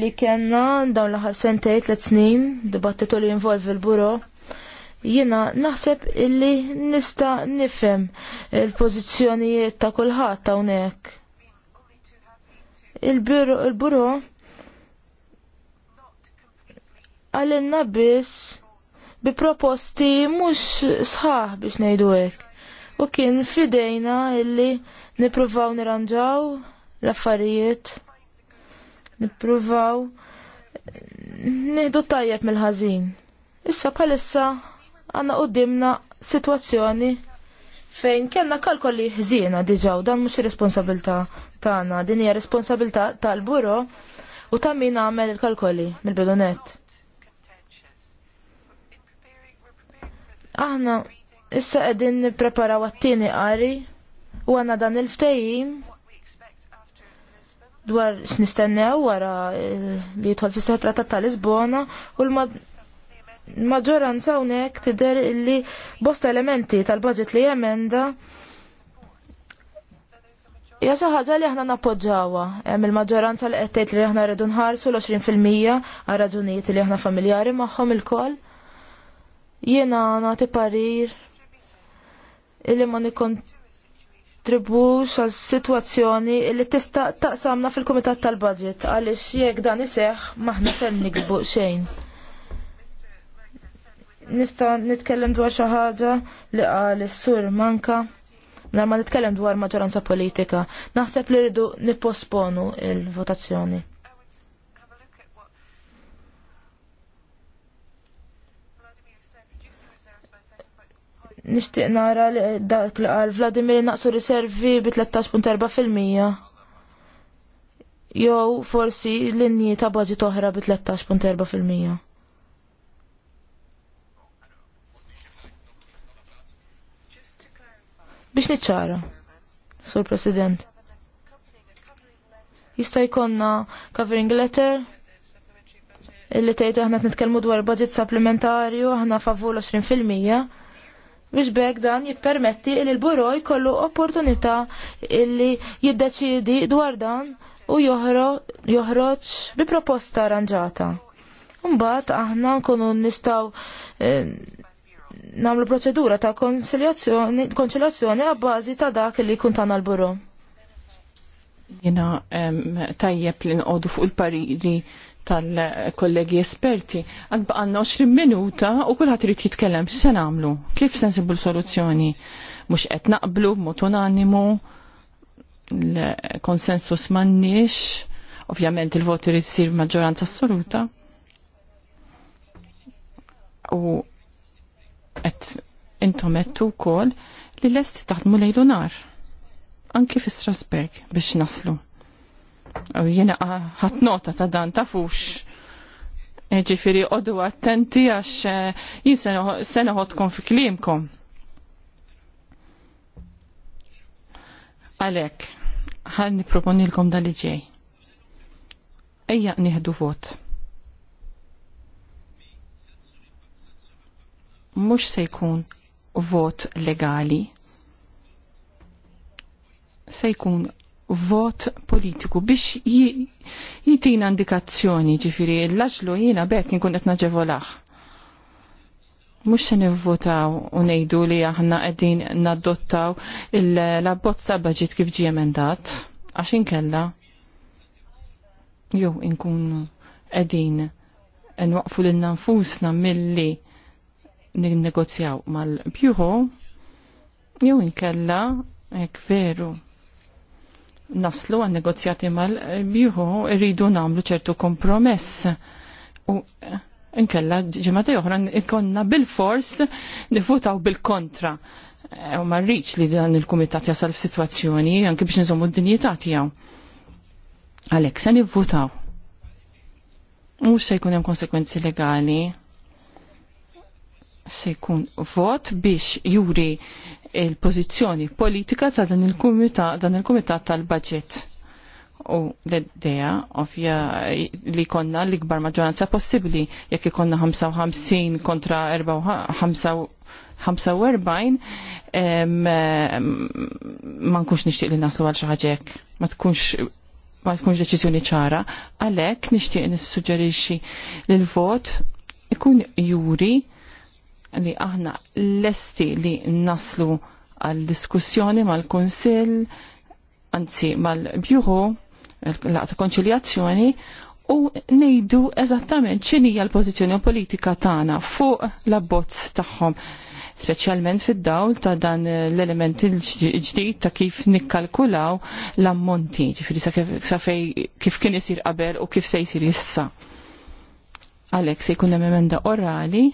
li kena dawn laħar aħħar sentej tliet snin, dibattitu li involvi l-buro, jiena naħseb illi nista' nifhem il-pożizzjonijiet ta' kulħadd hawnhekk. Il-buro il buro għalinna biss bi proposti mhux sħaħ biex ngħidu hekk. U kien fidejna illi nippruvaw niranġaw l-affarijiet, nippruvaw nieħdu tajjeb mill-ħażin. Issa bħalissa għandna dimna sitwazzjoni fejn kellna kalkoli ħzina diġaw dan mhux ir-responsabilità tagħna, din hija responsabilità tal-buro u ta' min għamel il-kalkoli mill-bidunet. Aħna issa qegħdin nippreparaw għat-tieni qari u għandna dan il-ftehim dwar x'nistennew wara eh, li jidħol fis trattat ta' Lisbona u l-maġġoranza hawnhekk tidher illi bosta elementi tal-budget li jemenda Ja xi ħaġa li aħna nappoġġawha. Hemm il-maġġoranza li qed tgħid li aħna rridu nħarsu l-20% għal raġunijiet li aħna familjari magħhom ilkoll. Jiena nagħti parir illi ma nikontribux għal sitwazzjoni illi tista' taqsamna fil-Kumitat tal-Budget għaliex jekk dan iseħħ maħna se niksbu xejn nista nitkellem dwar xi ħaġa li qal is-sur manka. Nar nitkellem dwar maġġoranza politika. Naħseb li rridu nipposponu il-votazzjoni. Nixtieq nara li dak li qal Vladimir naqsu riservi bi 13.4%. Jew forsi l-inni ta' baġi toħra bi 13.4%. Biex niċċara, Sur President. Jista' jkollna covering letter illi tgħid aħna nitkellmu dwar budget supplementarju aħna favur 20 fil-mija biex bek dan jippermetti li l-buro jkollu opportunità illi jiddeċidi dwar dan u joħroġ bi proposta arranġata. Mbagħad aħna nkunu nistgħu eh, nagħmlu proċedura ta' konċiljazzjoni għabbażi ta' dak li jkun tagħna l-buro. Jena tajjeb li nqogħdu fuq il-pariri tal-kollegi esperti. Għadba għanna 20 minuta u kullħat rrit jitkellem x'se nagħmlu, kif sensibu l-soluzzjoni. Mhux qed naqblu b'mod unanimu, l-konsensus m'għandniex, ovvjament il voti irid sir maġġoranza assoluta. U qed intom qed ukoll li lesti taħdmu lejlu nar anki fi Strasberg biex naslu. U jena ah, ħat nota ta' dan tafux. E, ġifiri, għoddu attenti għax eh, jien senaħotkom fi klimkom. Għalek, ħan niproponilkom dal-ġej. Ejja nieħdu vot. Mux se jkun vot legali, se jkun vot politiku biex jitina indikazzjoni ġifiri l-laġlu jina bekk nkun qed naġevolaħ. Mux se nivvotaw u ngħidu li aħna qegħdin nadottaw l abbozza ta' budget kif ġie emendat għax inkella jew inkunu qegħdin nwaqfu lil nfusna milli negozjaw mal-bjuħu jew inkella hekk veru naslu għan negozjati mal-bjuħu rridu namlu ċertu kompromess. U eh, inkella ġemata oħra ikonna bil-fors nifutaw bil-kontra. Eh, u marriċ li dan il-kumitat jasal f-situazzjoni anki biex nżommu d-dinjità tijaw. Għalek, se nifutaw. Mux se jkun hemm konsekwenzi legali se jkun vot biex juri il-pozizjoni politika ta' dan il-kumitat dan il-kumitat tal-budget. U l-idea ovvja li konna l-ikbar maġġoranza possibbli jekk ikonna 55 kontra 45 ma nkunx nixtieq li naslu għal xi ħaġa ma tkunx ma tkunx deċiżjoni ċara, għalhekk nixtieq nissuġġerixxi li l-vot ikun juri li aħna lesti li naslu għal diskussjoni mal-Kunsill, anzi mal-Bjuħu, l-għata konċiljazzjoni, u nejdu eżattament ċinija l-pozizjoni politika tagħna fuq l-abbozz tagħhom speċjalment fid-dawl ta' dan l-element il-ġdid ta' kif nikkalkulaw l-ammonti, ġifiri sa' kif kien isir qabel u kif se jsir issa. Għalek se jkun hemm emenda orali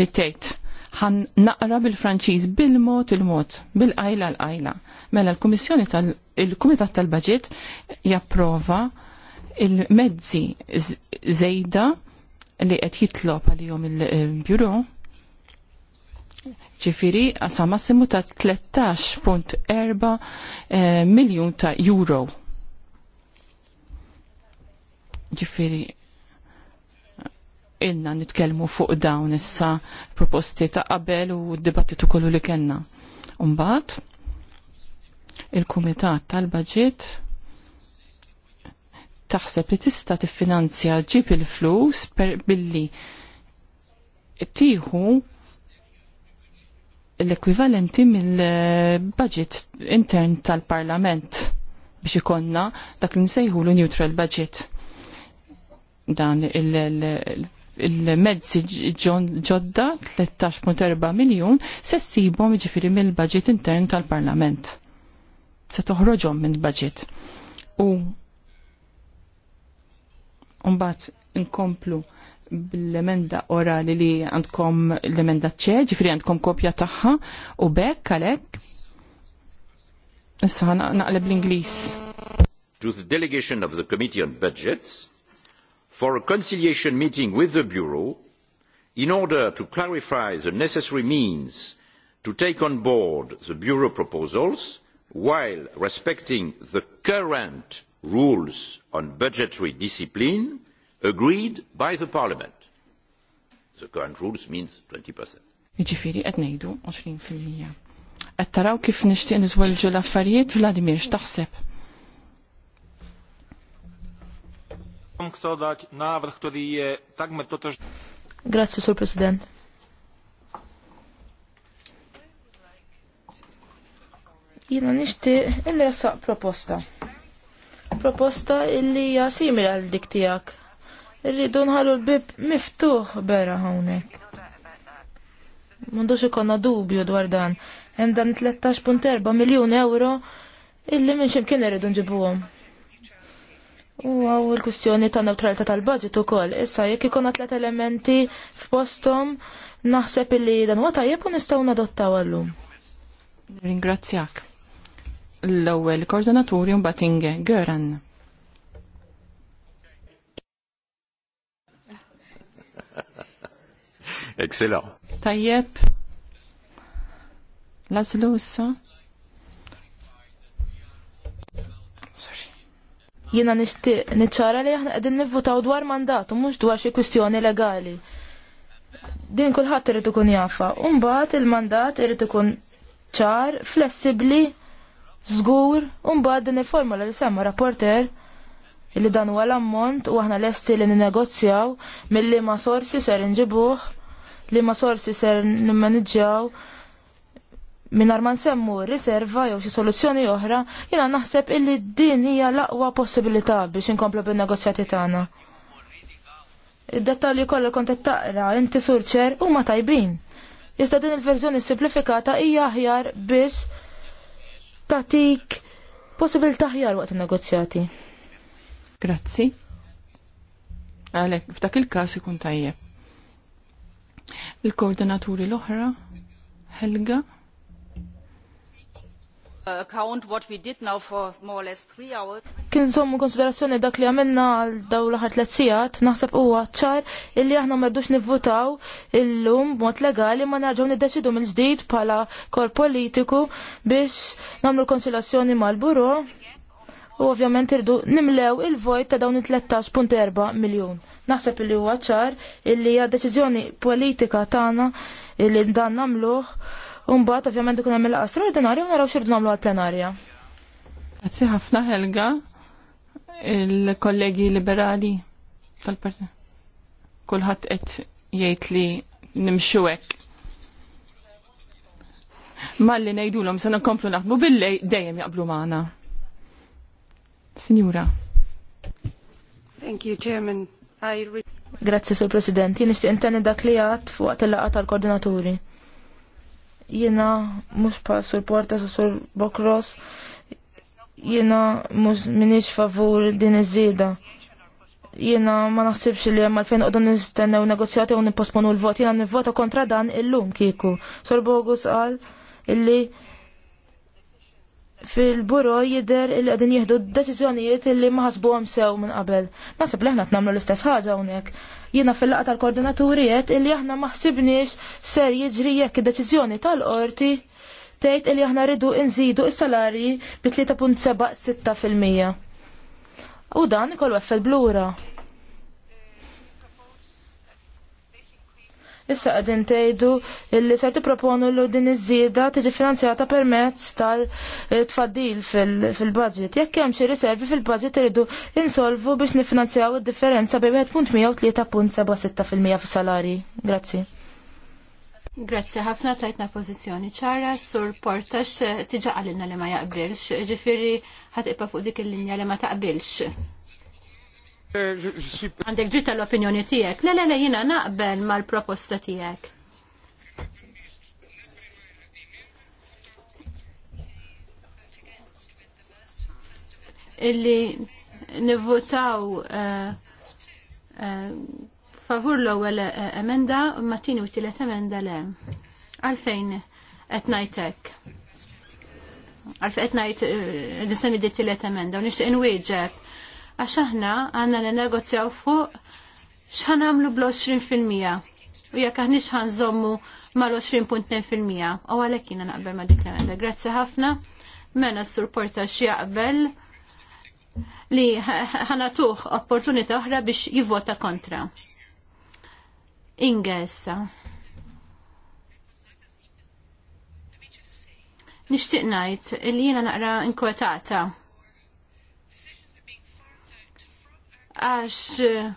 li tgħid ħan naqra bil-Franċiż bil-mod il-mod, bil-qajla l-qajla. Mela l-Kummissjoni tal-Kumitat tal-Baġit japprova il-mezzi żejda li qed jitlob għalihom il bureau ġifiri għasa massimu ta' 13.4 eh, miljon ta' euro ġifiri ilna nitkellmu fuq dawn issa proposti ta' qabel u d-dibattitu kollu li kellna. Umbat, il-Kumitat tal-Baġit taħseb li tista' tiffinanzja ġib il-flus billi tieħu l-ekwivalenti mill-budget intern tal-Parlament biex ikonna dak li nsejħu l-neutral budget dan il il-mezzi ġodda 13.4 miljon se ssibhom jiġifieri mill-budget intern tal-Parlament. Se toħroġhom minn budget. U mbagħad inkomplu bil-emenda orali li għandkom l-emenda ċe, ġifri għandkom kopja taħħa u bekk għalek. Issa naqleb l-Inglis. To the delegation of the Committee on Budgets, for a conciliation meeting with the Bureau in order to clarify the necessary means to take on board the Bureau proposals while respecting the current rules on budgetary discipline agreed by the Parliament. The current rules means 20%. Jiġifieri qed ngħidu 20%. Qed taraw kif nixtieq niżwelġu l-affarijiet Vladimir x'taħseb? Grazie, Sur President. Jina nishti il-rassaq proposta. Proposta illi hija simili għal dik tiegħek. Irridu nħallu l-bib miftuħ bera hawnhekk. Mundux ikonna dubju dwar dan. Hemm dan 13.4 miljun euro illi minn ximkien irridu nġibuhom. U għaw il-kustjoni ta' neutralita tal-budget u koll. Issa, jekk ikon għatlet elementi f'postom, naħseb illi dan huwa tajjeb u nistgħu nadottaw għallum. Ringrazzjak. L-ewwel koordinaturi Batinge Inge Göran. Excellent. Tajjeb. Laslu issa. Jiena nixtieq niċċara li aħna qegħdin nivvutaw dwar mandat u mhux dwar xi kwistjoni legali. Din kulħadd irid ikun jafa. U mbagħad il-mandat irid ikun ċar, flessibbli, żgur, u mbagħad din il-formula li semma rapporter li dan huwa l-ammont u aħna lesti li n-negozzjaw mill-li ma' sorsi ser nġibuħ, li ma' sorsi ser nimmaniġġjaw Minar ma nsemmu riserva jew xi soluzzjoni oħra, jiena naħseb illi din hija l-aqwa possibilità biex inkomplu bin-negozjati tagħna. Id-dettalji kollha kont qed taqra inti surċer huma tajbin. Iżda din il-verżjoni simplifikata hija aħjar biex tagħtik possibilità aħjar waqt in-negozjati. Grazzi. Għalek, f'dak il-każ ikun tajjeb. Il-koordinaturi l-oħra, Helga, account what we did now for more or less three hours. Kien sommu konsiderazzjoni dak li għamilna għal daw l-ħar tletzijat, naħseb huwa ċar illi aħna merdux nivvutaw illum mod legali ma nerġgħu niddeċidu mill-ġdid bħala kor politiku biex nagħmlu konsilazzjoni mal buru u ovvjament irdu nimlew il-vojt ta' dawn 134 miljon. Naħseb illi huwa ċar illi għad deċiżjoni politika tagħna illi dan nagħmluh Umbat, ovvjament, ikun hemm il-qasra ordinarja u naraw xirdu nagħmlu għall-plenarja. Grazzi ħafna Helga, il-kollegi liberali tal-parti. Kulħadd qed jgħid li nimxu hekk. Malli ngħidulhom se nkomplu naħdmu billej dejjem jaqblu magħna. Sinjura. Thank you, Chairman. I... Grazzi, Sur President. Jien nixtieq intenni dak li għad fuq il-laqgħa tal-koordinaturi. Jiena mhux pa sur porta sa sur bokros jiena mhux minix favur din iż-żieda. Jiena ma naħsibx li hemm għalfejn qogħdu nistennew negozjati u nipposponu l-vot. Jiena nivvota kontra dan illum kieku. Sur Bogus qal illi fil-buro jider il għadin jihdu d-deċizjonijiet ma ħasbuhom sew minn qabel. Nasib li aħna nagħmlu l-istess ħaġa hawnhekk. Jiena fil-laqa tal-koordinaturi qed illi aħna maħsibniex ser jiġri jekk id-deċiżjoni tal-qorti tgħid illi aħna rridu nżidu s-salarji bi 3.76%. U dan ikollu effel blura. Issa qegħdin tgħidu li ser tipproponu l din iż-żieda tiġi finanzjata permezz tal-tfaddil fil-budget. Jekk hemm xi riservi fil-budget iridu insolvu biex nifinanzjaw id-differenza bejn 1.103.76% fis-salari. Grazzi. Grazzi ħafna tajtna pożizzjoni ċara sur portax tiġa għalina li ma jaqbilx, ġifiri ħatibqa fuq dik il-linja li ma taqbilx. Għandek dritta l-opinjoni tijek. Le, le, le, jina naqbel mal-proposta tijek. Illi nivvotaw eh, eh, favur l-ewwel eh, emenda u matini u tielet emenda le. Għalfejn etnajtek. Għalfejn etnajt, ngħid nisemmi di tielet emenda u nixtieq inwieġeb għax aħna għandna negozjaw fuq x'ħan nagħmlu bl-20% u jekk aħniex zommu mal-20.2% u għalhekk jiena naqbel ma' dik l-emenda. Grazzi ħafna. Mena s-surporta xi li li tuħ opportunità oħra biex jivvota kontra. Inga issa. Nixtieq ngħid li jiena naqra inkwetata għax eh,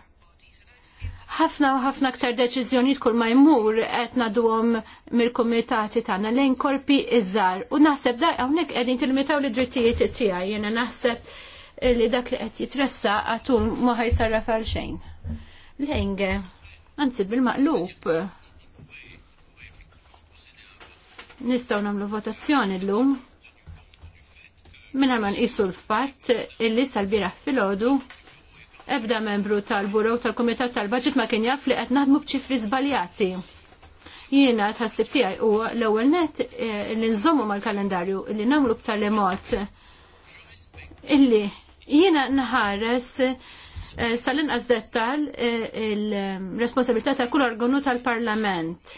ħafna u ħafna aktar deċiżjonijiet kull ma jmur qed duwom mill-kumitati tagħna lejn korpi iżgħar. U naħseb da hawnhekk qegħdin tilmitaw li drittijiet tiegħi jiena naħseb li dak li qed jitressa għatum ma ħajsarraf għal xejn. għe, anzi bil-maqlub. Nistgħu nagħmlu votazzjoni llum. Minna ma nqisu l-fatt illi l biraħ filgħodu ebda membru tal buru tal-Kumitat tal-Baġit ma kien jaf li qed naħdmu b'ċifri żbaljati. Jiena tħassib tiegħi u l-ewwel net eh, li nżommu mal-kalendarju li nagħmlu b'tal-imot illi jiena nħares eh, sal-inqas dettal eh, il-responsabilità ta' kull organu tal-Parlament.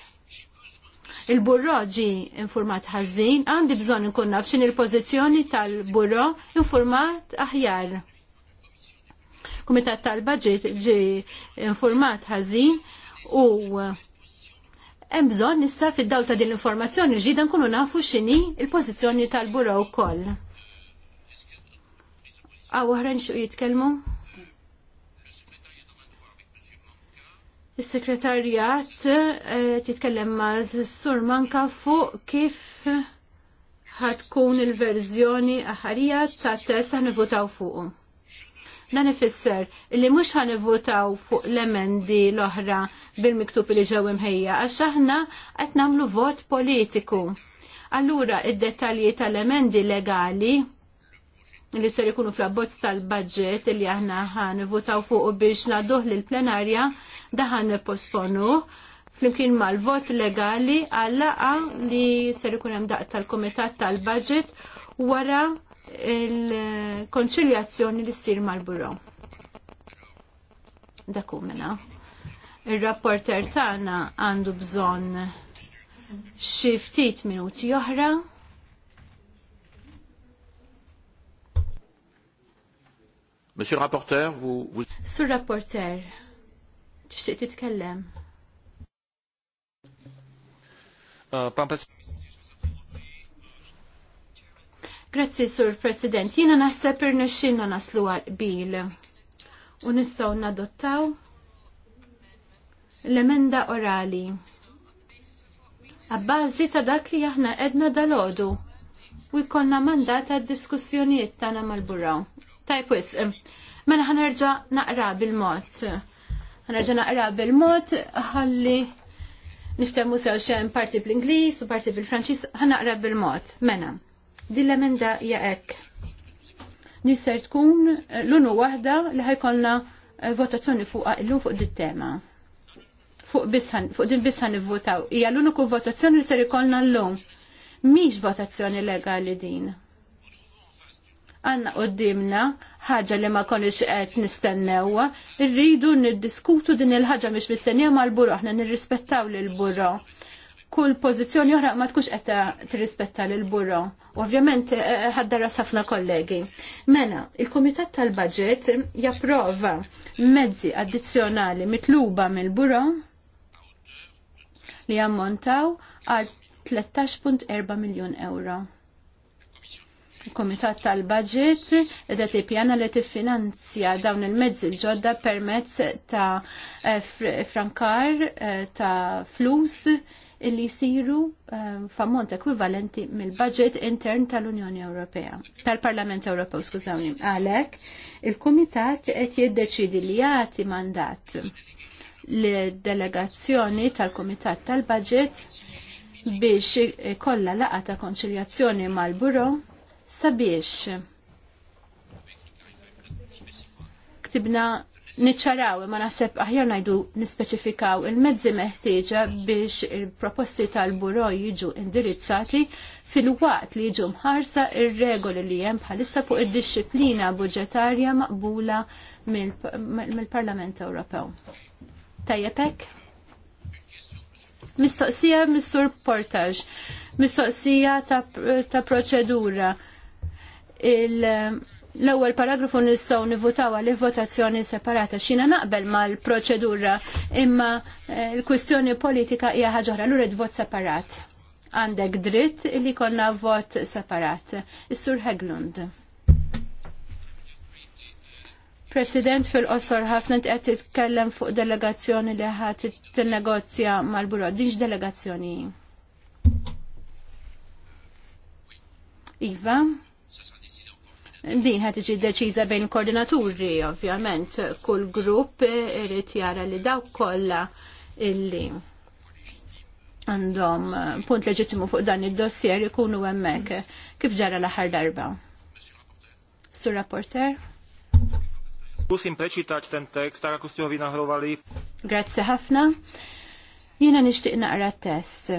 Il-burro ġi informat ħażin, għandi bżonn inkun naf x'in il-pożizzjoni tal-burro informat aħjar. Kumitat tal-Budget ġi informat ħażin u eh, hemm bżonn nista' fid-dawl ta' din l-informazzjoni ġida nkunu nafu x'inhi il-pożizzjoni tal-bura wkoll. Għaw oħrajn xu jitkellmu? Is-sekretarjat eh, titkellem mal-sur manka fuq kif ħatkun il-verżjoni aħarija ta' test ħanivutaw fuqu. Dan ifisser li mhux ħanivvotaw fuq l-emendi l-oħra bil-miktub li ġew imħejja għax aħna qed nagħmlu vot politiku. Allura id-dettalji tal-emendi legali li ser ikunu fl-abbozz tal-budget li aħna ħan fuq biex nadduh lil plenarja daħan nipposponu flimkien mal-vot legali għallaqa li ser ikun hemm daqt tal-Kumitat tal-Budget wara il-konċiljazzjoni li ssir mal-buro. Dakumena. Il-rapporter tagħna għandu bżonn xi ftit minuti oħra. Monsieur le rapporteur, vous... vous... Sur rapporteur, pas titkellem. Euh, peu... Grazzi, Sur President. Jina naħseb irnexxinna naslu bil u nistgħu nadottaw l-emenda orali. Abbażi ta' dak li aħna edna dal-ħodu u jkollna mandat għad diskussjonijiet tagħna mal burraw Tajb wis, mela ħanerġa' naqra bil-mod. Ħanerġa' naqra bil-mod ħalli niftemu sew xejn parti bl-Ingliż u parti bil-Franċiż ħanaqra bil-mod. Mena. Din emenda hija hekk. Nisser tkun l-unu waħda li ħajkolna eh, votazzjoni fuq ah, illum fuq dit tema Fuq bissan, fuq din bissan votaw. Hija l-uniku votazzjoni li ser ikolna llum. Mhix votazzjoni legali din. Għanna qoddimna ħaġa li ma konix qed nistennewa, irridu niddiskutu din il-ħaġa miex mistennija mal-buru, aħna nirrispettaw lil buro kull pożizzjoni oħra ma tkunx qed tirrispetta lil burro. Ovvjament eh, eh, ħaddaras ħafna kollegi. Mena, il-Kumitat tal-Baġġett japprova mezzi addizzjonali mitluba mill burro li jammontaw għal 13.4 miljun euro. Il-Kumitat tal-Budget edha tippjana li tiffinanzja dawn il-mezzi l-ġodda permezz ta' eh, frankar ta' flus illi jsiru ehm, f'ammont ekwivalenti mill-budget intern tal-Unjoni Ewropea, tal-Parlament Ewropew, skużawni. Għalhekk il-Kumitat qed jiddeċidi li jagħti mandat l-delegazzjoni tal-Kumitat tal-Budget biex kollha laqa ta' konċiljazzjoni mal-Buro sabiex ktibna niċċaraw ma naħseb aħjar ngħidu nispeċifikaw il-mezzi meħtieġa biex il-proposti tal-buro jiġu indirizzati fil-waqt li jiġu mħarsa ir-regoli li hemm bħalissa fuq id-disciplina budġetarja maqbula mill-Parlament Ewropew. Tajjebek? Mistoqsija mis portaġ, mistoqsija ta' proċedura l-ewwel paragrafu nistgħu nivvutaw għal votazzjoni separata x'ina naqbel mal-proċedura imma eh, l-kwistjoni politika hija ħaġa oħra lura vot separat. Għandek dritt li konna vot separat. Is-Sur Heglund. President fil-qosor ħafna qed titkellem fuq delegazzjoni li ħadd tinnegozja mal-buro. Dinx delegazzjoni? Iva? Din ħat iġi deċiża bejn koordinaturi, ovvjament, kull grupp irid jara li dawk kollha illi għandhom punt leġittimu fuq dan id-dossier ikunu hemmhekk kif ġara l-aħħar darba. Sur rapporter? Kusim taċ ten tekst, għara kusti ħafna. Grazie ħafna. Jena nishtiq naqra test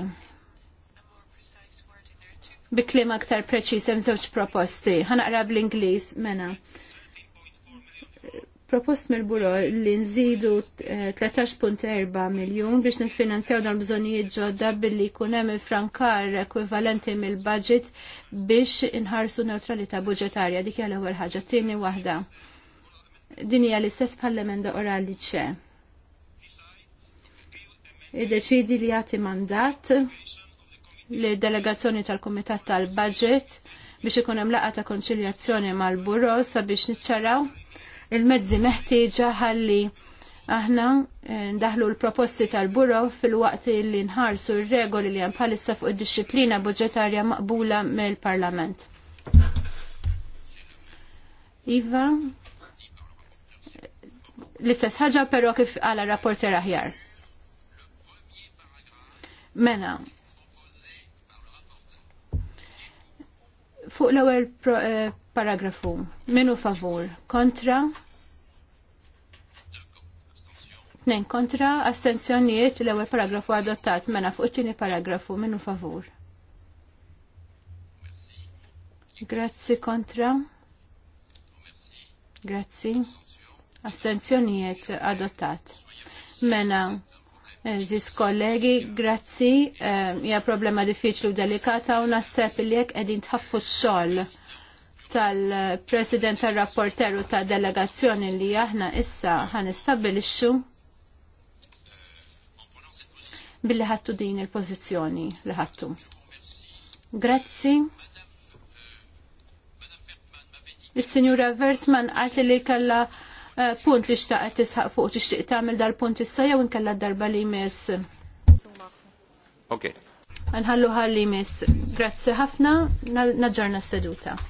bi kliem aktar preċis hemm żewġ proposti. Ħanaqra bl-Ingliż mena. Propost mill-buro li nżidu 13.4 eh, miljun biex nifinanzjaw dan bżonijiet ġodda billi jkun hemm il-frankar ekwivalenti mill-budget biex inħarsu neutralità budġetarja dik hija l-ewwel ħaġa tieni waħda. Din hija l-istess bħall-emenda orali ċe. Iddeċidi li jagħti mandat li delegazzjoni tal-Kumitat tal-Budget biex ikun hemm laqgħa ta' konċiljazzjoni mal-Buro sabiex niċċaraw il-mezzi meħtieġa ħalli aħna eh, ndaħlu l-proposti tal-Buro fil-waqt li nħarsu r-regoli li hemm bħalissa fuq id dixxiplina budġetarja maqbula mill-Parlament. Iva, l-istess ħaġa però kif għala rapporter aħjar. Mena, Fuq l-ewwel eh, paragrafu, minu favur, kontra, Nen, kontra, astenzjonijiet l-ewwel paragrafu adottat mena fuq it-tieni paragrafu minu favur. Grazzi kontra. Grazzi. Astenzjonijiet adottat. Mena Ziz kollegi, grazzi, ja problema diffiċli u delikata u nasseb li jek qegħdin tħaffu x-xogħol tal-President tal-Rapporter u tad-delegazzjoni li aħna issa istabilixxu billi ħattu din il-pożizzjoni li ħattu. Grazzi. Is-Sinjura Vertman għati li kalla Eh, punt li xtaqet tisħaq fuq tixtieq tagħmel dal-punt issa jew inkella darba li jmiss. Ok. Nħallu ħalli miss. Grazzi ħafna, naġġorna s-seduta.